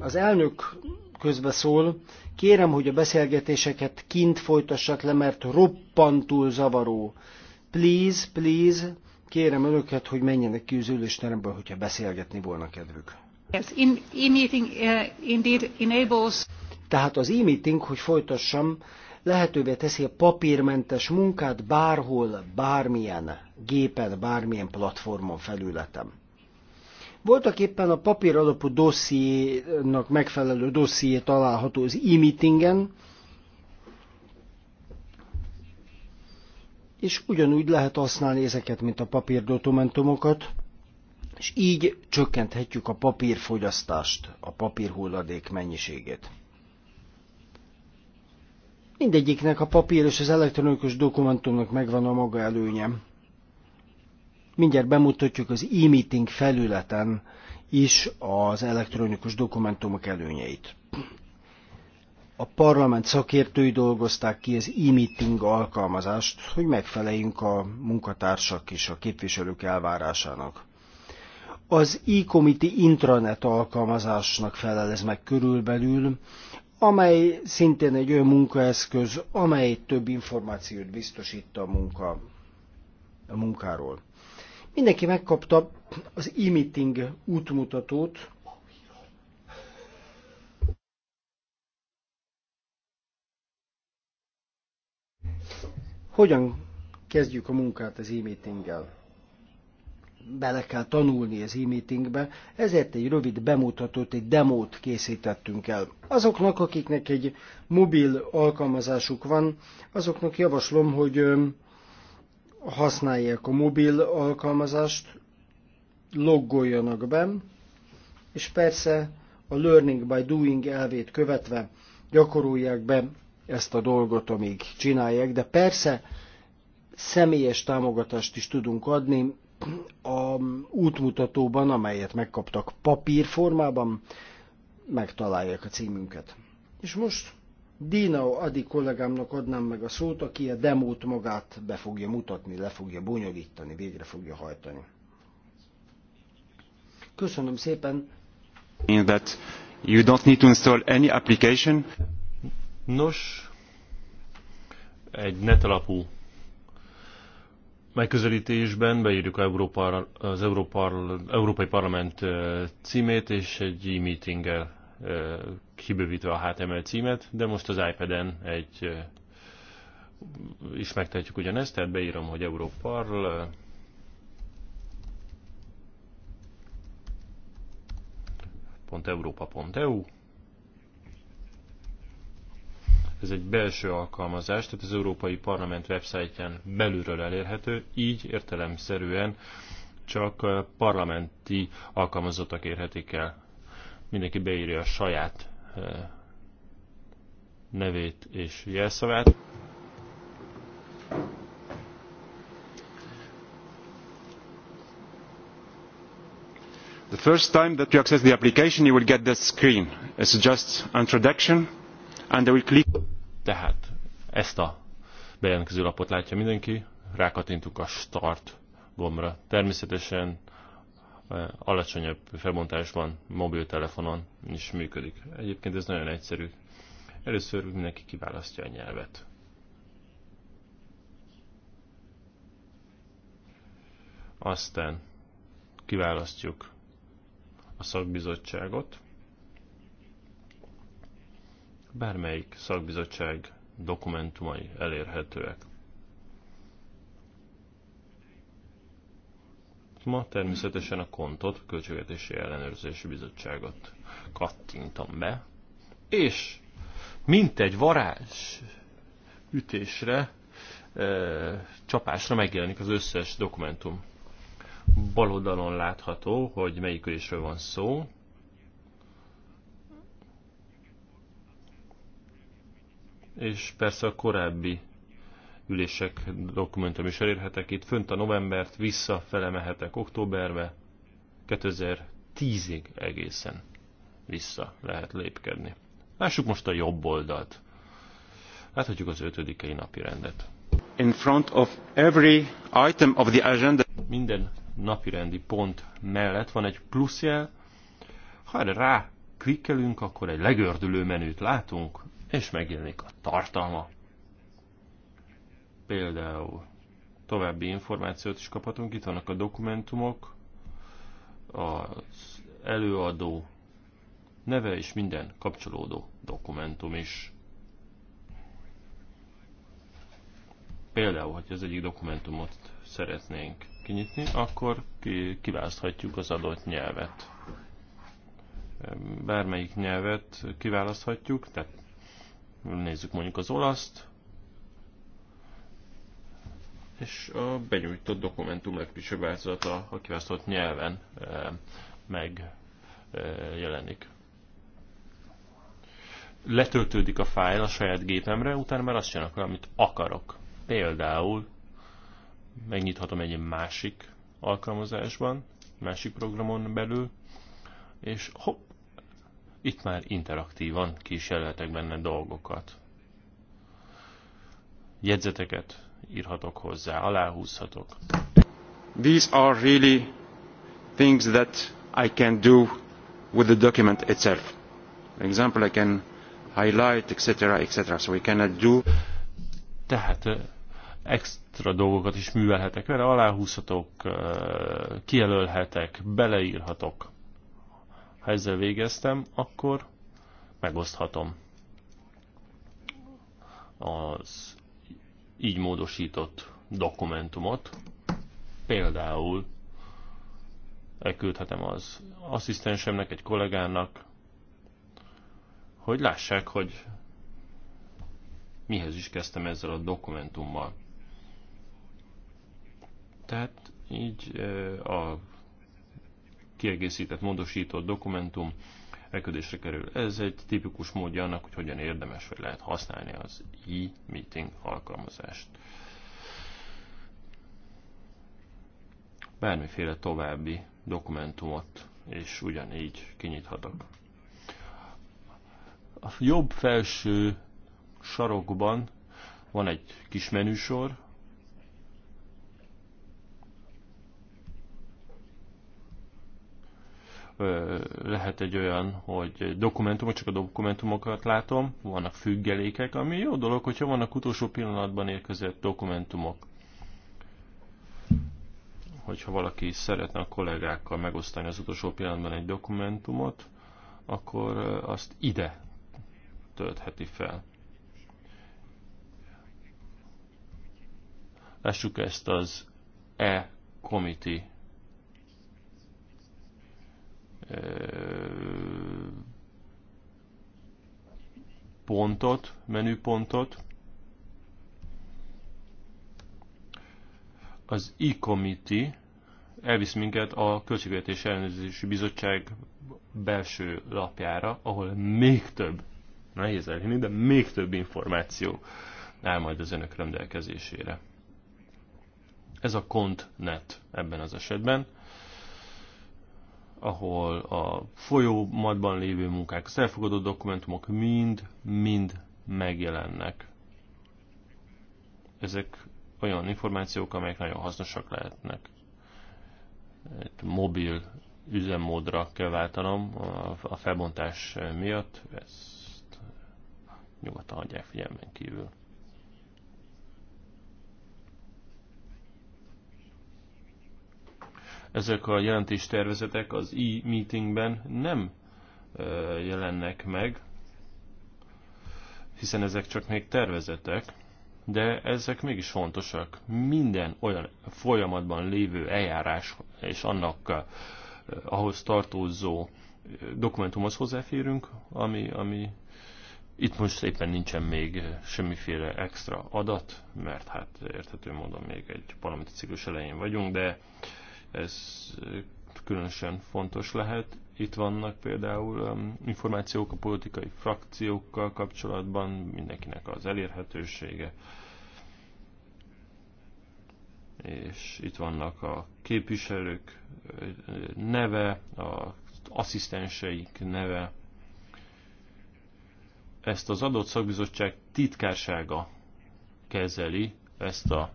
Az elnök közbeszól, kérem, hogy a beszélgetéseket kint folytassak le, mert roppantul zavaró. Please, please, kérem önöket, hogy menjenek ki az ülésterembe, hogyha beszélgetni volna kedvük. Yes, e, indeed enables... Tehát az e-meeting, hogy folytassam, lehetővé teszi a papírmentes munkát bárhol, bármilyen gépen, bármilyen platformon felületem. Voltak éppen a papír alapú dossziénak megfelelő dosszié található az e-meetingen, és ugyanúgy lehet használni ezeket, mint a papír dokumentumokat, és így csökkenthetjük a papírfogyasztást, a papírhulladék mennyiségét. Mindegyiknek a papír és az elektronikus dokumentumnak megvan a maga előnye. Mindjárt bemutatjuk az e-meeting felületen is az elektronikus dokumentumok előnyeit. A parlament szakértői dolgozták ki az e-meeting alkalmazást, hogy megfeleljünk a munkatársak és a képviselők elvárásának. Az e-committee intranet alkalmazásnak felel ez meg körülbelül, amely szintén egy olyan munkaeszköz, amely több információt biztosít a, munka, a munkáról. Mindenki megkapta az e-meeting útmutatót, Hogyan kezdjük a munkát az e-meetinggel? Bele kell tanulni az e-meetingbe, ezért egy rövid bemutatót, egy demót készítettünk el. Azoknak, akiknek egy mobil alkalmazásuk van, azoknak javaslom, hogy használják a mobil alkalmazást, loggoljanak be, és persze a learning by doing elvét követve gyakorolják be ezt a dolgot, amíg csinálják, de persze személyes támogatást is tudunk adni a útmutatóban, amelyet megkaptak papírformában, megtalálják a címünket. És most Dino Adi kollégámnak adnám meg a szót, aki a demót magát be fogja mutatni, le fogja bonyolítani, végre fogja hajtani. Köszönöm szépen. That you don't need to install any application. Nos, egy net alapú megközelítésben beírjuk Európa, az Európa, Európai Parlament eh, címét, és egy e-meetinggel kibővítve a HTML címet, de most az iPad-en egy is megtehetjük ugyanezt, tehát beírom, hogy Európarl .europa.eu Ez egy belső alkalmazás, tehát az Európai Parlament websájtján belülről elérhető, így értelemszerűen csak parlamenti alkalmazottak érhetik el mindenki beírja a saját nevét és jelszavát. The first time that you access the application, you will get this screen. It's just introduction, and we will click. Tehát ezt a bejelentkező lapot látja mindenki, Rákatintuk a Start gombra. Természetesen alacsonyabb felbontásban mobiltelefonon is működik. Egyébként ez nagyon egyszerű. Először mindenki kiválasztja a nyelvet. Aztán kiválasztjuk a szakbizottságot. Bármelyik szakbizottság dokumentumai elérhetőek. ma természetesen a kontot, a Költségvetési Ellenőrzési Bizottságot kattintom be, és mint egy varázs ütésre, e, csapásra megjelenik az összes dokumentum. Bal oldalon látható, hogy melyik ülésről van szó. És persze a korábbi ülések dokumentum is elérhetek. Itt fönt a novembert, visszafele mehetek októberbe, 2010-ig egészen vissza lehet lépkedni. Lássuk most a jobb oldalt. Láthatjuk az ötödikei napi rendet. In front of every item of the agenda. Minden napirendi pont mellett van egy pluszjel. Ha erre rá klikkelünk, akkor egy legördülő menüt látunk, és megjelenik a tartalma Például további információt is kaphatunk, itt vannak a dokumentumok, az előadó neve és minden kapcsolódó dokumentum is. Például, ha az egyik dokumentumot szeretnénk kinyitni, akkor kiválaszthatjuk az adott nyelvet. Bármelyik nyelvet kiválaszthatjuk, tehát nézzük mondjuk az olaszt, és a benyújtott dokumentum legfrissebb változata a kiválasztott nyelven eh, meg eh, jelenik. Letöltődik a fájl a saját gépemre, utána már azt csinálok, amit akarok. Például megnyithatom egy másik alkalmazásban, másik programon belül, és hopp, itt már interaktívan kísérletek benne dolgokat. Jegyzeteket, írhatok hozzá, aláhúzhatok. These are really things that I can do with the document itself. For example, I can highlight, etc., etc. So we cannot do... Tehát extra dolgokat is művelhetek vele, aláhúzhatok, kijelölhetek, beleírhatok. Ha ezzel végeztem, akkor megoszthatom az így módosított dokumentumot, például elküldhetem az asszisztensemnek, egy kollégának, hogy lássák, hogy mihez is kezdtem ezzel a dokumentummal. Tehát így eh, a kiegészített, módosított dokumentum működésre kerül. Ez egy tipikus módja annak, hogy hogyan érdemes vagy lehet használni az e-meeting alkalmazást. Bármiféle további dokumentumot és ugyanígy kinyithatok. A jobb felső sarokban van egy kis menüsor, lehet egy olyan, hogy dokumentumok, csak a dokumentumokat látom, vannak függelékek, ami jó dolog, hogyha vannak utolsó pillanatban érkezett dokumentumok. Hogyha valaki szeretne a kollégákkal megosztani az utolsó pillanatban egy dokumentumot, akkor azt ide töltheti fel. Lássuk ezt az e-committee pontot, menüpontot, az e-committee elvisz minket a Költségvetés Ellenőrzési Bizottság belső lapjára, ahol még több, nehéz elhinni, de még több információ áll majd az önök rendelkezésére. Ez a KontNet ebben az esetben ahol a folyómadban lévő munkák, az elfogadott dokumentumok mind-mind megjelennek. Ezek olyan információk, amelyek nagyon hasznosak lehetnek. Egy mobil üzemmódra kell váltanom a felbontás miatt, ezt nyugodtan hagyják figyelmen kívül. ezek a jelentéstervezetek az e-meetingben nem jelennek meg, hiszen ezek csak még tervezetek, de ezek mégis fontosak. Minden olyan folyamatban lévő eljárás és annak ahhoz tartozó dokumentumhoz hozzáférünk, ami, ami itt most éppen nincsen még semmiféle extra adat, mert hát érthető módon még egy parlamenti ciklus elején vagyunk, de ez különösen fontos lehet. Itt vannak például információk a politikai frakciókkal kapcsolatban, mindenkinek az elérhetősége, és itt vannak a képviselők neve, az asszisztenseik neve. Ezt az adott szakbizottság titkársága kezeli, ezt a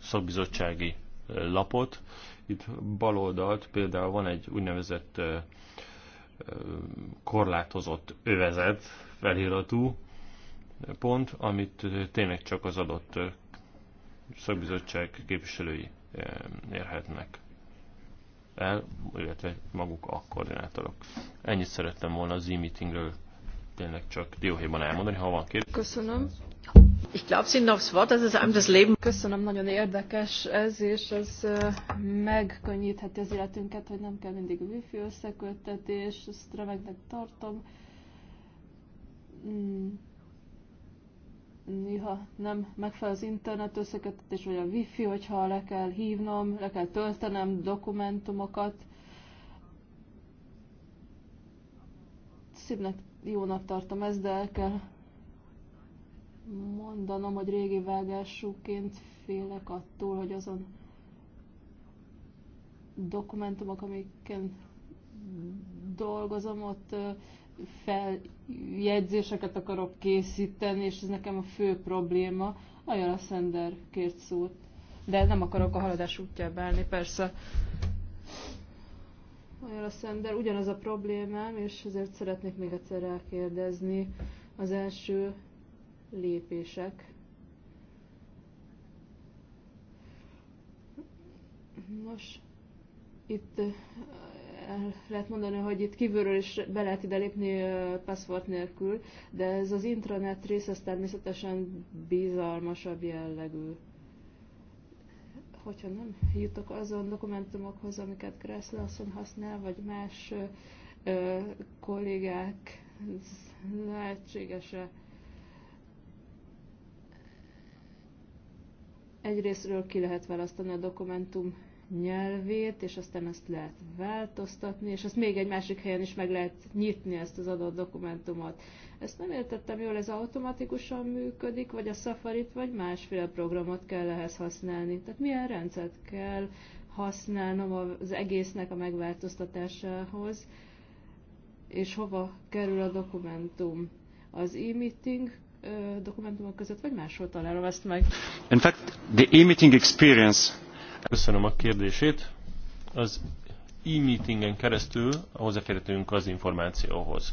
szakbizottsági lapot. Itt bal oldalt például van egy úgynevezett korlátozott övezet feliratú pont, amit tényleg csak az adott szakbizottság képviselői érhetnek el, illetve maguk a koordinátorok. Ennyit szerettem volna az e-meetingről tényleg csak dióhéjban elmondani, ha van kérdés. Köszönöm. Köszönöm, nagyon érdekes ez, és ez megkönnyítheti az életünket, hogy nem kell mindig wifi összeköttetés ezt remeknek tartom. Mm. Néha nem megfelel az internet összekötetés, vagy a wifi, hogyha le kell hívnom, le kell töltenem dokumentumokat. Szívnek jónak tartom ezt, de el kell mondanom, hogy régi vágásúként félek attól, hogy azon dokumentumok, amiken dolgozom, ott feljegyzéseket akarok készíteni, és ez nekem a fő probléma. Aján a Szender kért szót. De nem akarok a haladás útjába állni, persze. Aján a Szender, ugyanaz a problémám, és ezért szeretnék még egyszer rákérdezni. Az első lépések. Nos, itt eh, lehet mondani, hogy itt kívülről is be lehet ide lépni eh, password nélkül, de ez az intranet rész, ez természetesen bizalmasabb jellegű. Hogyha nem jutok azon dokumentumokhoz, amiket Gressle használ, vagy más ö, eh, kollégák, lehetséges-e Egyrésztről ki lehet választani a dokumentum nyelvét, és aztán ezt lehet változtatni, és azt még egy másik helyen is meg lehet nyitni ezt az adott dokumentumot. Ezt nem értettem jól, ez automatikusan működik, vagy a Safari-t, vagy másféle programot kell ehhez használni. Tehát milyen rendszert kell használnom az egésznek a megváltoztatásához, és hova kerül a dokumentum. Az e-meeting dokumentumok között, vagy máshol találom ezt meg. In fact, the e-meeting experience... Köszönöm a kérdését. Az e-meetingen keresztül hozzáférhetünk az információhoz.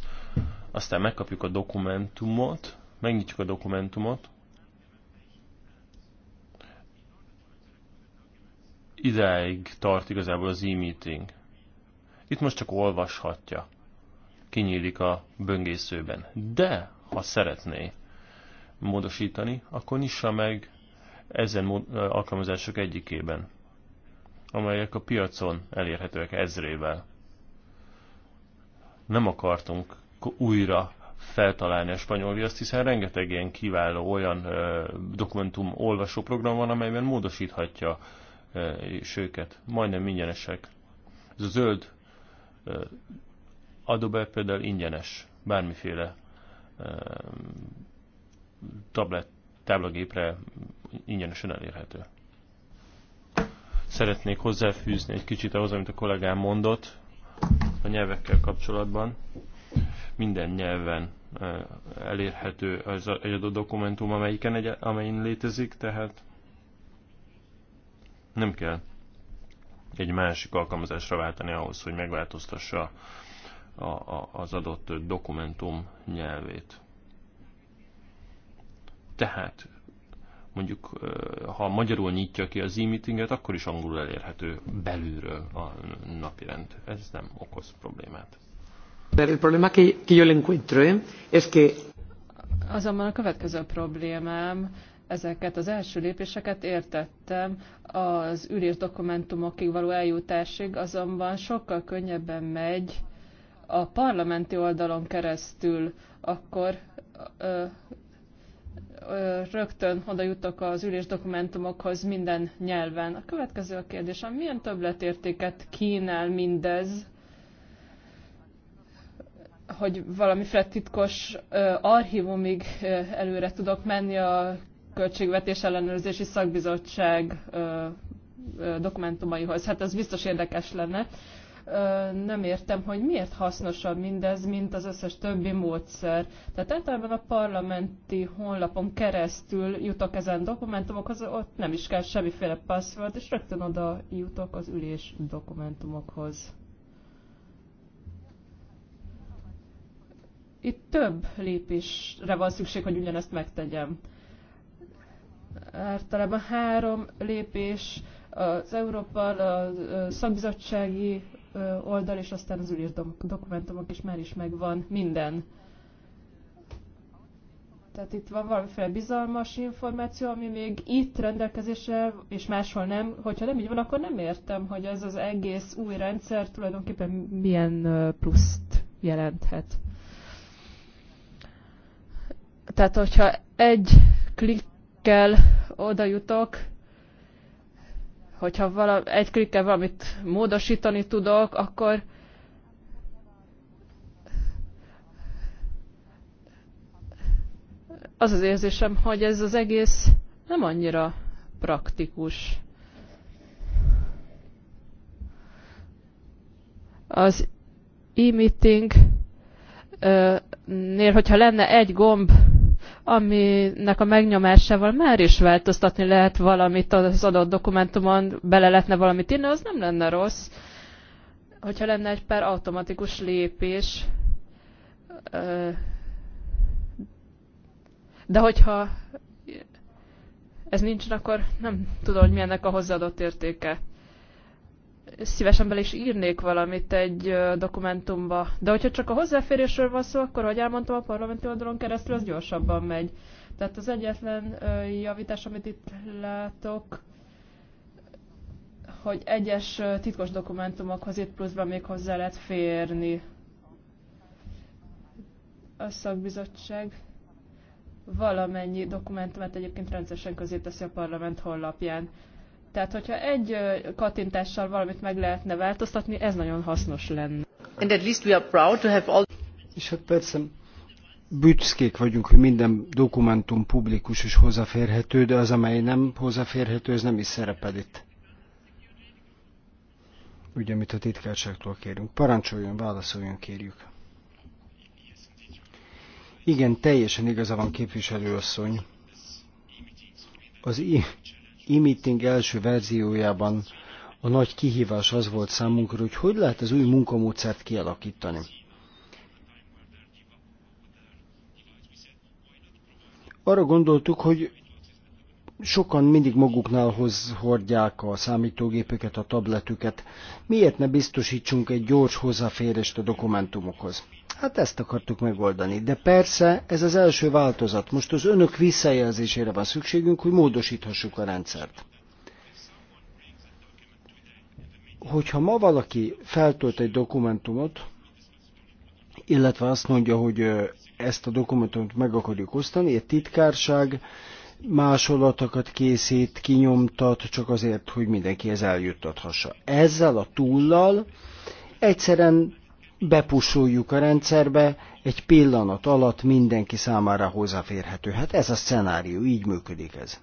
Aztán megkapjuk a dokumentumot, megnyitjuk a dokumentumot. Ideig tart igazából az e-meeting. Itt most csak olvashatja. Kinyílik a böngészőben. De, ha szeretné, módosítani, akkor nyissa meg ezen alkalmazások egyikében, amelyek a piacon elérhetőek ezrével. Nem akartunk újra feltalálni a spanyol viaszt, hiszen rengeteg ilyen kiváló olyan dokumentum olvasó program van, amelyben módosíthatja és őket. Majdnem ingyenesek. Ez a zöld Adobe például ingyenes, bármiféle tablet, táblagépre ingyenesen elérhető. Szeretnék hozzáfűzni egy kicsit ahhoz, amit a kollégám mondott a nyelvekkel kapcsolatban. Minden nyelven e, elérhető az egy adott dokumentum, amelyiken egy, amelyin létezik, tehát nem kell egy másik alkalmazásra váltani ahhoz, hogy megváltoztassa a, a, az adott dokumentum nyelvét. Tehát mondjuk, ha magyarul nyitja ki az e-meetinget, akkor is angolul elérhető belülről a napirend. Ez nem okoz problémát. ¿eh? Azonban a következő problémám, ezeket az első lépéseket értettem, az ülés dokumentumokig való eljutásig azonban sokkal könnyebben megy a parlamenti oldalon keresztül, akkor ö, rögtön oda jutok az ülés dokumentumokhoz minden nyelven. A következő a kérdésem, milyen többletértéket kínál mindez, hogy valamiféle titkos archívumig előre tudok menni a Költségvetés Ellenőrzési Szakbizottság dokumentumaihoz. Hát ez biztos érdekes lenne nem értem, hogy miért hasznosabb mindez, mint az összes többi módszer. Tehát általában a parlamenti honlapon keresztül jutok ezen dokumentumokhoz, ott nem is kell semmiféle password, és rögtön oda jutok az ülés dokumentumokhoz. Itt több lépésre van szükség, hogy ugyanezt megtegyem. Általában három lépés, az Európa a szakbizottsági oldal, és aztán az ülés dokumentumok is már is megvan minden. Tehát itt van valamiféle bizalmas információ, ami még itt rendelkezésre, és máshol nem. Hogyha nem így van, akkor nem értem, hogy ez az egész új rendszer tulajdonképpen milyen pluszt jelenthet. Tehát, hogyha egy klikkel oda jutok, hogyha vala, egy klikkel valamit módosítani tudok, akkor az az érzésem, hogy ez az egész nem annyira praktikus. Az e-meeting nél, hogyha lenne egy gomb aminek a megnyomásával már is változtatni lehet valamit az adott dokumentumon, bele lehetne valamit írni, az nem lenne rossz. Hogyha lenne egy pár automatikus lépés, de hogyha ez nincs, akkor nem tudom, hogy milyennek a hozzáadott értéke szívesen bele is írnék valamit egy dokumentumba. De hogyha csak a hozzáférésről van szó, akkor, ahogy elmondtam, a parlamenti oldalon keresztül az gyorsabban megy. Tehát az egyetlen javítás, amit itt látok, hogy egyes titkos dokumentumokhoz itt pluszban még hozzá lehet férni. A szakbizottság valamennyi dokumentumát egyébként rendszeresen közé teszi a parlament honlapján. Tehát, hogyha egy kattintással valamit meg lehetne változtatni, ez nagyon hasznos lenne. And at least we are proud to have all... És hát persze büszkék vagyunk, hogy minden dokumentum publikus és hozzáférhető, de az, amely nem hozzáférhető, ez nem is szerepel itt. Ugye, amit a titkárságtól kérünk. Parancsoljon, válaszoljon, kérjük. Igen, teljesen igaza van képviselőasszony. Az i e-meeting első verziójában a nagy kihívás az volt számunkra, hogy hogy lehet az új munkamódszert kialakítani. Arra gondoltuk, hogy sokan mindig maguknál hoz, hordják a számítógépüket, a tabletüket. Miért ne biztosítsunk egy gyors hozzáférést a dokumentumokhoz? Hát ezt akartuk megoldani. De persze ez az első változat. Most az önök visszajelzésére van szükségünk, hogy módosíthassuk a rendszert. Hogyha ma valaki feltölt egy dokumentumot, illetve azt mondja, hogy ezt a dokumentumot meg akarjuk osztani, egy titkárság másolatokat készít, kinyomtat, csak azért, hogy ez eljuttathassa. Ezzel a túllal egyszerűen bepusoljuk a rendszerbe, egy pillanat alatt mindenki számára hozzáférhető. Hát ez a szenárió, így működik ez.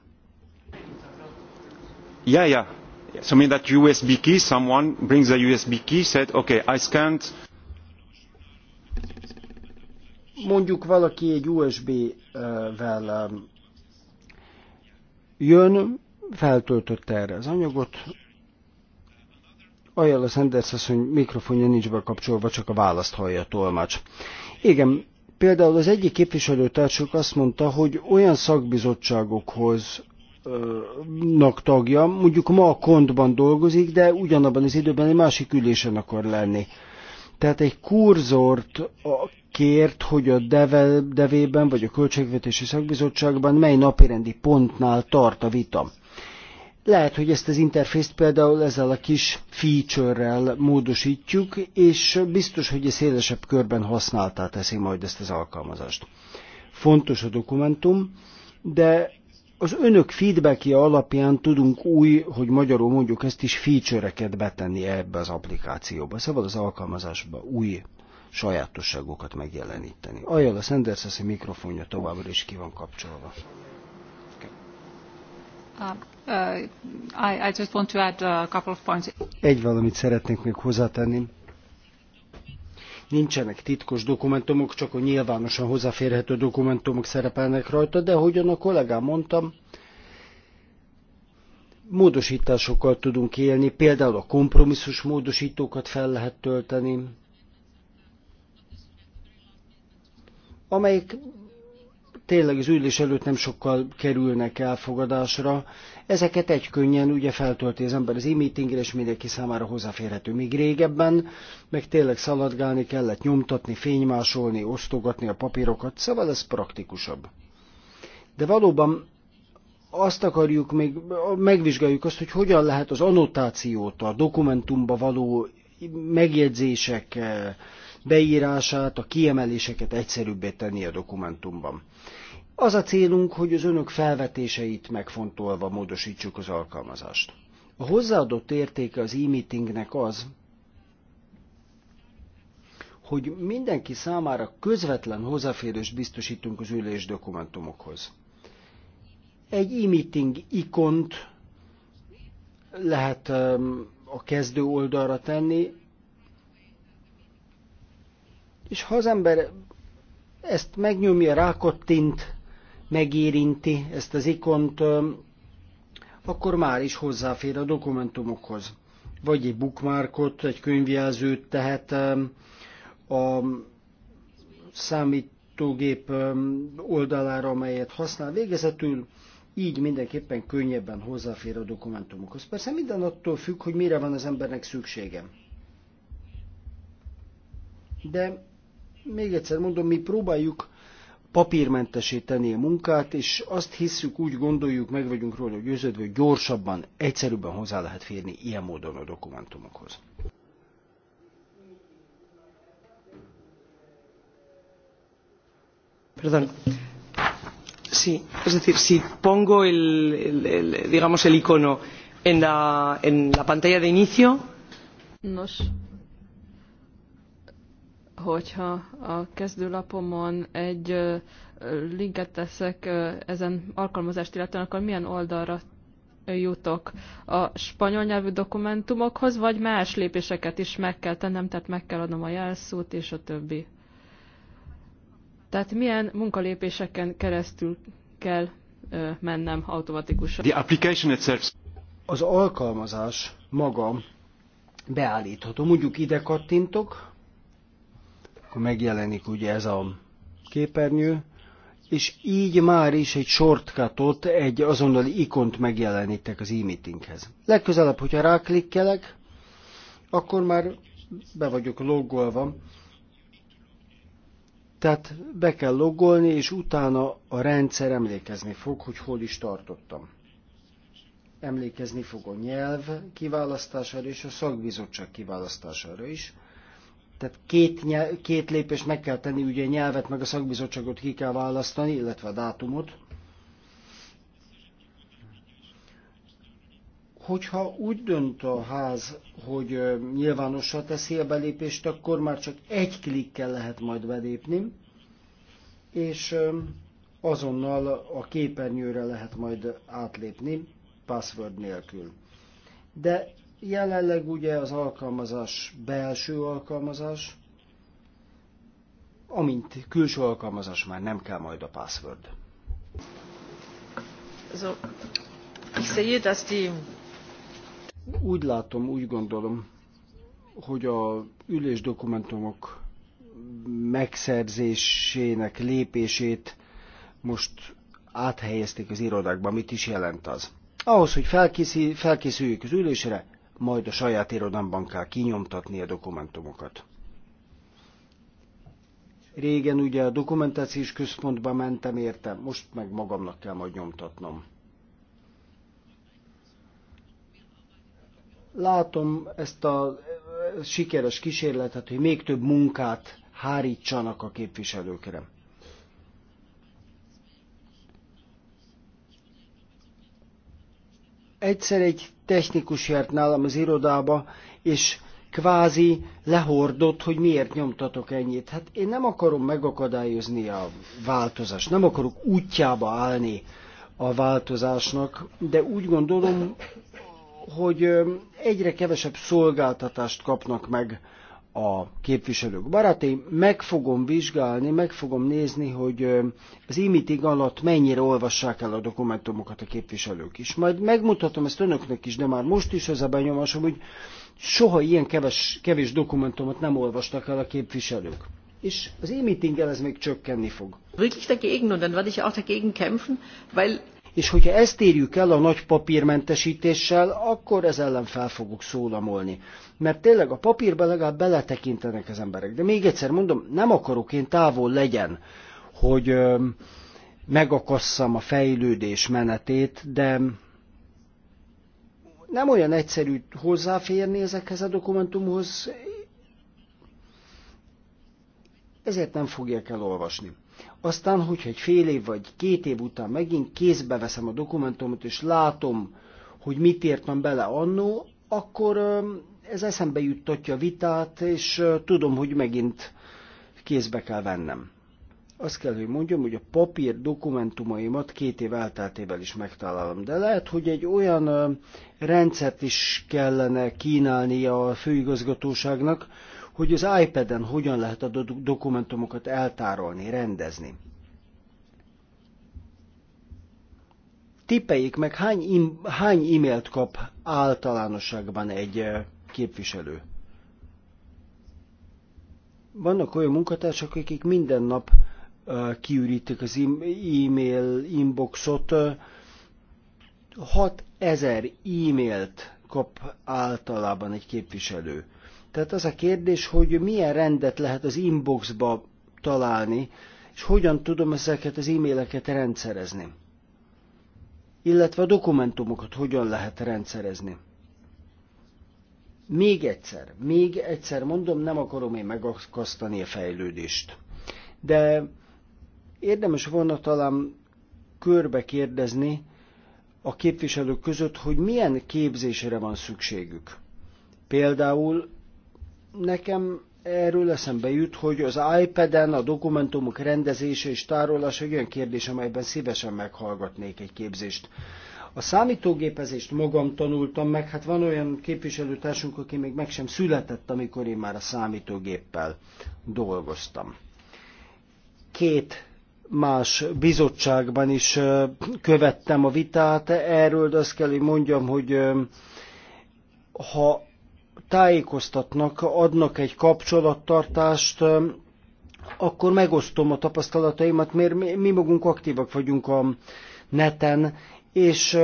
Yeah, yeah. So mean that USB key, someone brings a USB key, said, okay, I scanned. Mondjuk valaki egy USB-vel um, jön, feltöltötte erre az anyagot, Ajánl a Sanders asszony mikrofonja nincs bekapcsolva, csak a választ hallja a tolmács. Igen, például az egyik képviselőtársuk azt mondta, hogy olyan szakbizottságokhoz nak tagja, mondjuk ma a kontban dolgozik, de ugyanabban az időben egy másik ülésen akar lenni. Tehát egy kurzort kért, hogy a deve, devében vagy a költségvetési szakbizottságban mely napirendi pontnál tart a vita. Lehet, hogy ezt az interfészt például ezzel a kis feature-rel módosítjuk, és biztos, hogy a szélesebb körben használtá teszi majd ezt az alkalmazást. Fontos a dokumentum, de az önök feedbackje alapján tudunk új, hogy magyarul mondjuk ezt is feature-eket betenni ebbe az applikációba. szóval az alkalmazásba új sajátosságokat megjeleníteni. Ajánl a Sanders, a mikrofonja továbbra is ki van kapcsolva. Uh, uh, Egy valamit szeretnék még hozzátenni. Nincsenek titkos dokumentumok, csak a nyilvánosan hozzáférhető dokumentumok szerepelnek rajta, de ahogyan a kollégám mondtam, módosításokkal tudunk élni, például a kompromisszus módosítókat fel lehet tölteni, amelyek tényleg az ülés előtt nem sokkal kerülnek elfogadásra. Ezeket egy könnyen ugye feltölti az ember az e-meetingre, és mindenki számára hozzáférhető. Még régebben meg tényleg szaladgálni kellett, nyomtatni, fénymásolni, osztogatni a papírokat, szóval ez praktikusabb. De valóban azt akarjuk még, megvizsgáljuk azt, hogy hogyan lehet az annotációt, a dokumentumba való megjegyzések, beírását, a kiemeléseket egyszerűbbé tenni a dokumentumban. Az a célunk, hogy az önök felvetéseit megfontolva módosítsuk az alkalmazást. A hozzáadott értéke az e-meetingnek az, hogy mindenki számára közvetlen hozzáférést biztosítunk az ülés dokumentumokhoz. Egy e-meeting ikont lehet um, a kezdő oldalra tenni, és ha az ember ezt megnyomja, rákattint, megérinti ezt az ikont, akkor már is hozzáfér a dokumentumokhoz. Vagy egy bookmarkot, egy könyvjelzőt tehet a számítógép oldalára, amelyet használ végezetül, így mindenképpen könnyebben hozzáfér a dokumentumokhoz. Persze minden attól függ, hogy mire van az embernek szüksége. De még egyszer mondom, mi próbáljuk papírmentesíteni a munkát, és azt hisszük, úgy gondoljuk, meg vagyunk róla győződve, hogy gyorsabban, egyszerűbben hozzá lehet férni ilyen módon a dokumentumokhoz. Perdón. Sí, es decir, si pongo el, el, el digamos el icono en la, en la pantalla de inicio. Nos, hogyha a kezdőlapomon egy linket teszek ezen alkalmazást illetően, akkor milyen oldalra jutok a spanyol nyelvű dokumentumokhoz, vagy más lépéseket is meg kell tennem, tehát meg kell adnom a jelszót és a többi. Tehát milyen munkalépéseken keresztül kell ö, mennem automatikusan. The application itself. Az alkalmazás maga beállítható. Mondjuk ide kattintok, akkor megjelenik ugye ez a képernyő, és így már is egy shortcutot, egy azonnali ikont megjelenítek az e-meetinghez. Legközelebb, hogyha ráklikkelek, akkor már be vagyok loggolva, tehát be kell loggolni, és utána a rendszer emlékezni fog, hogy hol is tartottam. Emlékezni fog a nyelv kiválasztására és a szakbizottság kiválasztására is, tehát két, nyelv, két lépés meg kell tenni, ugye a nyelvet meg a szakbizottságot ki kell választani, illetve a dátumot. Hogyha úgy dönt a ház, hogy nyilvánossá teszi a belépést, akkor már csak egy klikkel lehet majd belépni, és azonnal a képernyőre lehet majd átlépni, password nélkül. De Jelenleg ugye az alkalmazás belső alkalmazás, amint külső alkalmazás már nem kell majd a password. So, ich sehe, dass die... Úgy látom, úgy gondolom, hogy a ülés dokumentumok megszerzésének lépését most áthelyezték az irodákba. Mit is jelent az? Ahhoz, hogy felkészüljük az ülésre, majd a saját irodámban kell kinyomtatni a dokumentumokat. Régen ugye a dokumentációs központba mentem érte, most meg magamnak kell majd nyomtatnom. Látom ezt a sikeres kísérletet, hogy még több munkát hárítsanak a képviselőkre. Egyszer egy technikus járt nálam az irodába, és kvázi lehordott, hogy miért nyomtatok ennyit. Hát én nem akarom megakadályozni a változást, nem akarok útjába állni a változásnak, de úgy gondolom, hogy egyre kevesebb szolgáltatást kapnak meg a képviselők baráti, meg fogom vizsgálni, meg fogom nézni, hogy az imitig alatt mennyire olvassák el a dokumentumokat a képviselők is. Majd megmutatom ezt önöknek is, de már most is az a benyomásom, hogy soha ilyen keves, kevés dokumentumot nem olvastak el a képviselők. És az e-meetinggel ez még csökkenni fog. Wirklich dagegen, und dann werde ich auch dagegen kämpfen, weil és hogyha ezt érjük el a nagy papírmentesítéssel, akkor ez ellen fel fogok szólamolni. Mert tényleg a papírbe legalább beletekintenek az emberek. De még egyszer mondom, nem akarok én távol legyen, hogy megakasszam a fejlődés menetét, de nem olyan egyszerű hozzáférni ezekhez a dokumentumhoz, ezért nem fogják elolvasni. Aztán, hogyha egy fél év vagy két év után megint kézbe veszem a dokumentumot, és látom, hogy mit írtam bele annó, akkor ez eszembe juttatja a vitát, és tudom, hogy megint kézbe kell vennem. Azt kell, hogy mondjam, hogy a papír dokumentumaimat két év elteltével is megtalálom, de lehet, hogy egy olyan rendszert is kellene kínálni a főigazgatóságnak, hogy az iPad-en hogyan lehet a dokumentumokat eltárolni, rendezni. Tippeljék meg, hány, hány e-mailt kap általánosságban egy képviselő? Vannak olyan munkatársak, akik minden nap kiürítik az e-mail inboxot, 6000 e-mailt kap általában egy képviselő. Tehát az a kérdés, hogy milyen rendet lehet az inboxba találni, és hogyan tudom ezeket az e-maileket rendszerezni. Illetve a dokumentumokat hogyan lehet rendszerezni. Még egyszer, még egyszer mondom, nem akarom én megakasztani a fejlődést. De érdemes volna talán körbe kérdezni a képviselők között, hogy milyen képzésre van szükségük. Például nekem erről eszembe jut, hogy az iPad-en a dokumentumok rendezése és tárolása egy olyan kérdés, amelyben szívesen meghallgatnék egy képzést. A számítógépezést magam tanultam meg, hát van olyan képviselőtársunk, aki még meg sem született, amikor én már a számítógéppel dolgoztam. Két más bizottságban is követtem a vitát erről, de azt kell, hogy mondjam, hogy ha tájékoztatnak, adnak egy kapcsolattartást, akkor megosztom a tapasztalataimat, mert mi magunk aktívak vagyunk a neten, és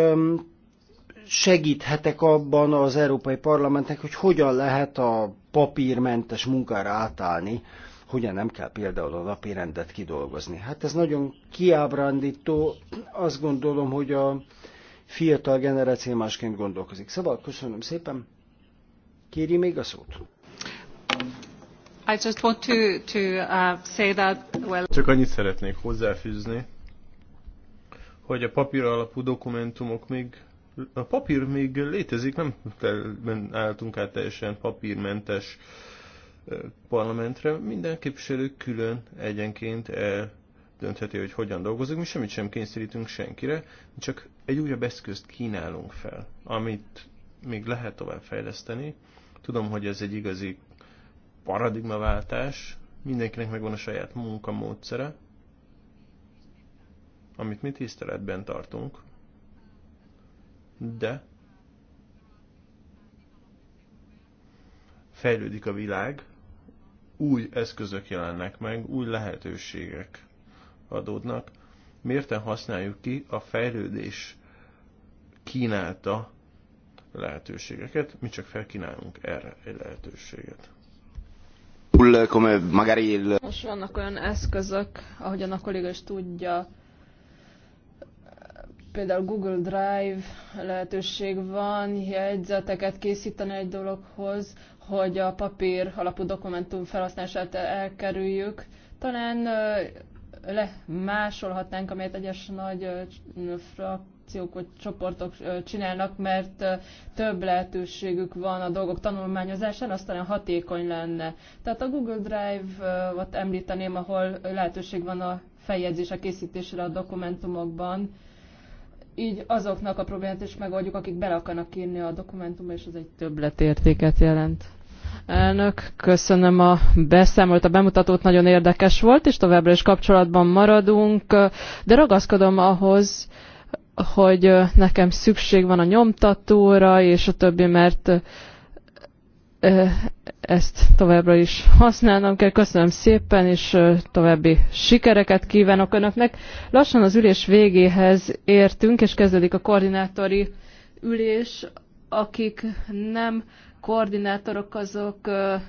segíthetek abban az Európai Parlamentnek, hogy hogyan lehet a papírmentes munkára átállni, hogyan nem kell például a napi rendet kidolgozni. Hát ez nagyon kiábrándító, azt gondolom, hogy a fiatal generáció másként gondolkozik. Szóval köszönöm szépen! Kéri még a szót? I just want to, to uh, say that, well... Csak annyit szeretnék hozzáfűzni, hogy a papír alapú dokumentumok még a papír még létezik, nem álltunk át teljesen papírmentes parlamentre. Minden képviselő külön egyenként döntheti, hogy hogyan dolgozik. Mi semmit sem kényszerítünk senkire, csak egy újabb eszközt kínálunk fel, amit még lehet tovább fejleszteni, Tudom, hogy ez egy igazi paradigmaváltás, mindenkinek megvan a saját munkamódszere, amit mi tiszteletben tartunk, de fejlődik a világ, új eszközök jelennek meg, új lehetőségek adódnak. Miért használjuk ki a fejlődés kínálta lehetőségeket, mi csak felkínálunk erre egy lehetőséget. Most vannak olyan eszközök, ahogyan a kolléga is tudja, például Google Drive lehetőség van, jegyzeteket készíteni egy dologhoz, hogy a papír alapú dokumentum felhasználását elkerüljük. Talán lemásolhatnánk, amelyet egyes nagy frak akciók vagy csoportok csinálnak, mert több lehetőségük van a dolgok tanulmányozásán, aztán hatékony lenne. Tehát a Google Drive-ot említeném, ahol lehetőség van a feljegyzés a készítésre a dokumentumokban. Így azoknak a problémát is megoldjuk, akik bele akarnak írni a dokumentum és ez egy többletértéket jelent. Elnök, köszönöm a beszámolt, a bemutatót nagyon érdekes volt, és továbbra is kapcsolatban maradunk, de ragaszkodom ahhoz, hogy nekem szükség van a nyomtatóra, és a többi, mert ezt továbbra is használnom kell. Köszönöm szépen, és további sikereket kívánok Önöknek. Lassan az ülés végéhez értünk, és kezdődik a koordinátori ülés. Akik nem koordinátorok, azok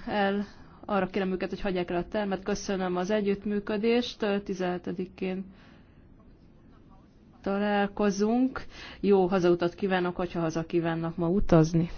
el arra kérem őket, hogy hagyják el a termet. Köszönöm az együttműködést. 17-én találkozunk. Jó hazautat kívánok, hogyha haza kívánnak ma utazni.